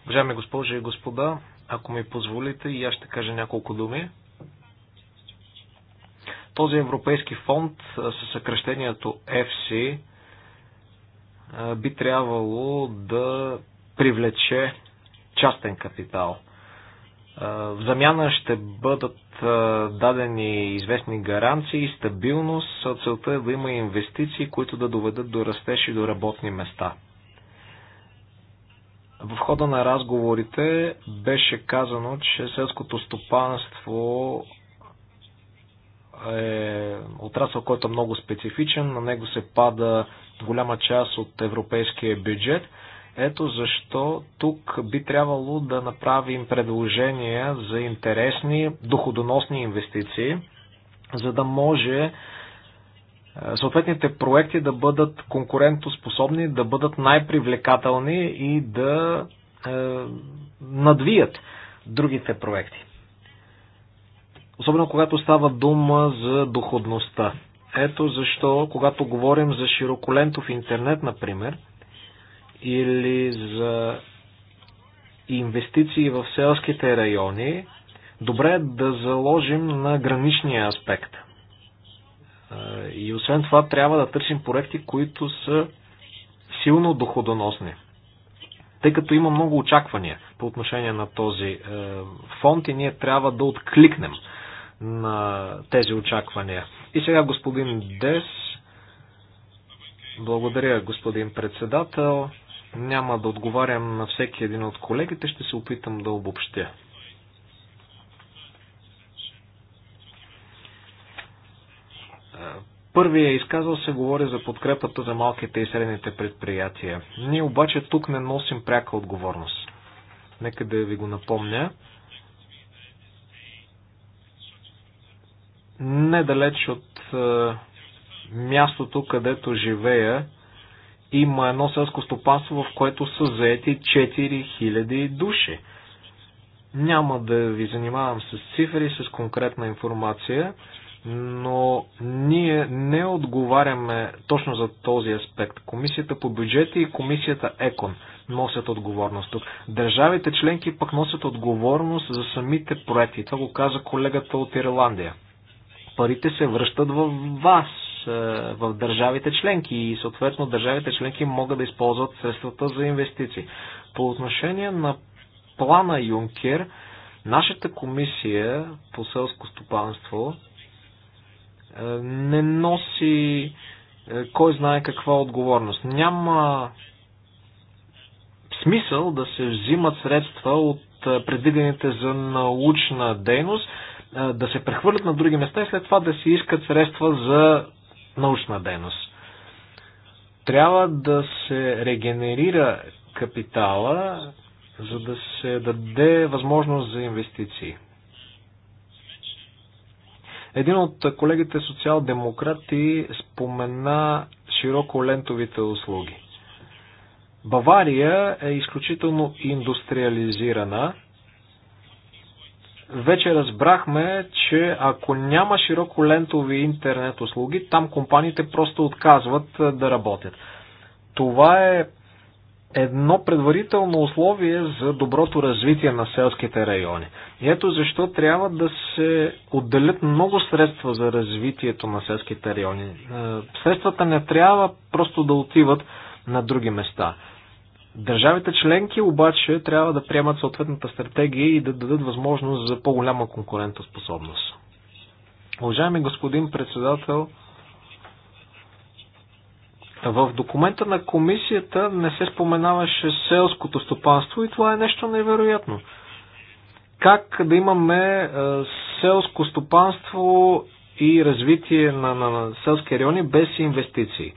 Уважаеми госпожи и господа, ако ми позволите и аз ще кажа няколко думи. Този европейски фонд със съкръщението EFSI би трябвало да привлече частен капитал – в замяна ще бъдат дадени известни гаранции, стабилност. Целта е да има инвестиции, които да доведат до растеж и до работни места. В хода на разговорите беше казано, че селското стопанство е отрасъл, който е много специфичен. На него се пада голяма част от европейския бюджет – ето защо тук би трябвало да направим предложения за интересни, доходоносни инвестиции, за да може е, съответните проекти да бъдат конкурентоспособни, да бъдат най-привлекателни и да е, надвият другите проекти. Особено когато става дума за доходността. Ето защо, когато говорим за широколентов интернет, например, или за инвестиции в селските райони, добре е да заложим на граничния аспект. Е, и освен това трябва да търсим проекти, които са силно доходоносни. Тъй като има много очаквания по отношение на този е, фонд и ние трябва да откликнем на тези очаквания. И сега господин Дес. Благодаря, господин председател. Няма да отговарям на всеки един от колегите, ще се опитам да обобщя. Първия изказал се говори за подкрепата за малките и средните предприятия. Ние обаче тук не носим пряка отговорност. Нека да ви го напомня. Недалеч от е, мястото, където живея, има едно селско стопанство, в което са заети 4000 души. Няма да ви занимавам с цифри, с конкретна информация, но ние не отговаряме точно за този аспект. Комисията по бюджети и комисията ЕКОН носят отговорност тук. Държавите членки пък носят отговорност за самите проекти. Това го каза колегата от Ирландия. Парите се връщат в вас, е, в държавите членки и съответно държавите членки могат да използват средствата за инвестиции. По отношение на плана Юнкер, нашата комисия по селско стопанство е, не носи е, кой знае каква отговорност. Няма смисъл да се взимат средства от предвидените за научна дейност, да се прехвърлят на други места и след това да се искат средства за научна дейност. Трябва да се регенерира капитала, за да се даде възможност за инвестиции. Един от колегите социал-демократи спомена широко лентовите услуги. Бавария е изключително индустриализирана – вече разбрахме, че ако няма широко лентови интернет услуги, там компаниите просто отказват да работят. Това е едно предварително условие за доброто развитие на селските райони. И ето защо трябва да се отделят много средства за развитието на селските райони. Е, средствата не трябва просто да отиват на други места. Държавите членки обаче трябва да приемат съответната стратегия и да дадат възможност за по-голяма конкурентоспособност. Уважаеми господин председател, в документа на комисията не се споменаваше селското стопанство и това е нещо невероятно. Как да имаме е, селско стопанство и развитие на, на, на селски райони без инвестиции?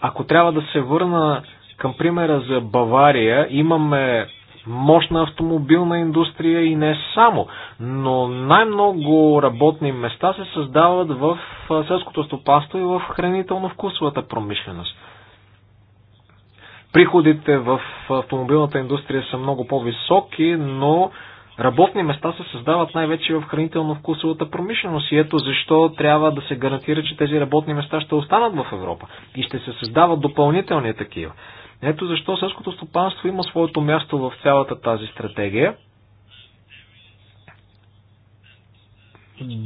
Ако трябва да се върна към примера за Бавария имаме мощна автомобилна индустрия и не само, но най-много работни места се създават в селското стопанство и в хранително-вкусовата промишленост. Приходите в автомобилната индустрия са много по-високи, но Работни места се създават най-вече в хранително-вкусовата промишленост и ето защо трябва да се гарантира, че тези работни места ще останат в Европа и ще се създават допълнителни такива. Ето защо селското стопанство има своето място в цялата тази стратегия.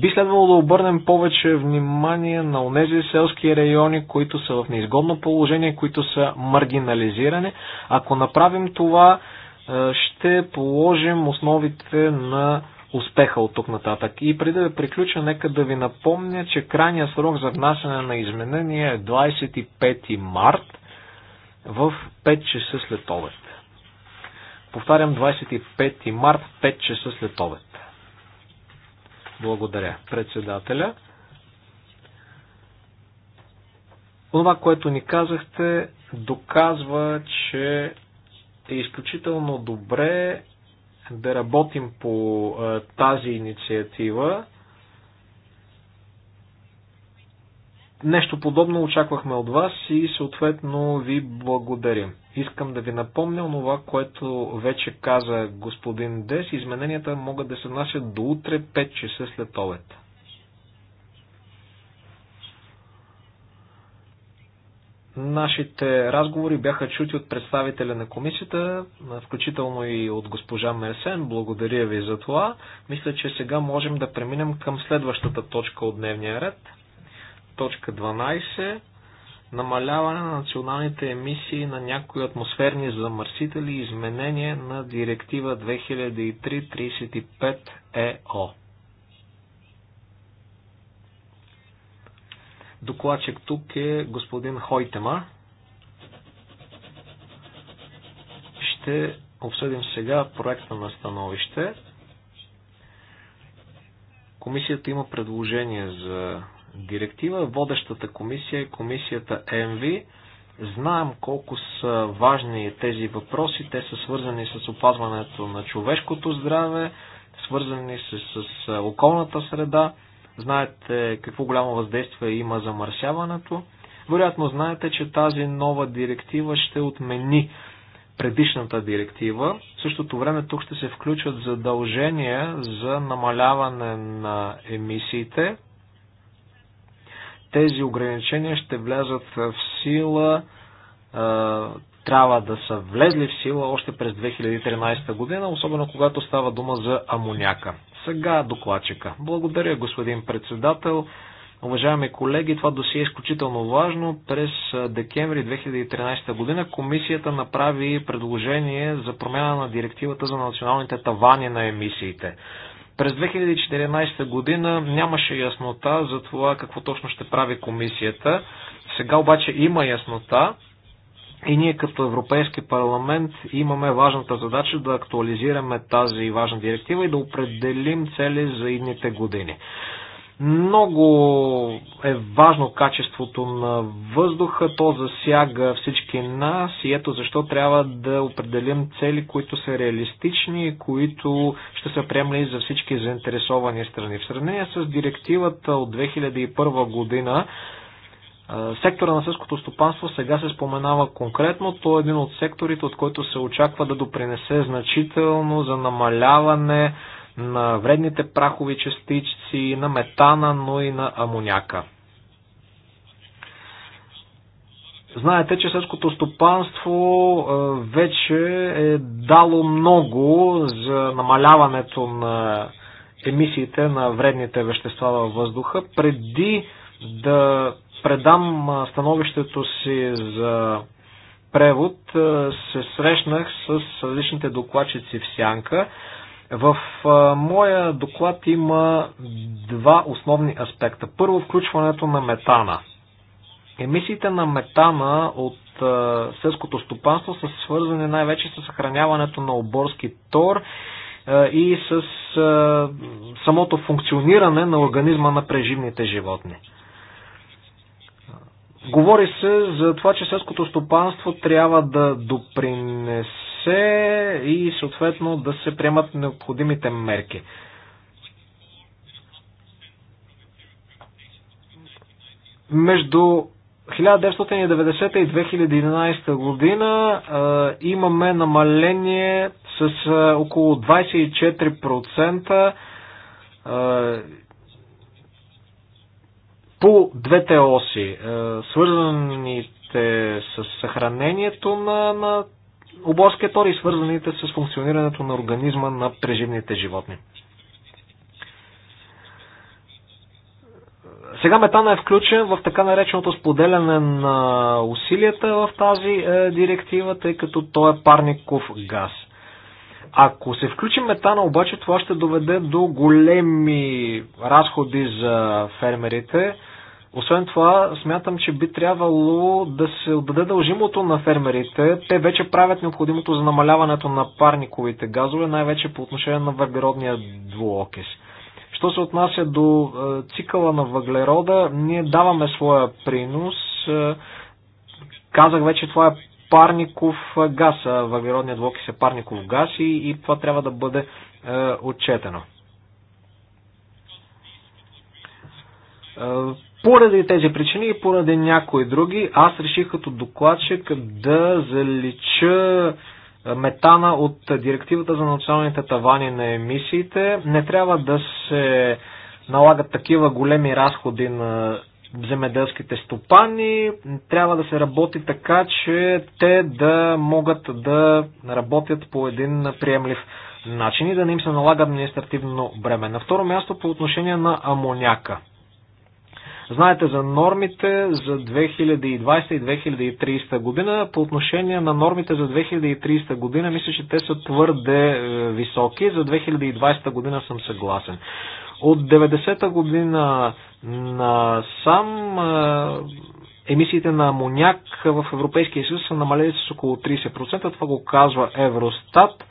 Би следвало да обърнем повече внимание на онези селски райони, които са в неизгодно положение, които са маргинализирани. Ако направим това, е, ще положим основите на успеха от тук нататък. И преди да приключа, нека да ви напомня, че крайният срок за внасяне на изменения е 25 март в 5 часа след обед. Повтарям 25 март 5 часа след обед. Благодаря. Председателя. Това, което ни казахте, доказва, че е изключително добре да работим по е, тази инициатива. Нещо подобно очаквахме от вас и съответно ви благодарим. Искам да ви напомня това, което вече каза господин Дес. Измененията могат да се внасят до утре 5 часа след обед. Нашите разговори бяха чути от представителя на комисията, включително и от госпожа Мерсен. Благодаря ви за това. Мисля, че сега можем да преминем към следващата точка от дневния ред – Точка 12. Намаляване на националните емисии на някои атмосферни замърсители и изменение на директива 2003-35 ЕО. Докладчик тук е господин Хойтема. Ще обсъдим сега проекта на становище. Комисията има предложение за директива. Водещата комисия е комисията МВ. Знаем колко са важни тези въпроси. Те са свързани с опазването на човешкото здраве, свързани са с околната среда. Знаете какво голямо въздействие има замърсяването. Вероятно знаете, че тази нова директива ще отмени предишната директива. В същото време тук ще се включат задължения за намаляване на емисиите тези ограничения ще влязат в сила, трябва да са влезли в сила още през 2013 година, особено когато става дума за амоняка. Сега докладчика. Благодаря, господин председател. Уважаеми колеги, това досие е изключително важно. През декември 2013 година комисията направи предложение за промяна на директивата за националните тавани на емисиите. През 2014 година нямаше яснота за това какво точно ще прави комисията. Сега обаче има яснота и ние като Европейски парламент имаме важната задача да актуализираме тази важна директива и да определим цели за идните години. Много е важно качеството на въздуха, то засяга всички нас и ето защо трябва да определим цели, които са реалистични, и които ще са приемли за всички заинтересовани страни. В сравнение с директивата от 2001 година, Сектора на сълското стопанство сега се споменава конкретно. Той е един от секторите, от който се очаква да допринесе значително за намаляване на вредните прахови частици, на метана, но и на амоняка. Знаете, че селското стопанство е, вече е дало много за намаляването на емисиите на вредните вещества във въздуха. Преди да предам е, становището си за превод, е, се срещнах с различните докладчици в Сянка. В моя доклад има два основни аспекта. Първо, включването на метана. Емисиите на метана от селското стопанство са свързани най-вече с съхраняването на оборски тор и с самото функциониране на организма на преживните животни. Говори се за това, че селското стопанство трябва да допринесе се и съответно да се приемат необходимите мерки. Между 1990 и 2011 година а, имаме намаление с а, около 24% а, по двете оси, свързаните с съхранението на, на оборски е тор и свързаните с функционирането на организма на преживните животни. Сега метана е включен в така нареченото споделяне на усилията в тази е, директива, тъй като той е парников газ. Ако се включи метана, обаче това ще доведе до големи разходи за фермерите. Освен това, смятам, че би трябвало да се отдаде дължимото на фермерите. Те вече правят необходимото за намаляването на парниковите газове, най-вече по отношение на въглеродния двуокис. Що се отнася до е, цикъла на въглерода, ние даваме своя принос. Е, казах вече, това е парников газ. Въглеродният двуокис е парников газ и, и това трябва да бъде е, отчетено. Е, поради тези причини и поради някои други, аз реших като докладчик да залича метана от директивата за националните тавани на емисиите. Не трябва да се налагат такива големи разходи на земеделските стопани. Трябва да се работи така, че те да могат да работят по един приемлив начин и да не им се налага административно бреме. На второ място по отношение на амоняка. Знаете за нормите за 2020 и 2030 година. По отношение на нормите за 2030 година, мисля, че те са твърде е, високи. За 2020 година съм съгласен. От 90-та година на сам е, емисиите на амоняк в Европейския съюз са намалели с около 30%. Това го казва Евростат.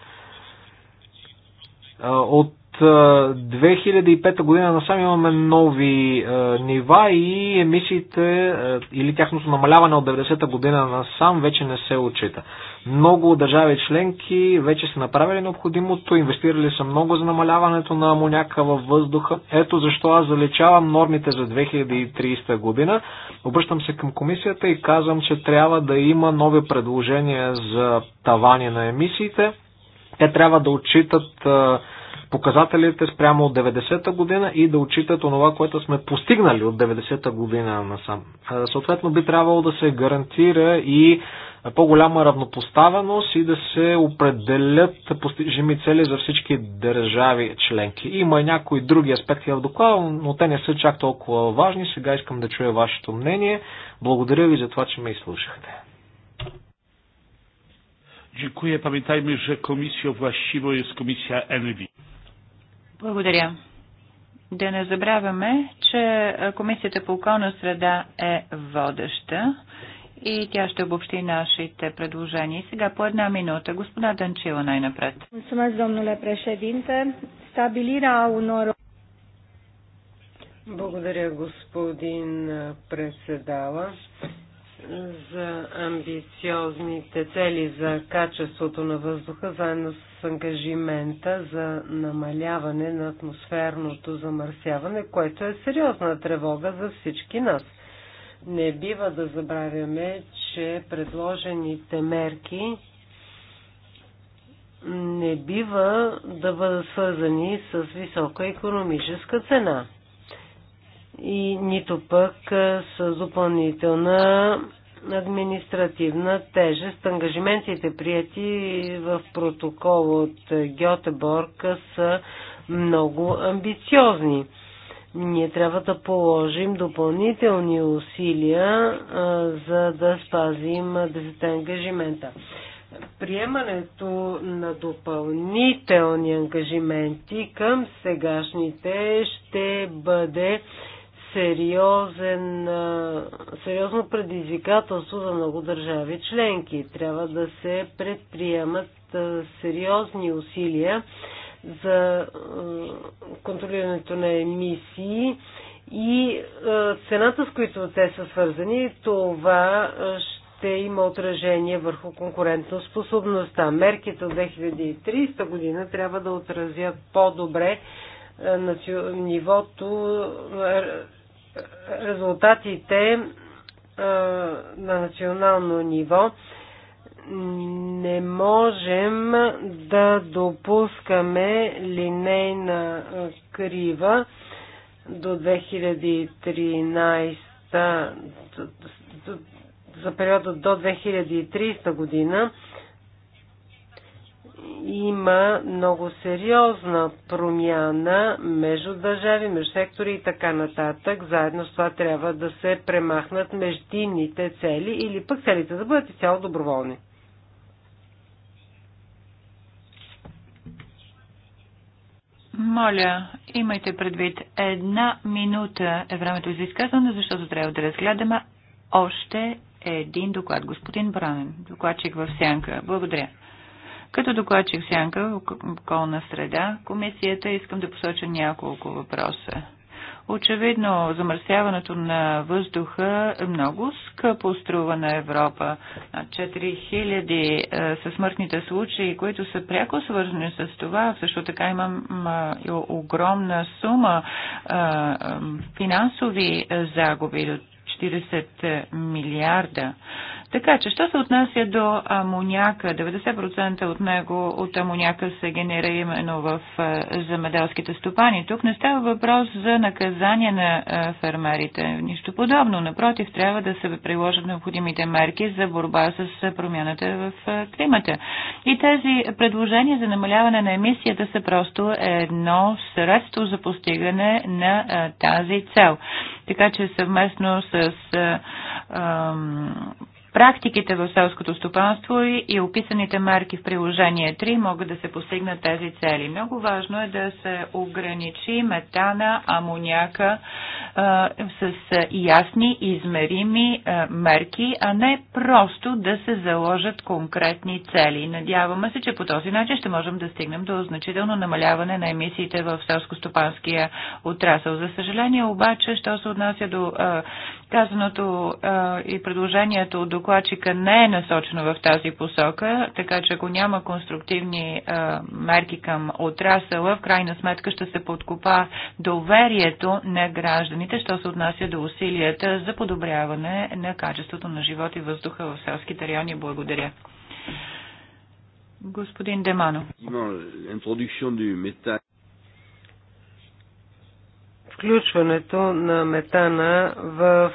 Е, от 2005 година насам имаме нови е, нива и емисиите е, или тяхното намаляване от 90-та година насам вече не се отчита. Много държави членки вече са направили необходимото, инвестирали са много за намаляването на амоняка във въздуха. Ето защо аз заличавам нормите за 2030 година. Обръщам се към комисията и казвам, че трябва да има нови предложения за тавани на емисиите. Те трябва да отчитат е, показателите спрямо от 90-та година и да отчитат онова, което сме постигнали от 90-та година насам. Съответно би трябвало да се гарантира и по-голяма равнопоставеност и да се определят постижими цели за всички държави членки. Има и някои други аспекти в доклада, но те не са чак толкова важни. Сега искам да чуя вашето мнение. Благодаря ви за това, че ме изслушахте. Dziękuję. Pamiętajmy, że komisją właściwą jest komisja ENVI. Благодаря. Да не забравяме, че Комисията по околна среда е водеща и тя ще обобщи нашите предложения. Сега по една минута. Господа Данчила най-напред. Благодаря, господин председала за амбициозните цели за качеството на въздуха, заедно с ангажимента за намаляване на атмосферното замърсяване, което е сериозна тревога за всички нас. Не бива да забравяме, че предложените мерки не бива да бъдат свързани с висока економическа цена и нито пък с допълнителна административна тежест. Ангажиментите прияти в протокол от Гьотеборг са много амбициозни. Ние трябва да положим допълнителни усилия, а, за да спазим 10 ангажимента. Приемането на допълнителни ангажименти към сегашните ще бъде сериозен, сериозно предизвикателство за много държави членки. Трябва да се предприемат сериозни усилия за контролирането на емисии и цената, с които те са свързани, това ще има отражение върху конкурентно способността. Мерките от 2030 година трябва да отразят по-добре нивото резултатите е, на национално ниво не можем да допускаме линейна е, крива до 2013 за периода до 2030 година има много сериозна промяна между държави, между сектори и така нататък. Заедно с това трябва да се премахнат междинните цели или пък целите да бъдат изцяло доброволни. Моля, имайте предвид една минута е времето за изказване, защото трябва да разгледаме още един доклад. Господин Бранен, докладчик в сянка. Благодаря. Като докладчик сянка в околна среда, комисията искам да посоча няколко въпроса. Очевидно, замърсяването на въздуха е много скъпо струва на Европа. 4000 е, са смъртните случаи, които са пряко свързани с това. Също така имам огромна сума е, е, финансови загуби 40 милиарда. Така че, що се отнася до амоняка, 90% от него, от амоняка се генера именно в земеделските стопани. Тук не става въпрос за наказание на фермерите. Нищо подобно. Напротив, трябва да се приложат необходимите мерки за борба с промяната в климата. И тези предложения за намаляване на емисията са просто едно средство за постигане на тази цел. Така че съвместно с практиките в селското стопанство и описаните марки в приложение 3 могат да се постигнат тези цели. Много важно е да се ограничи метана, амоняка а, с ясни, измерими а, мерки, а не просто да се заложат конкретни цели. Надяваме се, че по този начин ще можем да стигнем до значително намаляване на емисиите в селско-стопанския отрасъл. За съжаление обаче, що се отнася до а, Казаното а, и предложението от докладчика не е насочено в тази посока, така че ако няма конструктивни а, мерки към отрасъла, в крайна сметка ще се подкопа доверието на гражданите, що се отнася до усилията за подобряване на качеството на живот и въздуха в селските райони. Благодаря. Господин Демано. Включването на метана в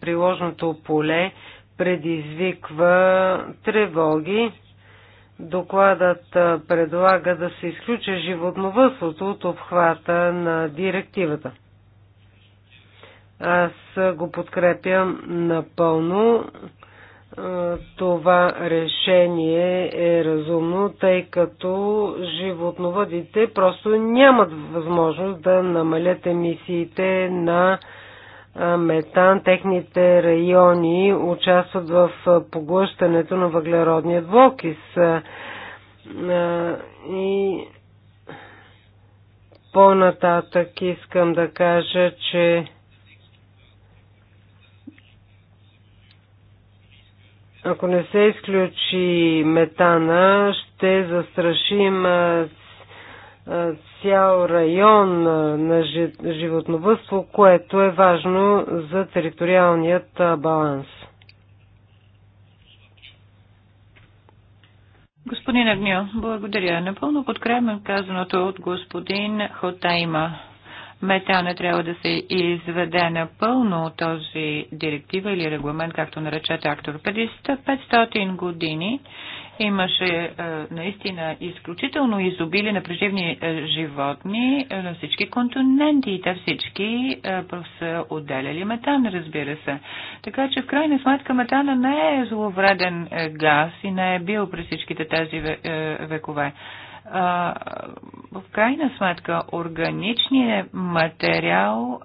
приложното поле предизвиква тревоги. Докладът предлага да се изключи животновъдството от обхвата на директивата. Аз го подкрепям напълно това решение е разумно, тъй като животновъдите просто нямат възможност да намалят емисиите на метан. Техните райони участват в поглъщането на въглеродния двокис. И по-нататък искам да кажа, че Ако не се изключи метана, ще застрашим цял район на животновътство, което е важно за териториалният баланс. Господин Агнио, благодаря. Напълно подкрепям казаното от господин Хотайма метана трябва да се изведе напълно от този директива или регламент, както наречете актор. Преди 500 години имаше е, наистина изключително изобили на преживни е, животни е, на всички континенти и те всички са отделяли метан, разбира се. Така че в крайна сметка метана не е зловреден газ и не е бил през всичките тези векове в крайна сметка органичният материал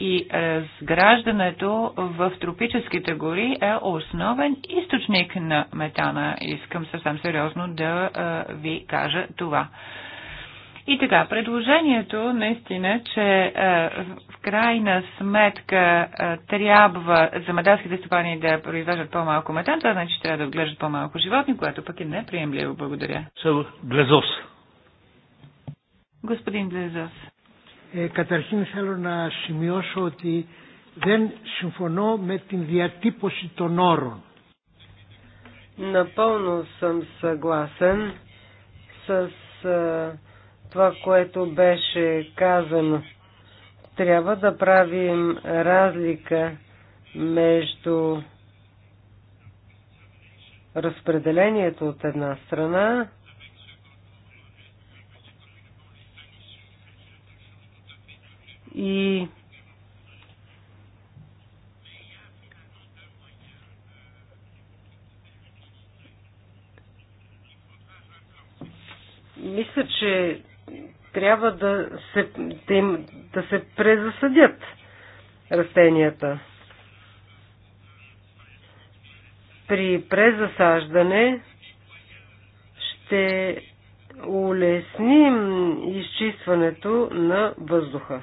и разграждането в тропическите гори е основен източник на метана. Искам съвсем сериозно да ви кажа това. И така, предложението наистина, че в крайна сметка трябва медалските стопани да произвеждат по-малко метан, това значи трябва да отглеждат по-малко животни, което пък е неприемливо. Благодаря. Глезос. So, Господин Близос. Ε, καταρχήν θέλω να σημειώσω ότι δεν συμφωνώ με την διατύπωση των όρων. Напълно съм съгласен с а, е, това, което беше казано. Трябва да правим разлика между разпределението от една страна и мисля, че трябва да се, да, им, да се презасъдят растенията. При презасаждане ще улесним изчистването на въздуха.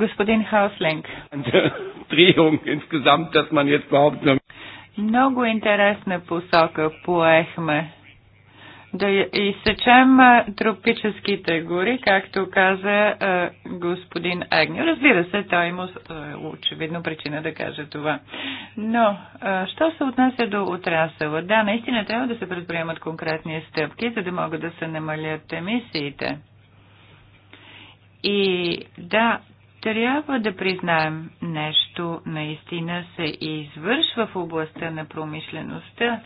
Господин Хаусленг. Много интересна посока поехме. Да изсечем тропическите гори, както каза господин Агню. Разбира се, той има очевидно причина да каже това. Но, що се отнася до отрасъла? Да, наистина трябва да се предприемат конкретни стъпки, за да могат да се намалят емисиите. И да, трябва да признаем нещо наистина се извършва в областта на промишлеността.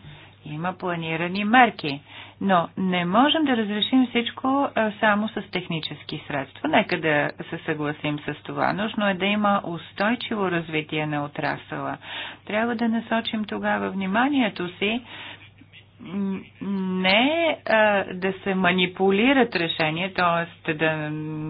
Има планирани мерки, но не можем да разрешим всичко само с технически средства. Нека да се съгласим с това. Нужно е да има устойчиво развитие на отрасъла. Трябва да насочим тогава вниманието си не а, да се манипулират решения, т.е. да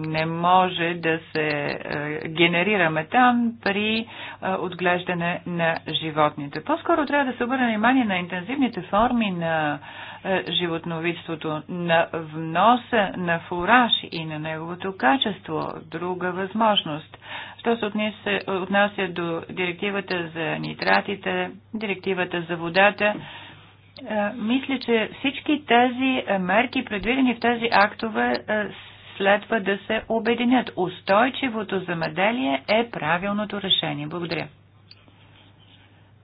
не може да се а, генерира метан при а, отглеждане на животните. По-скоро трябва да се обърне внимание на интензивните форми на а, животновидството, на вноса на фураж и на неговото качество. Друга възможност. Що се отнася до директивата за нитратите, директивата за водата, е, мисля, че всички тези мерки, предвидени в тези актове, е, следва да се обединят. Устойчивото замеделие е правилното решение. Благодаря.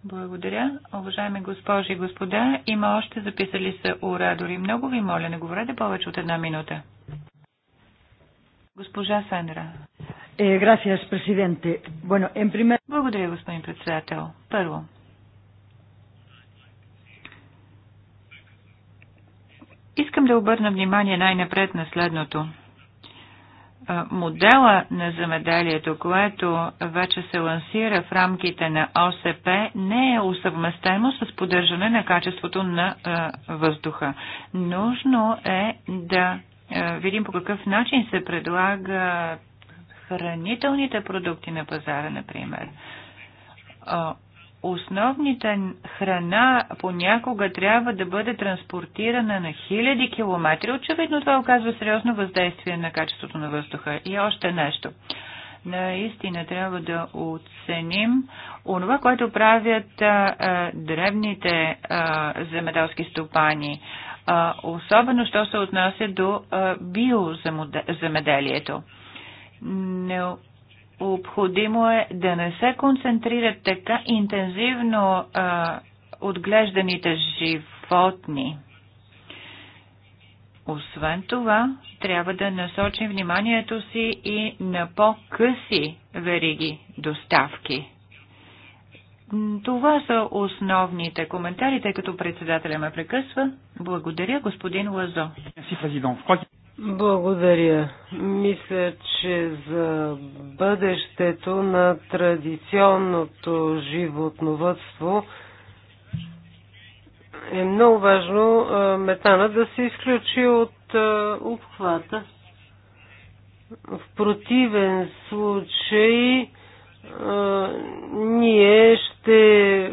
Благодаря. Уважаеми госпожи и господа, има още записали се орадори. Много ви моля, не говорете повече от една минута. Госпожа Сандра. Е, Благодаря, господин председател. Първо, Искам да обърна внимание най-напред на следното. Модела на замеделието, което вече се лансира в рамките на ОСП, не е усъвместено с поддържане на качеството на въздуха. Нужно е да видим по какъв начин се предлага хранителните продукти на пазара, например основните храна понякога трябва да бъде транспортирана на хиляди километри. Очевидно това оказва сериозно въздействие на качеството на въздуха. И още нещо. Наистина трябва да оценим онова, което правят а, древните а, земеделски стопани, а, особено що се отнася до биоземеделието. Необходимо е да не се концентрират така интензивно а, отглежданите животни. Освен това, трябва да насочим вниманието си и на по-къси вериги доставки. Това са основните коментари, тъй като председателя ме прекъсва. Благодаря, господин Лазо. Благодаря. Мисля, че за бъдещето на традиционното животновътство е много важно метана да се изключи от обхвата. В противен случай ние ще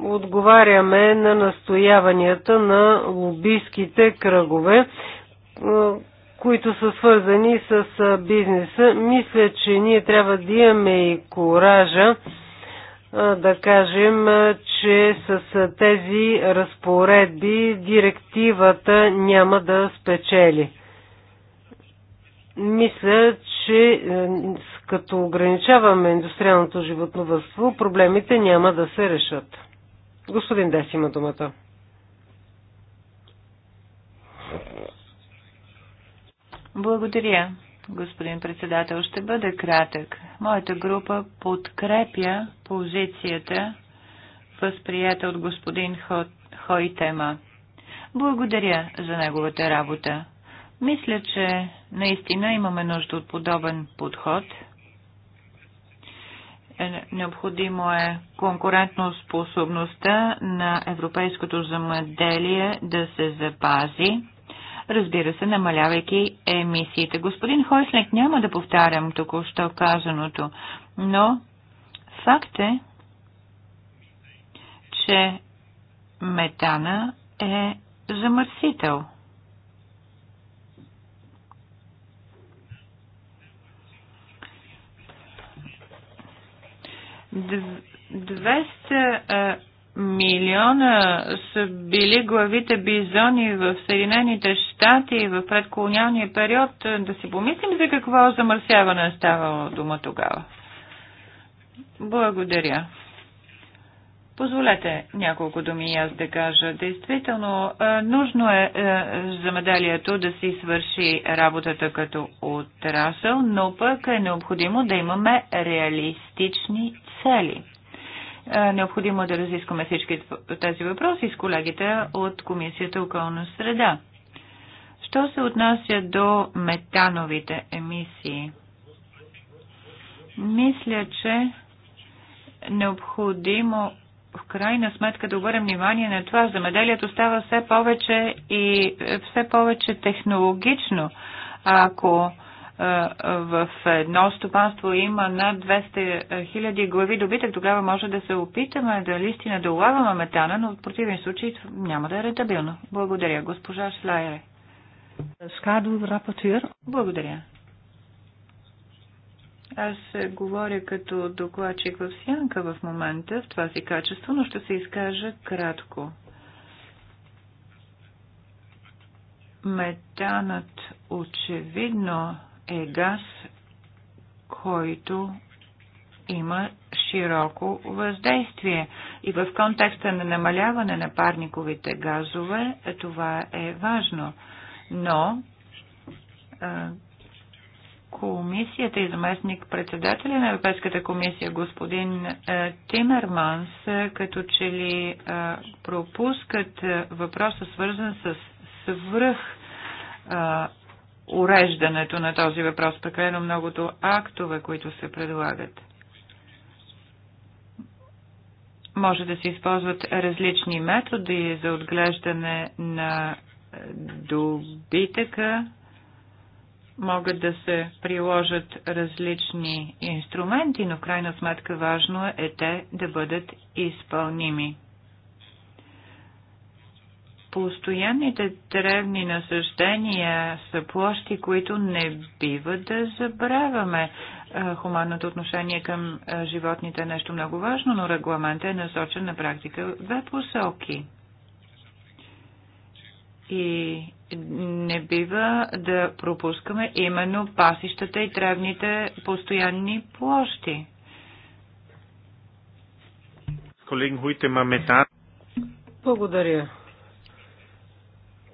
отговаряме на настояванията на лобийските кръгове е, които са свързани с е, бизнеса. Мисля, че ние трябва да имаме и коража е, да кажем, че с тези разпоредби директивата няма да спечели. Мисля, че като ограничаваме индустриалното животновътство, проблемите няма да се решат. Господин Дес има думата. Благодаря, господин председател. Ще бъде кратък. Моята група подкрепя позицията, възприята от господин Хойтема. Благодаря за неговата работа. Мисля, че наистина имаме нужда от подобен подход. Е, необходимо е конкурентно способността на европейското замъделие да се запази разбира се, намалявайки емисиите. Господин Хойслек, няма да повтарям току-що казаното, но факт е, че метана е замърсител. Д- 200 милиона са били главите бизони в Съединените щати в предколониалния период, да си помислим за какво замърсяване е ставало дума тогава. Благодаря. Позволете няколко думи аз да кажа. Действително, е, нужно е, е замеделието да си свърши работата като отрасъл, но пък е необходимо да имаме реалистични цели. Е, необходимо е да разискваме всички тези въпроси с колегите от Комисията околна среда. Що се отнася до метановите емисии? Мисля, че необходимо в крайна сметка да обърнем внимание на това. Замеделието става все повече и е, все повече технологично. Ако в едно стопанство има над 200 хиляди глави добитък, тогава може да се опитаме да листина да улаваме метана, но в противен случай няма да е рентабилно. Благодаря, госпожа Шлайре. Скадов рапортир. Благодаря. Аз говоря като докладчик в сянка в момента, в това си качество, но ще се изкажа кратко. Метанът очевидно е газ, който има широко въздействие. И в контекста на намаляване на парниковите газове е, това е важно. Но комисията и заместник председателя на Европейската комисия господин Тимерманс като че ли пропускат въпроса свързан с свръх уреждането на този въпрос, прекалено многото актове, които се предлагат. Може да се използват различни методи за отглеждане на добитъка, могат да се приложат различни инструменти, но в крайна сметка важно е те да бъдат изпълними. Постоянните древни насъждения са площи, които не бива да забравяме. Е, хуманното отношение към е, животните е нещо много важно, но регламентът е насочен на практика в две посоки. И не бива да пропускаме именно пасищата и древните постоянни площи. Колеги, Хуитема Благодаря,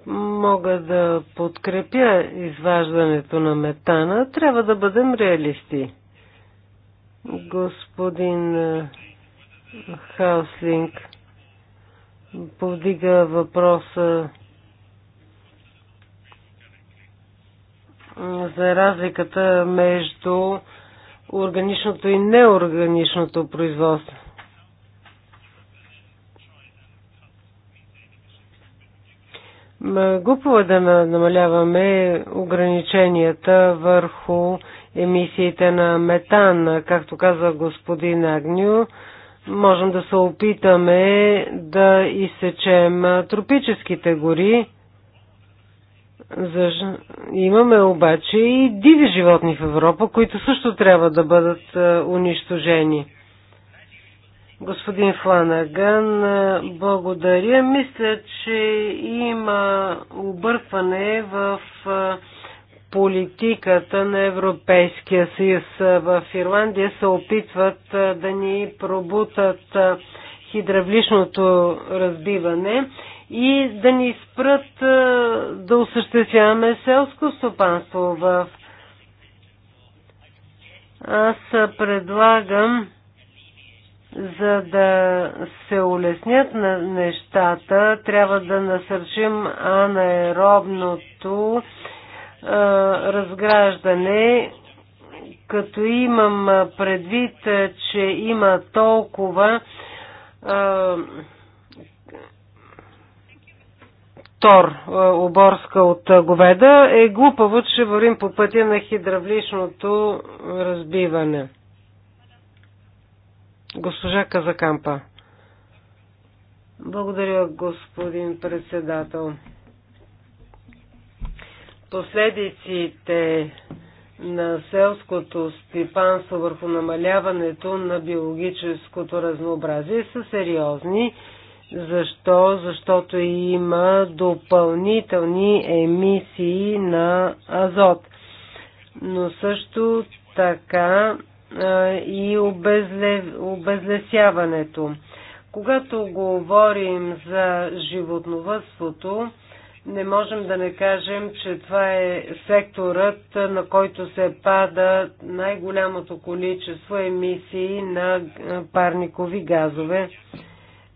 Мога да подкрепя изваждането на метана. Трябва да бъдем реалисти. Господин е, Хауслинг повдига въпроса за разликата между органичното и неорганичното производство. Глупо е да намаляваме ограниченията върху емисиите на метан. Както каза господин Агню, можем да се опитаме да изсечем тропическите гори. Имаме обаче и диви животни в Европа, които също трябва да бъдат е, унищожени. Господин Фланаган, благодаря. Мисля, че има объркване в политиката на Европейския съюз. В Ирландия се опитват да ни пробутат хидравличното разбиване и да ни спрат да осъществяваме селско стопанство в аз предлагам за да се улеснят на нещата, трябва да насърчим анаеробното а, разграждане, като имам предвид, че има толкова а, тор, оборска от говеда, е глупаво, че вървим по пътя на хидравличното разбиване. Госпожа Казакампа. Благодаря, господин председател. Последиците на селското стипанство върху намаляването на биологическото разнообразие са сериозни. Защо? Защото има допълнителни емисии на азот. Но също така и обезлесяването. Когато говорим за животновътството, не можем да не кажем, че това е секторът, на който се пада най-голямото количество емисии на парникови газове.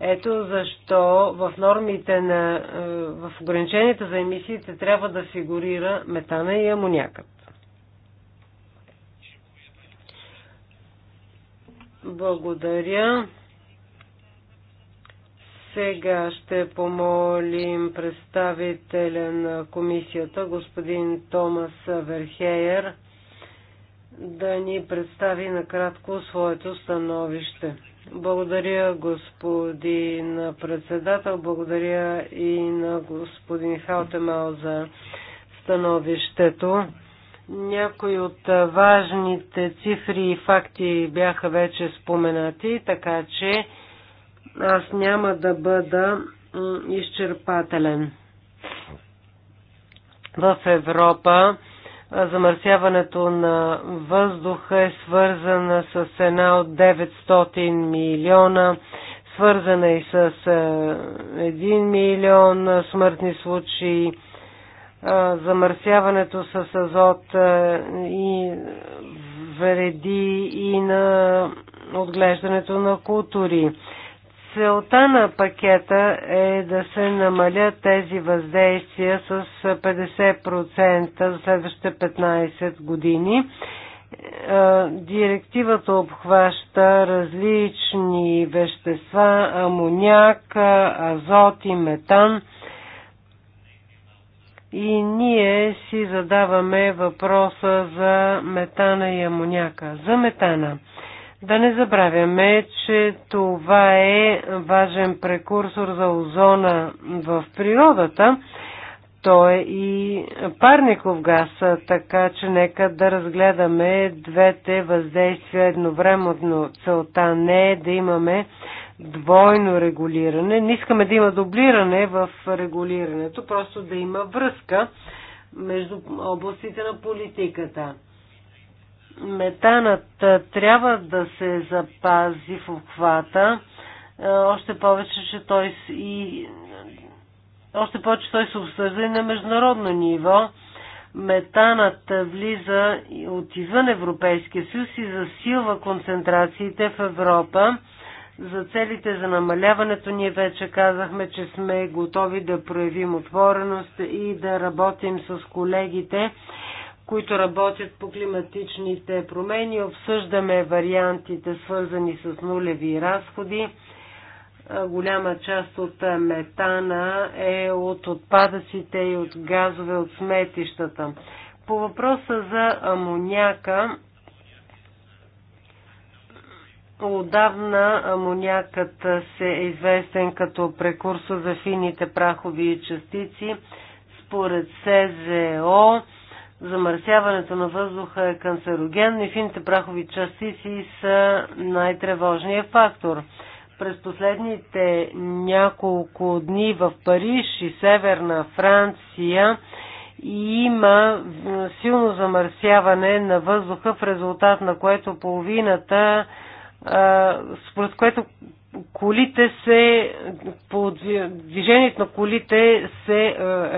Ето защо в нормите на, в ограниченията за емисиите трябва да фигурира метана и амонякът. Благодаря. Сега ще помолим представителя на комисията, господин Томас Верхейер, да ни представи накратко своето становище. Благодаря, господин председател, благодаря и на господин Халтемал за становището. Някои от важните цифри и факти бяха вече споменати, така че аз няма да бъда изчерпателен. В Европа замърсяването на въздуха е свързана с една от 900 милиона, свързана и с 1 милион смъртни случаи замърсяването с азот и вреди и на отглеждането на култури. Целта на пакета е да се намалят тези въздействия с 50% за следващите 15 години. Директивата обхваща различни вещества, амоняк, азот и метан – и ние си задаваме въпроса за метана и амоняка. За метана. Да не забравяме, че това е важен прекурсор за озона в природата. Той е и парников газ, така че нека да разгледаме двете въздействия едновременно. Целта не е да имаме двойно регулиране. Не искаме да има дублиране в регулирането, просто да има връзка между областите на политиката. Метанът трябва да се запази в обхвата, още повече, че той и още повече той се обсъжда и на международно ниво. Метанът влиза от извън Европейския съюз и засилва концентрациите в Европа за целите за намаляването ние вече казахме, че сме готови да проявим отвореност и да работим с колегите, които работят по климатичните промени. Обсъждаме вариантите, свързани с нулеви разходи. Голяма част от метана е от отпадъците и от газове от сметищата. По въпроса за амоняка, Отдавна амонякът се е известен като прекурсор за фините прахови частици. Според СЗО, замърсяването на въздуха е канцероген и фините прахови частици са най-тревожният фактор. През последните няколко дни в Париж и Северна Франция има силно замърсяване на въздуха, в резултат на което половината според което колите се, по движението на колите се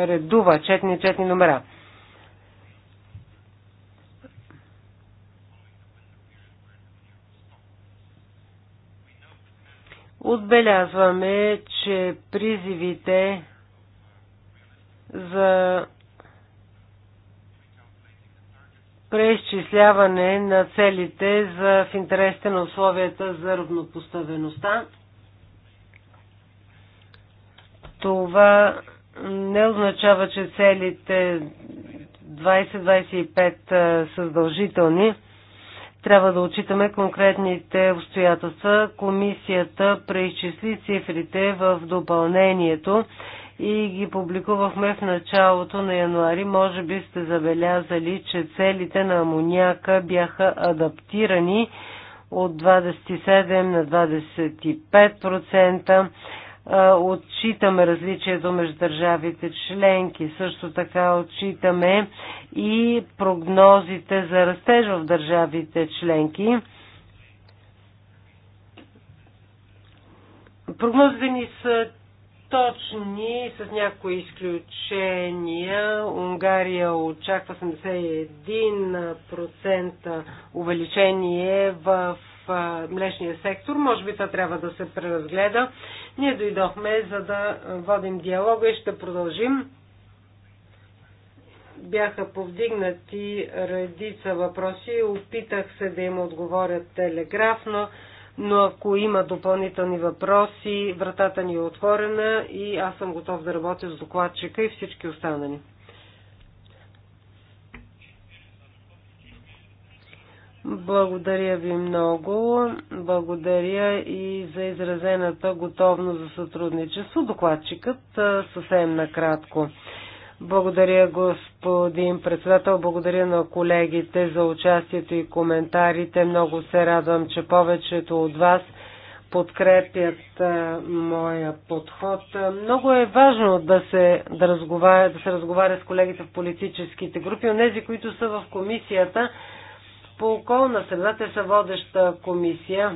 редува четни четни номера. Отбелязваме, че призивите за преизчисляване на целите за, в интересите на условията за равнопоставеността. Това не означава, че целите 20-25 са задължителни. Трябва да отчитаме конкретните обстоятелства. Комисията преизчисли цифрите в допълнението и ги публикувахме в началото на януари. Може би сте забелязали, че целите на амоняка бяха адаптирани от 27 на 25%. Отчитаме различието между държавите членки. Също така отчитаме и прогнозите за растеж в държавите членки. Прогнозите ни са точни, с някои изключения. Унгария очаква 81% увеличение в млечния сектор. Може би това трябва да се преразгледа. Ние дойдохме за да водим диалога и ще продължим. Бяха повдигнати редица въпроси. Опитах се да им отговоря телеграфно но ако има допълнителни въпроси, вратата ни е отворена и аз съм готов да работя с докладчика и всички останали. Благодаря ви много. Благодаря и за изразената готовност за сътрудничество. Докладчикът съвсем накратко. Благодаря, господин председател. Благодаря на колегите за участието и коментарите. Много се радвам, че повечето от вас подкрепят а, моя подход. Много е важно да се, да, разговаря, да се разговаря с колегите в политическите групи, от тези, които са в комисията по околна среда, те са водеща комисия.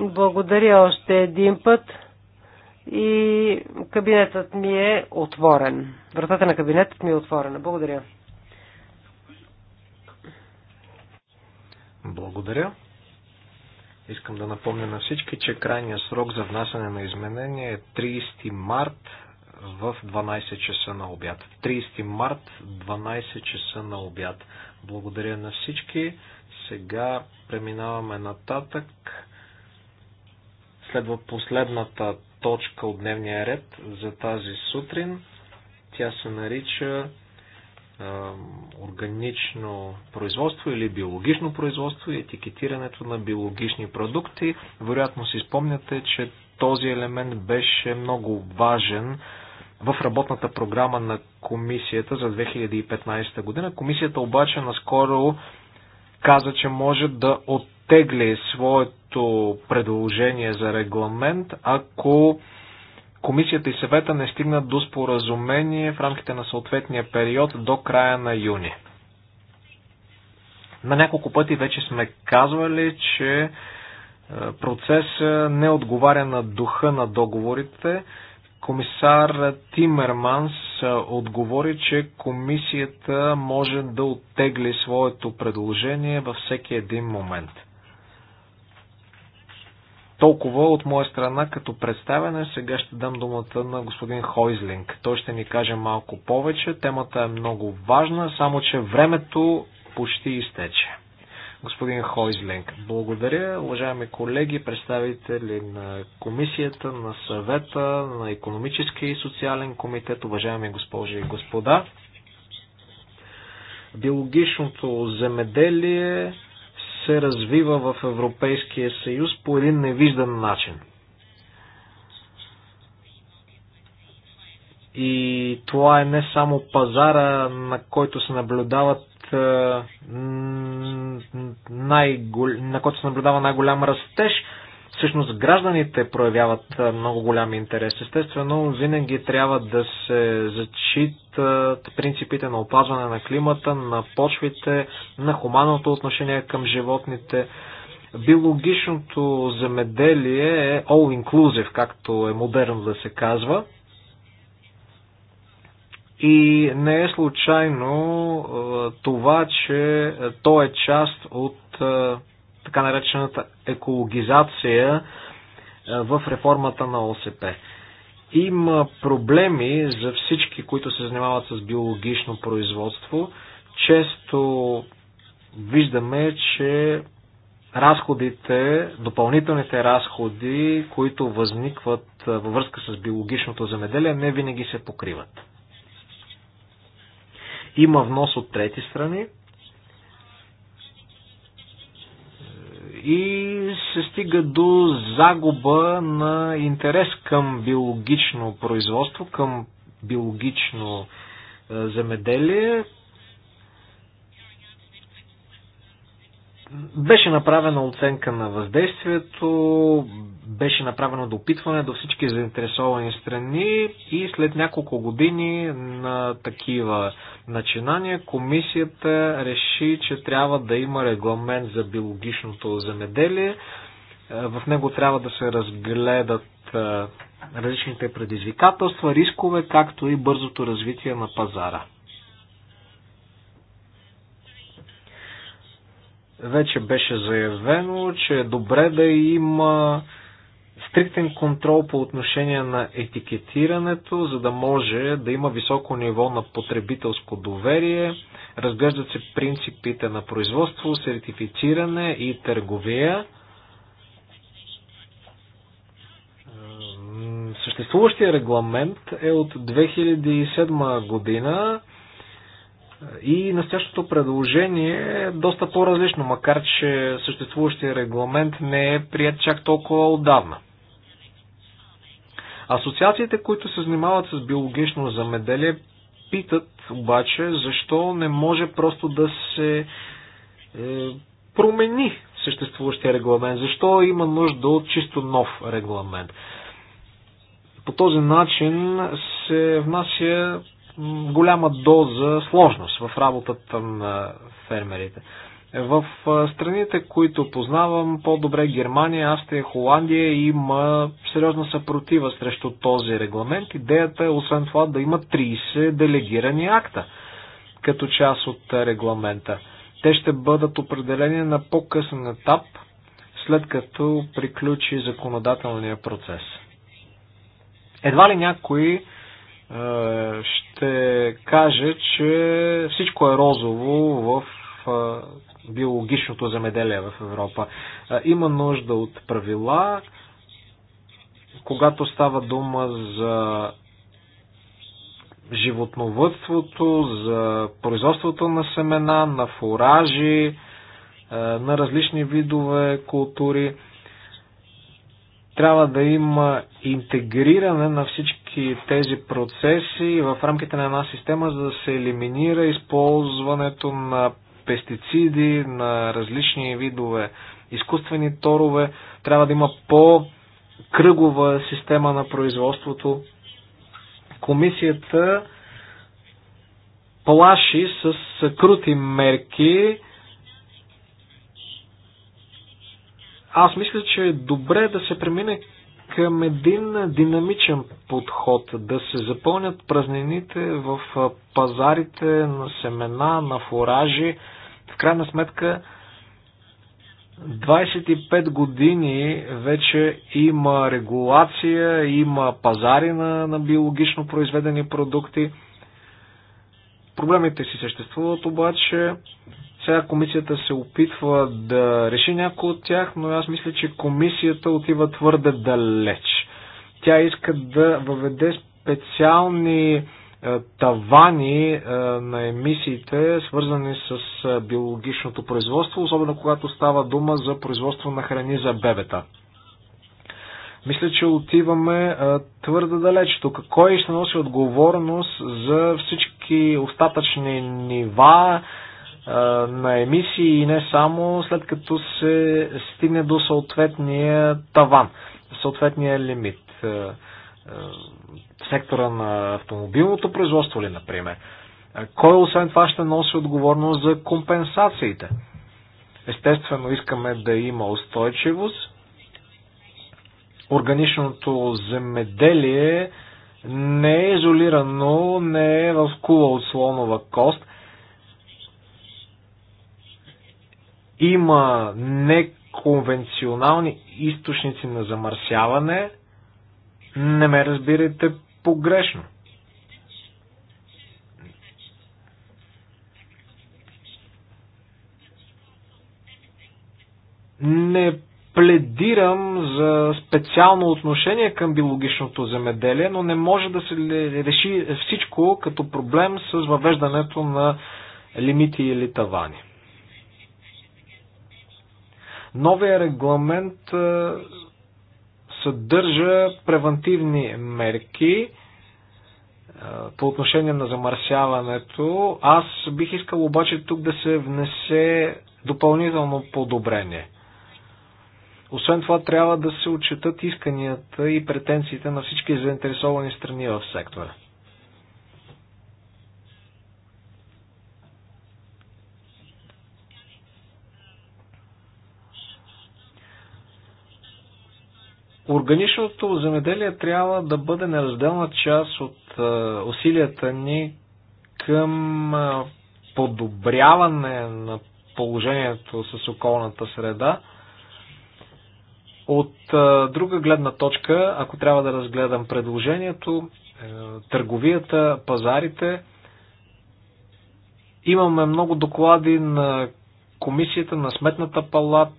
Благодаря още един път и кабинетът ми е отворен. Вратата на кабинетът ми е отворена. Благодаря. Благодаря. Искам да напомня на всички, че крайният срок за внасяне на изменения е 30 март в 12 часа на обяд. 30 март, 12 часа на обяд. Благодаря на всички. Сега преминаваме нататък Следва последната точка от дневния ред за тази сутрин. Тя се нарича органично производство или биологично производство и етикетирането на биологични продукти. Вероятно си спомняте, че този елемент беше много важен в работната програма на комисията за 2015 година. Комисията обаче наскоро каза, че може да от оттегли своето предложение за регламент, ако комисията и съвета не стигнат до споразумение в рамките на съответния период до края на юни. На няколко пъти вече сме казвали, че е, процес не отговаря на духа на договорите. Комисар Тимерманс е, отговори, че комисията може да оттегли своето предложение във всеки един момент. Толкова от моя страна като представяне. Сега ще дам думата на господин Хойзлинг. Той ще ни каже малко повече. Темата е много важна, само че времето почти изтече. Господин Хойзлинг, благодаря. Уважаеми колеги, представители на комисията, на съвета, на Економически и социален комитет, уважаеми госпожи и господа. Биологичното земеделие се развива в Европейския съюз по един невиждан начин. И това е не само пазара, на който се наблюдават е, най на който се наблюдава най-голям растеж, Всъщност гражданите проявяват много голям интерес. Естествено, винаги трябва да се зачитат принципите на опазване на климата, на почвите, на хуманното отношение към животните. Биологичното земеделие е all-inclusive, както е модерно да се казва. И не е случайно това, че то е част от така наречената екологизация е, в реформата на ОСП. Има проблеми за всички, които се занимават с биологично производство. Често виждаме, че разходите, допълнителните разходи, които възникват е, във връзка с биологичното земеделие, не винаги се покриват. Има внос от трети страни, и се стига до загуба на интерес към биологично производство, към биологично е, земеделие, Беше направена оценка на въздействието, беше направено допитване до всички заинтересовани страни и след няколко години на такива начинания комисията реши, че трябва да има регламент за биологичното земеделие. В него трябва да се разгледат различните предизвикателства, рискове, както и бързото развитие на пазара. Вече беше заявено, че е добре да има стриктен контрол по отношение на етикетирането, за да може да има високо ниво на потребителско доверие. Разглеждат се принципите на производство, сертифициране и търговия. Съществуващия регламент е от 2007 година. И настоящото предложение е доста по-различно, макар че съществуващия регламент не е прият чак толкова отдавна. Асоциациите, които се занимават с биологично замеделие, питат обаче защо не може просто да се е, промени съществуващия регламент, защо има нужда от чисто нов регламент. По този начин се внася голяма доза сложност в работата на фермерите. В страните, които познавам по-добре, Германия, Австрия, Холандия, има сериозна съпротива срещу този регламент. Идеята е, освен това, да има 30 делегирани акта като част от регламента. Те ще бъдат определени на по-късен етап, след като приключи законодателния процес. Едва ли някои. Е, ще каже, че всичко е розово в е, биологичното земеделие в Европа. Е, има нужда от правила, когато става дума за животновътството, за производството на семена, на фуражи, на различни видове култури трябва да има интегриране на всички тези процеси в рамките на една система, за да се елиминира използването на пестициди, на различни видове изкуствени торове. Трябва да има по-кръгова система на производството. Комисията плаши с крути мерки Аз мисля, че е добре да се премине към един динамичен подход, да се запълнят празнините в пазарите на семена, на фуражи. В крайна сметка, 25 години вече има регулация, има пазари на, на биологично произведени продукти. Проблемите си съществуват обаче. Сега комисията се опитва да реши някои от тях, но аз мисля, че комисията отива твърде далеч. Тя иска да въведе специални е, тавани е, на емисиите, свързани с е, биологичното производство, особено когато става дума за производство на храни за бебета. Мисля, че отиваме твърде далеч тук. Кой ще носи отговорност за всички остатъчни нива, на емисии и не само, след като се стигне до съответния таван, съответния лимит. Сектора на автомобилното производство ли, например. Кой освен това ще носи отговорност за компенсациите? Естествено, искаме да има устойчивост. Органичното земеделие не е изолирано, не е в кула от слонова кост. Има неконвенционални източници на замърсяване. Не ме разбирайте погрешно. Не пледирам за специално отношение към биологичното земеделие, но не може да се реши всичко като проблем с въвеждането на лимити или тавани. Новия регламент е, съдържа превентивни мерки е, по отношение на замърсяването. Аз бих искал обаче тук да се внесе допълнително подобрение. Освен това трябва да се отчитат исканията и претенциите на всички заинтересовани страни в сектора. Органичното земеделие трябва да бъде неразделна част от е, усилията ни към е, подобряване на положението с околната среда. От е, друга гледна точка, ако трябва да разгледам предложението, търговията, пазарите, имаме много доклади на комисията, на сметната палата,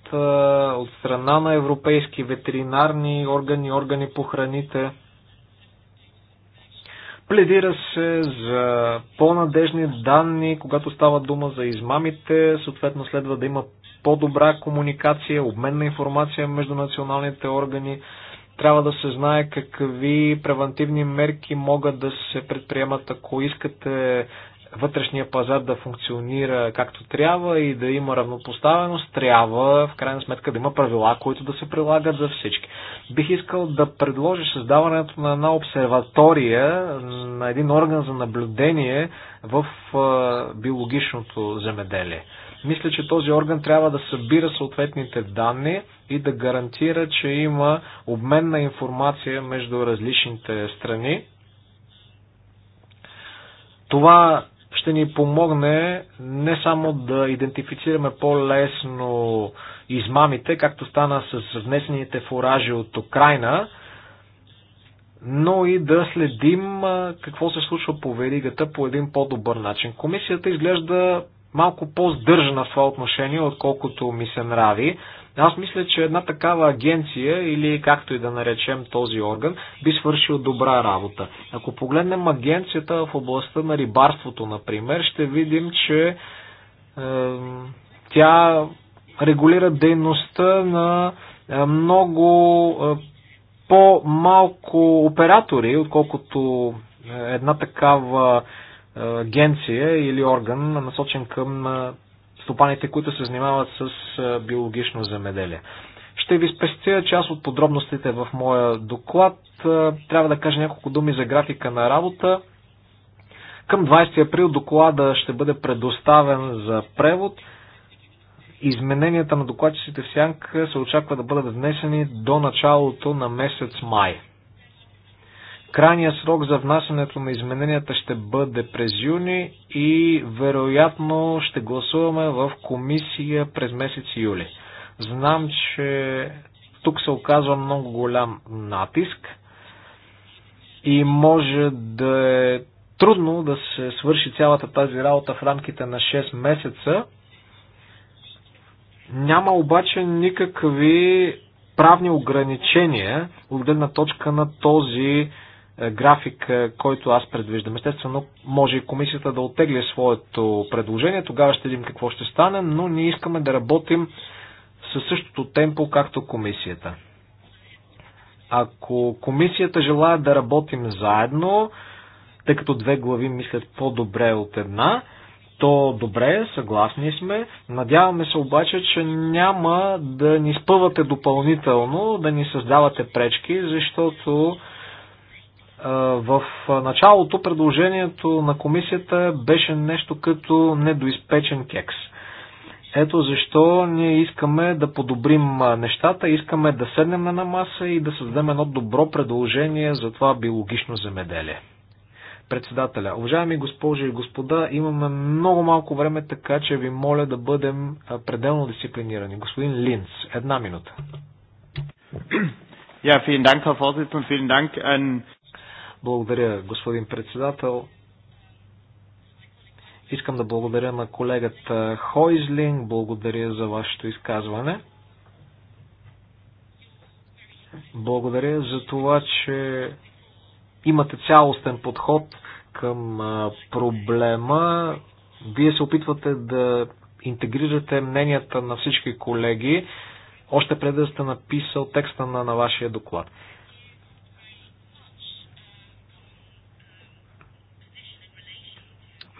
е, от страна на европейски ветеринарни органи, органи по храните. Пледира се за по-надежни данни, когато става дума за измамите, съответно следва да има по-добра комуникация, обмен на информация между националните органи. Трябва да се знае какви превентивни мерки могат да се предприемат, ако искате вътрешния пазар да функционира както трябва и да има равнопоставеност, трябва в крайна сметка да има правила, които да се прилагат за всички. Бих искал да предложа създаването на една обсерватория, на един орган за наблюдение в биологичното земеделие. Мисля, че този орган трябва да събира съответните данни и да гарантира, че има обмен на информация между различните страни, това ще ни помогне не само да идентифицираме по-лесно измамите, както стана с внесените фуражи от Украина, но и да следим какво се случва по веригата по един по-добър начин. Комисията изглежда малко по-здържана в това отношение, отколкото ми се нрави. Аз мисля, че една такава агенция или както и да наречем този орган би свършил добра работа. Ако погледнем агенцията в областта на рибарството, например, ще видим, че е, тя регулира дейността на е, много е, по-малко оператори, отколкото е, една такава е, агенция или орган, насочен към стопаните, които се занимават с биологично земеделие. Ще ви спестя част от подробностите в моя доклад. Трябва да кажа няколко думи за графика на работа. Към 20 април доклада ще бъде предоставен за превод. Измененията на докладчиците в Сянка се очаква да бъдат внесени до началото на месец май. Крайният срок за внасянето на измененията ще бъде през юни и вероятно ще гласуваме в комисия през месец юли. Знам, че тук се оказва много голям натиск и може да е трудно да се свърши цялата тази работа в рамките на 6 месеца. Няма обаче никакви правни ограничения от гледна точка на този е, график, е, който аз предвиждам. Естествено, може и комисията да отегли своето предложение, тогава ще видим какво ще стане, но ние искаме да работим със същото темпо, както комисията. Ако комисията желая да работим заедно, тъй като две глави мислят по-добре от една, то добре, съгласни сме. Надяваме се обаче, че няма да ни спъвате допълнително, да ни създавате пречки, защото в началото предложението на комисията беше нещо като недоизпечен кекс. Ето защо ние искаме да подобрим нещата, искаме да седнем на маса и да създадем едно добро предложение за това биологично земеделие. Председателя, уважаеми госпожи и господа, имаме много малко време, така че ви моля да бъдем пределно дисциплинирани. Господин Линц, една минута. Ja, vielen Dank, Herr Vorsitzender, vielen Dank an благодаря, господин председател. Искам да благодаря на колегата Хойзлинг, благодаря за вашето изказване. Благодаря за това, че имате цялостен подход към проблема. Вие се опитвате да интегрирате мненията на всички колеги, още преди да сте написал текста на, на вашия доклад.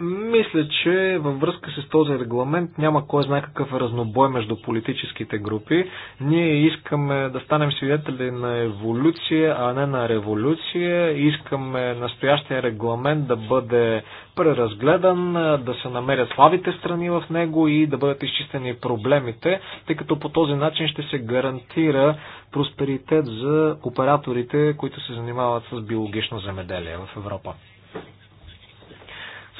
Мисля, че във връзка с този регламент няма кой знае какъв разнобой между политическите групи. Ние искаме да станем свидетели на еволюция, а не на революция. Искаме настоящия регламент да бъде преразгледан, да се намерят слабите страни в него и да бъдат изчистени проблемите, тъй като по този начин ще се гарантира просперитет за операторите, които се занимават с биологично земеделие в Европа.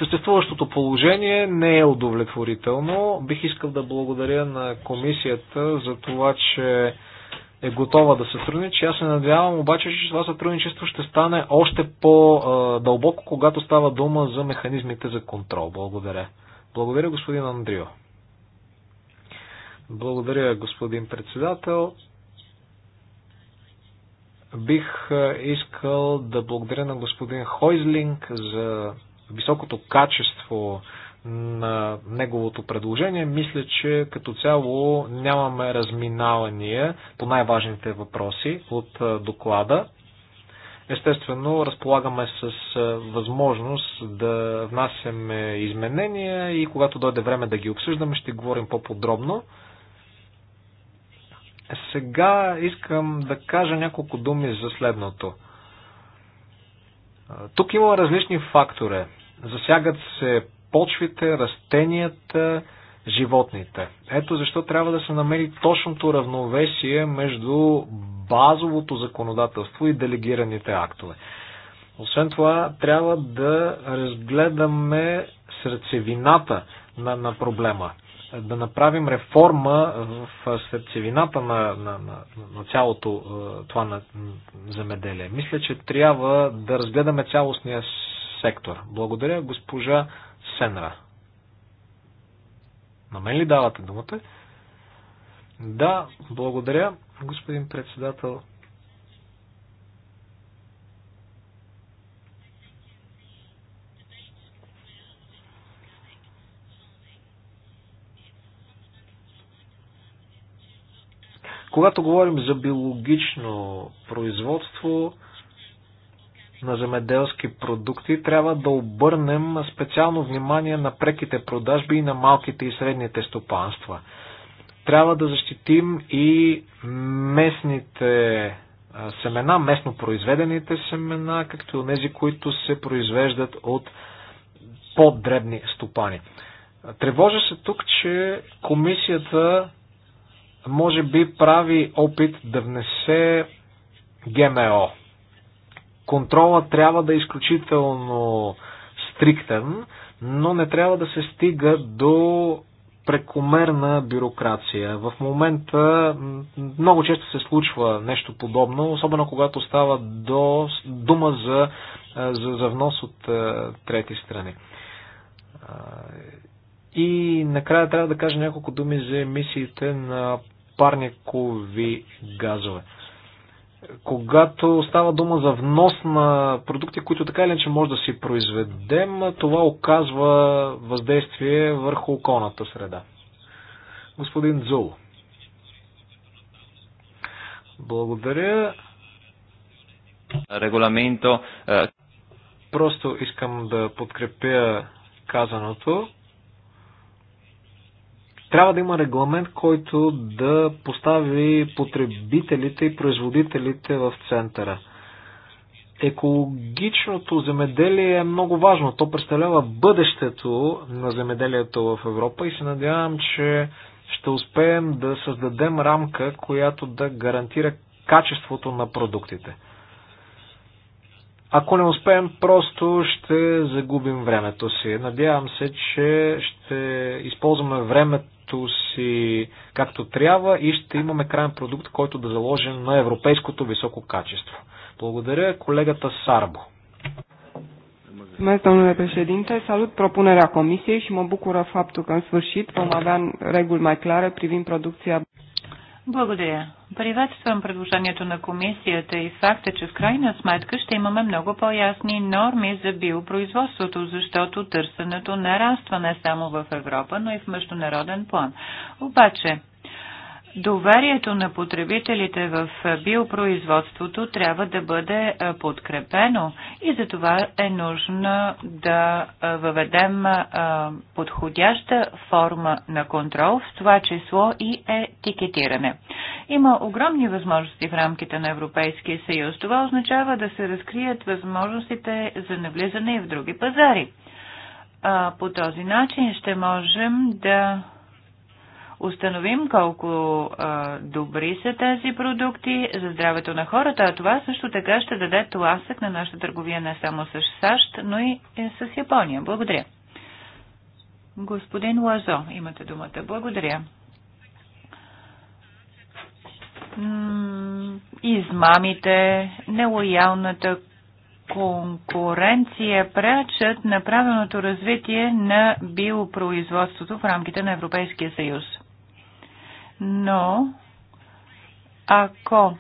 Съществуващото положение не е удовлетворително. Бих искал да благодаря на комисията за това, че е готова да сътрудничи. Аз се надявам обаче, че това сътрудничество ще стане още по-дълбоко, когато става дума за механизмите за контрол. Благодаря. Благодаря, господин Андрио. Благодаря, господин председател. Бих искал да благодаря на господин Хойзлинг за високото качество на неговото предложение, мисля, че като цяло нямаме разминавания по най-важните въпроси от доклада. Естествено, разполагаме с възможност да внасяме изменения и когато дойде време да ги обсъждаме, ще говорим по-подробно. Сега искам да кажа няколко думи за следното. Тук има различни фактори. Засягат се почвите, растенията, животните. Ето защо трябва да се намери точното равновесие между базовото законодателство и делегираните актове. Освен това, трябва да разгледаме сърцевината на, на проблема. Да направим реформа в сърцевината на, на, на, на цялото е, това на, на земеделие. Мисля, че трябва да разгледаме цялостния сектор. Благодаря, госпожа Сенра. На мен ли давате думата? Да, благодаря, господин председател. Когато говорим за биологично производство, на земеделски продукти, трябва да обърнем специално внимание на преките продажби и на малките и средните стопанства. Трябва да защитим и местните семена, местно произведените семена, както и тези, които се произвеждат от по-дребни стопани. Тревожа се тук, че комисията може би прави опит да внесе ГМО контрола трябва да е изключително стриктен, но не трябва да се стига до прекомерна бюрокрация. В момента много често се случва нещо подобно, особено когато става до, дума за, за, за внос от е, трети страни. И накрая трябва да кажа няколко думи за емисиите на парникови газове когато става дума за внос на продукти, които така или иначе може да си произведем, това оказва въздействие върху околната среда. Господин Дзул. Благодаря. Регламенто. Е, Просто искам да подкрепя казаното. Трябва да има регламент, който да постави потребителите и производителите в центъра. Екологичното земеделие е много важно. То представлява бъдещето на земеделието в Европа и се надявам, че ще успеем да създадем рамка, която да гарантира качеството на продуктите. Ако не успеем, просто ще загубим времето си. Надявам се, че ще използваме времето както, си както трябва и ще имаме крайен продукт, който да заложим на европейското високо качество. Благодаря колегата Сарбо. domnule președinte. Salut propunerea comisiei și mă bucură faptul că în sfârșit vom avea reguli mai clare privind producția. Благодаря, Приветствам предложението на комисията и факта, че в крайна сметка ще имаме много по-ясни норми за биопроизводството, защото търсенето нараства не само в Европа, но и в международен план. Обаче, Доверието на потребителите в биопроизводството трябва да бъде подкрепено и за това е нужно да въведем подходяща форма на контрол, в това число и етикетиране. Има огромни възможности в рамките на Европейския съюз. Това означава да се разкрият възможностите за навлизане и в други пазари. По този начин ще можем да установим колко а, добри са тези продукти за здравето на хората, а това също така ще даде тласък на нашата търговия не само с САЩ, но и с Япония. Благодаря. Господин Лазо, имате думата. Благодаря. Измамите, нелоялната конкуренция пречат на правилното развитие на биопроизводството в рамките на Европейския съюз но ако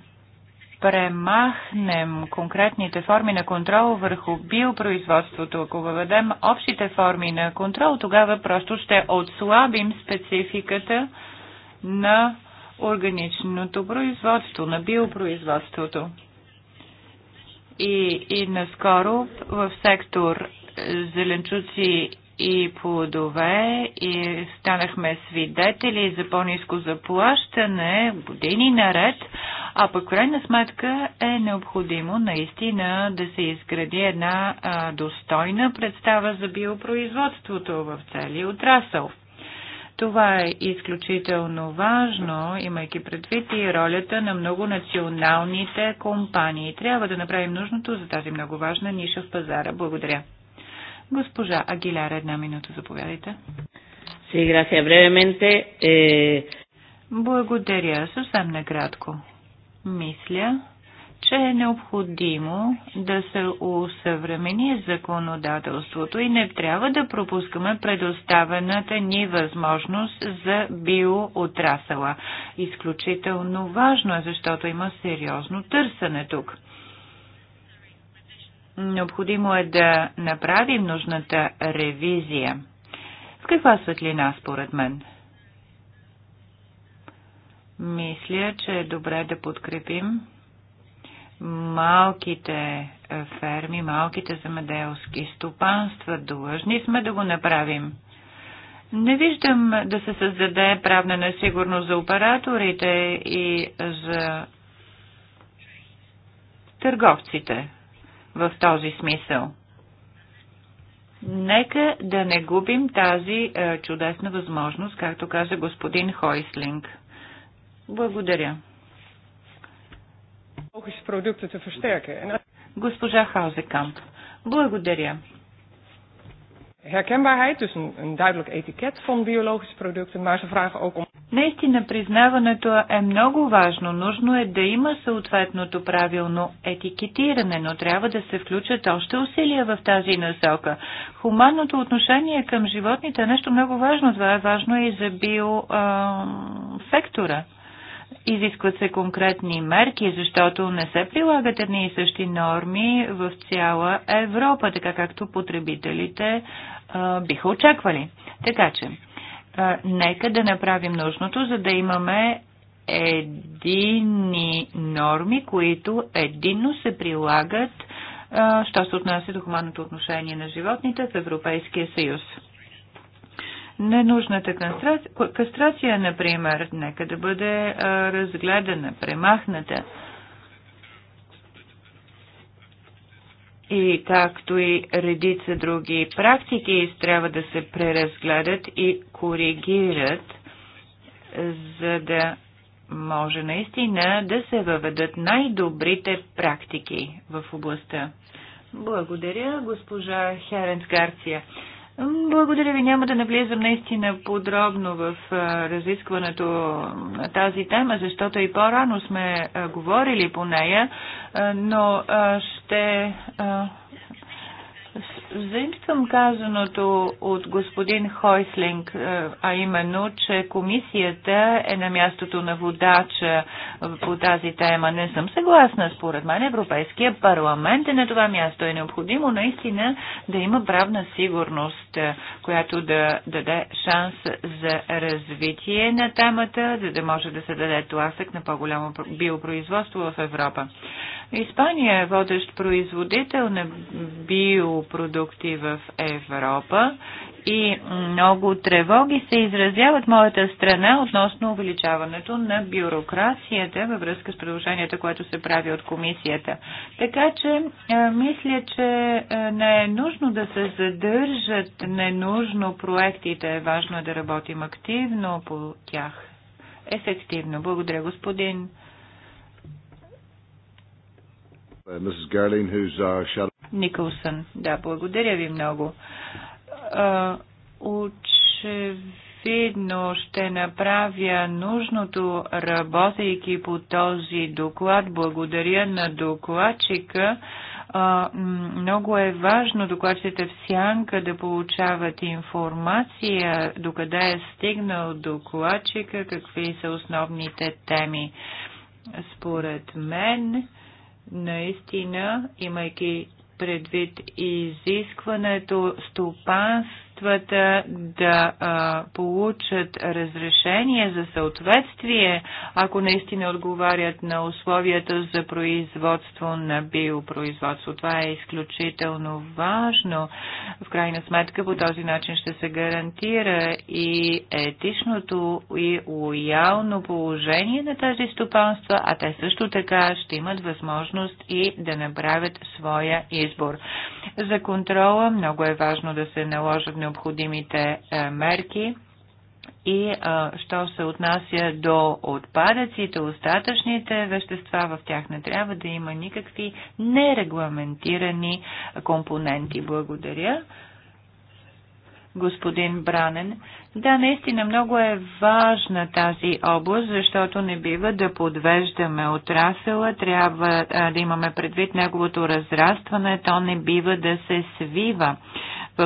премахнем конкретните форми на контрол върху биопроизводството, ако въведем общите форми на контрол, тогава просто ще отслабим спецификата на органичното производство, на биопроизводството. И, и наскоро в сектор зеленчуци и плодове и станахме свидетели за по-низко заплащане години наред, а по крайна сметка е необходимо наистина да се изгради една а, достойна представа за биопроизводството в цели отрасъл. Това е изключително важно, имайки предвид и ролята на многонационалните компании. Трябва да направим нужното за тази много важна ниша в пазара. Благодаря. Госпожа Агиляра, една минута, заповядайте. Sí, gracias. Brevemente, eh... Благодаря. Съвсем накратко. Мисля, че е необходимо да се усъвремени законодателството и не трябва да пропускаме предоставената ни възможност за биоотрасъла. Изключително важно е, защото има сериозно търсене тук. Необходимо е да направим нужната ревизия. В каква светлина, според мен? Мисля, че е добре да подкрепим малките ферми, малките замеделски стопанства. Длъжни сме да го направим. Не виждам да се създаде правна несигурност за операторите и за търговците в този смисъл. Нека да не губим тази е, чудесна възможност, както каза господин Хойслинг. Благодаря. Госпожа Хаузекамп, благодаря herkenbaarheid, dus een, een duidelijk etiket van biologische producten, maar ze vragen ook om. Наистина признаването е много важно. Нужно е да има съответното правилно етикетиране, но трябва да се включат още усилия в тази насока. Хуманното отношение към животните е нещо много важно. Това е важно и за биосектора. Е, Изискват се конкретни мерки, защото не се прилагат едни и същи норми в цяла Европа, така както потребителите а, биха очаквали. Така че, а, нека да направим нужното, за да имаме единни норми, които единно се прилагат, а, що се отнася до хуманното отношение на животните в Европейския съюз ненужната кастрация, кастрация например, нека да бъде разгледана, премахната. И както и редица други практики трябва да се преразгледат и коригират, за да може наистина да се въведат най-добрите практики в областта. Благодаря, госпожа Херенс Гарция. Благодаря ви. Няма да навлизам наистина подробно в разискването на тази тема, защото и по-рано сме говорили по нея, но ще Заискам казаното от господин Хойслинг, е, а именно, че комисията е на мястото на водача по тази тема. Не съм съгласна. Според мен Европейския парламент е на това място. Е необходимо наистина да има правна сигурност, е, която да даде шанс за развитие на темата, за да може да се даде тласък на по-голямо биопроизводство в Европа. Испания е водещ производител на биопродукти в Европа и много тревоги се изразяват моята страна относно увеличаването на бюрокрацията във връзка с предложенията, което се прави от комисията. Така че е, мисля, че е, не е нужно да се задържат ненужно проектите. Е важно е да работим активно по тях. Ефективно. Благодаря, господин Uh, uh, Николсън, да, благодаря ви много. Очевидно ще направя нужното, работейки по този доклад. Благодаря на докладчика много е важно докладчите в сянка да получават информация докъде е стигнал докладчика, какви са основните теми. Според мен наистина, имайки предвид изискването стопанство, дружествата да а, получат разрешение за съответствие, ако наистина отговарят на условията за производство на биопроизводство. Това е изключително важно. В крайна сметка по този начин ще се гарантира и етичното и лоялно положение на тези стопанства, а те също така ще имат възможност и да направят своя избор. За контрола много е важно да се наложат необходимите необходимите е, мерки. И а, е, що се отнася до отпадъците, остатъчните вещества, в тях не трябва да има никакви нерегламентирани компоненти. Благодаря. Господин Бранен, да, наистина много е важна тази област, защото не бива да подвеждаме отрасъла, трябва е, да имаме предвид неговото разрастване, то не бива да се свива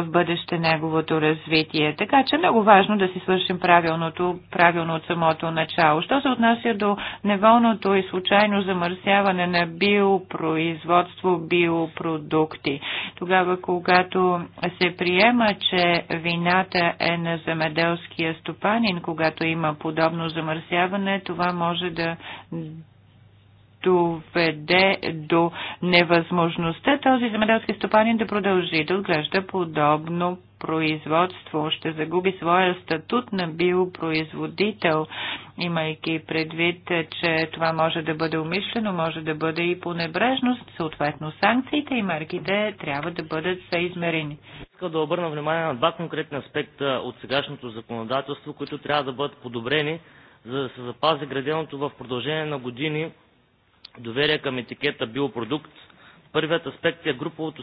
в бъдеще неговото развитие. Така че е много важно да си свършим правилното, правилно от самото начало. Що се отнася до неволното и случайно замърсяване на биопроизводство, биопродукти? Тогава, когато се приема, че вината е на земеделския стопанин, когато има подобно замърсяване, това може да доведе до невъзможността този земеделски стопанин да продължи да отглежда подобно производство, ще загуби своя статут на биопроизводител, имайки предвид, че това може да бъде умишлено, може да бъде и по небрежност, съответно санкциите и мерките трябва да бъдат съизмерени. Искам да обърна внимание на два конкретни аспекта от сегашното законодателство, които трябва да бъдат подобрени, за да се запази граденото в продължение на години доверие към етикета биопродукт, първият аспект е груповото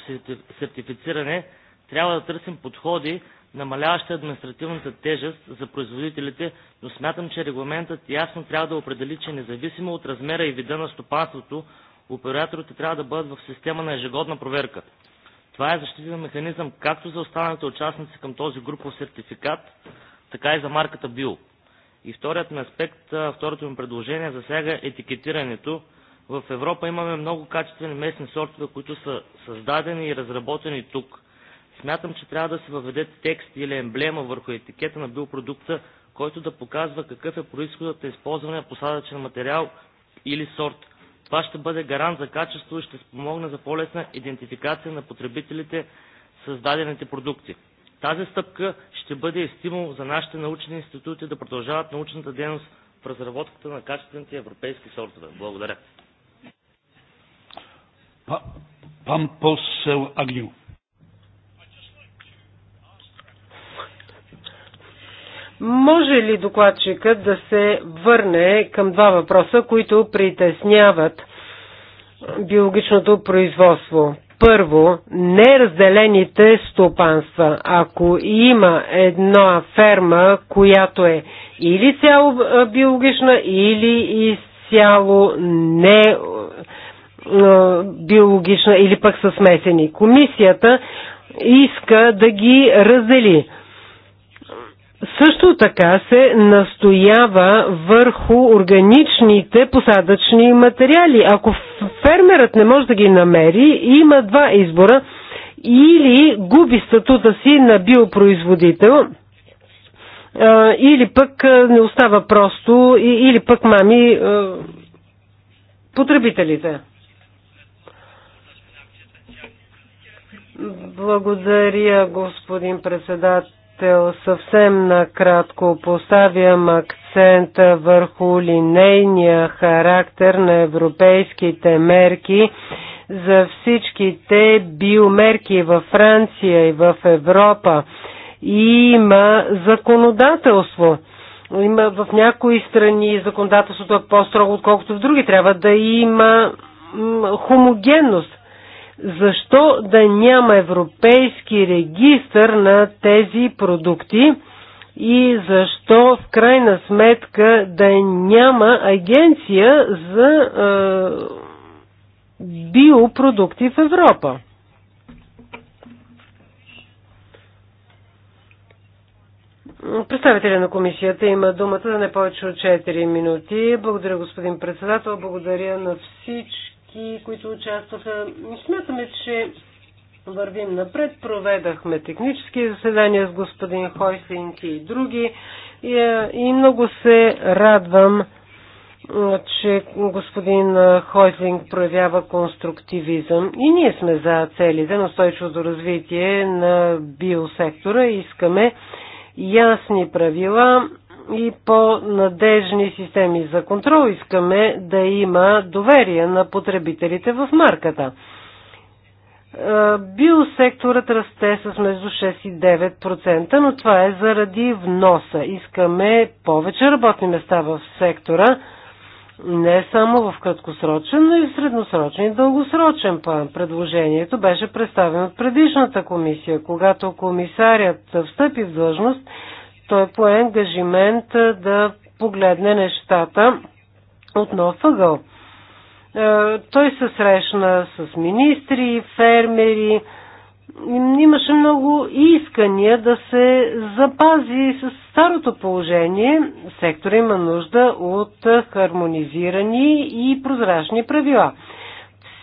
сертифициране, трябва да търсим подходи, намаляващи административната тежест за производителите, но смятам, че регламентът ясно трябва да определи, че независимо от размера и вида на стопанството, операторите трябва да бъдат в система на ежегодна проверка. Това е защитен механизъм както за останалите участници към този групов сертификат, така и за марката Био. И вторият ми аспект, второто ми предложение засяга етикетирането. В Европа имаме много качествени местни сортове, които са създадени и разработени тук. Смятам, че трябва да се въведе текст или емблема върху етикета на биопродукта, който да показва какъв е происходът на използвания посадъчен материал или сорт. Това ще бъде гарант за качество и ще спомогне за по-лесна идентификация на потребителите с дадените продукти. Тази стъпка ще бъде и стимул за нашите научни институти да продължават научната дейност в разработката на качествените европейски сортове. Благодаря. Pa, pan poseł Agniu. Може ли докладчикът да се върне към два въпроса, които притесняват биологичното производство? Първо, неразделените стопанства. Ако има една ферма, която е или цяло биологична, или изцяло не биологична или пък са смесени. Комисията иска да ги раздели. Също така се настоява върху органичните посадъчни материали. Ако фермерът не може да ги намери, има два избора. Или губи статута си на биопроизводител, или пък не остава просто, или пък мами потребителите. Благодаря, господин председател. Съвсем накратко поставям акцента върху линейния характер на европейските мерки за всичките биомерки във Франция и в Европа. Има законодателство. Има в някои страни законодателството е по-строго, отколкото в други. Трябва да има хомогенност. Защо да няма европейски регистр на тези продукти и защо в крайна сметка да няма агенция за е, биопродукти в Европа? Представителя на комисията има думата да не повече от 4 минути. Благодаря, господин председател. Благодаря на всички всички, които участваха. Смятаме, че вървим напред. Проведахме технически заседания с господин Хойсинг и други. И, е, и много се радвам, е, че господин Хойсинг проявява конструктивизъм. И ние сме за целите на устойчивото развитие на биосектора. Искаме ясни правила и по-надежни системи за контрол. Искаме да има доверие на потребителите в марката. Е, биосекторът расте с между 6 и 9%, но това е заради вноса. Искаме повече работни места в сектора, не само в краткосрочен, но и в средносрочен и дългосрочен план. Предложението беше представено от предишната комисия, когато комисарят встъпи в длъжност, той е пое ангажимент да погледне нещата от нов ъгъл. Той се срещна с министри, фермери. Имаше много искания да се запази с старото положение. Сектора има нужда от хармонизирани и прозрачни правила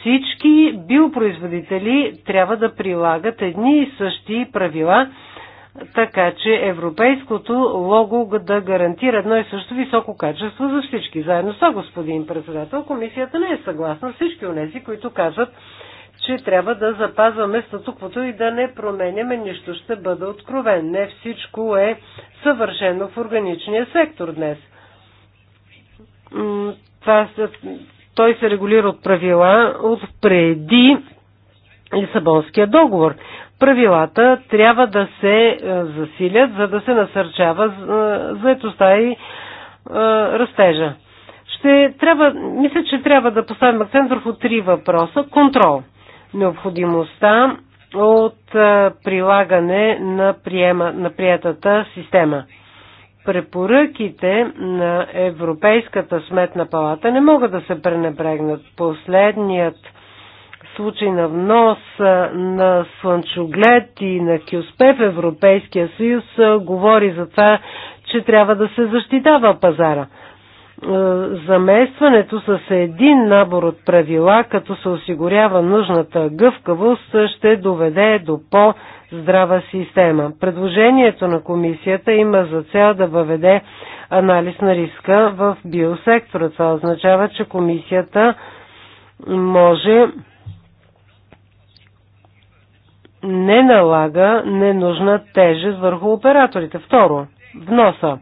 всички биопроизводители трябва да прилагат едни и същи правила така че европейското лого да гарантира едно и също високо качество за всички. Заедно с това, господин председател, комисията не е съгласна всички от тези, които казват, че трябва да запазваме статуквото и да не променяме нищо. Ще бъде откровен. Не всичко е съвършено в органичния сектор днес. Това, той се регулира от правила от преди Лисабонския договор правилата трябва да се е, засилят, за да се насърчава е, заетостта и е, растежа. Ще трябва, мисля, че трябва да поставим акцент върху три въпроса. Контрол. Необходимостта от прилагане на, приема, на приятата система. Препоръките на Европейската сметна палата не могат да се пренебрегнат. Последният случай на внос на слънчоглед и на кюспе в Европейския съюз говори за това, че трябва да се защитава пазара. Заместването с един набор от правила, като се осигурява нужната гъвкавост, ще доведе до по-здрава система. Предложението на комисията има за цел да въведе анализ на риска в биосектора. Това означава, че комисията може не налага ненужна тежест върху операторите. Второ, вноса.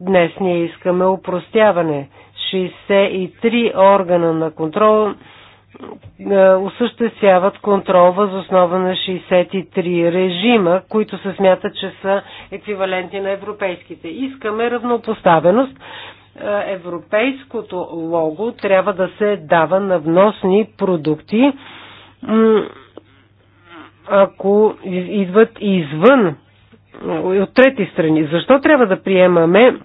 Днес ние искаме упростяване. 63 органа на контрол е, осъществяват контрол въз основа на 63 режима, които се смятат, че са еквиваленти на европейските. Искаме равнопоставеност. Е, европейското лого трябва да се дава на вносни продукти ако идват извън от трети страни. Защо трябва да приемаме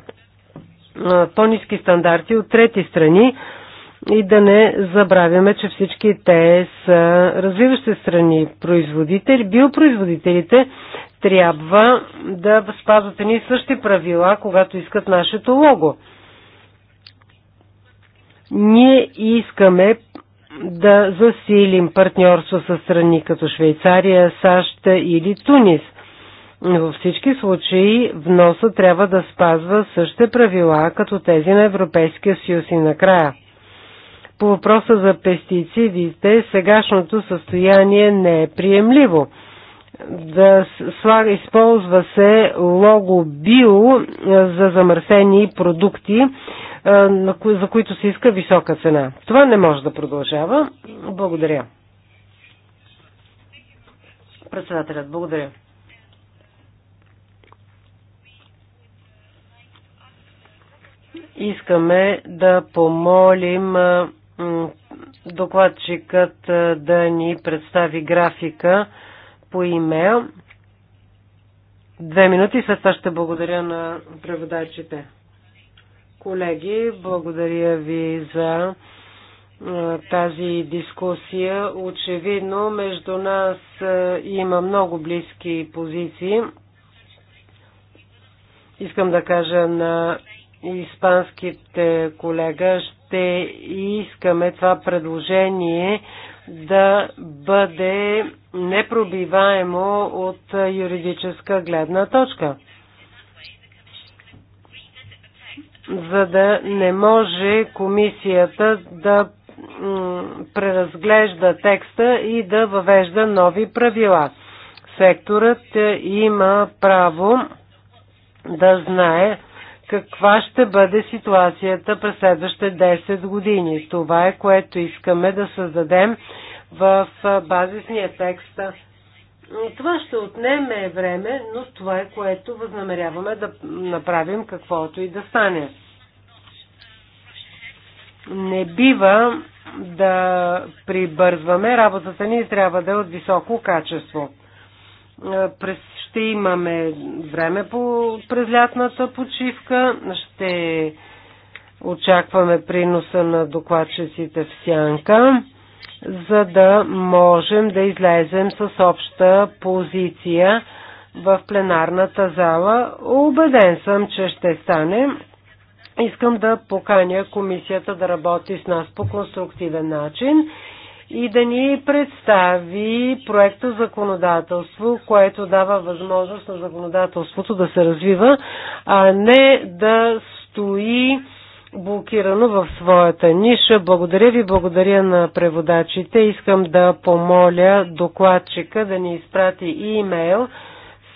по-низки стандарти от трети страни и да не забравяме, че всички те са развиващи страни производители. Биопроизводителите трябва да спазват едни и същи правила, когато искат нашето лого. Ние искаме да засилим партньорство с страни като Швейцария, САЩ или Тунис. Във всички случаи вноса трябва да спазва същите правила, като тези на Европейския съюз и накрая. По въпроса за пестицидите, сегашното състояние не е приемливо – да слага, използва се лого био е, за замърсени продукти, е, за които се иска висока цена. Това не може да продължава. Благодаря. Председателят, благодаря. Искаме да помолим е, докладчикът да ни представи графика по имейл. Две минути, след това ще благодаря на преводачите. Колеги, благодаря ви за тази дискусия. Очевидно, между нас има много близки позиции. Искам да кажа на испанските колега, ще искаме това предложение да бъде непробиваемо от юридическа гледна точка. За да не може комисията да преразглежда текста и да въвежда нови правила. Секторът е, има право да знае каква ще бъде ситуацията през следващите 10 години. Това е което искаме да създадем в базисния текст. Това ще отнеме време, но това е което възнамеряваме да направим каквото и да стане. Не бива да прибързваме, работата ни трябва да е от високо качество. През ще имаме време по, през лятната почивка. Ще очакваме приноса на докладчиците в сянка, за да можем да излезем с обща позиция в пленарната зала. Обеден съм, че ще стане. Искам да поканя комисията да работи с нас по конструктивен начин и да ни представи проекта законодателство, което дава възможност на законодателството да се развива, а не да стои блокирано в своята ниша. Благодаря ви, благодаря на преводачите. Искам да помоля докладчика да ни изпрати имейл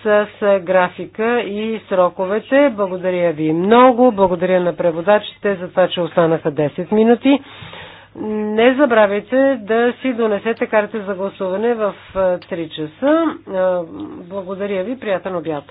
с графика и сроковете. Благодаря ви много, благодаря на преводачите за това, че останаха 10 минути. Не забравяйте да си донесете карта за гласуване в 3 часа. Благодаря ви, приятен обяд!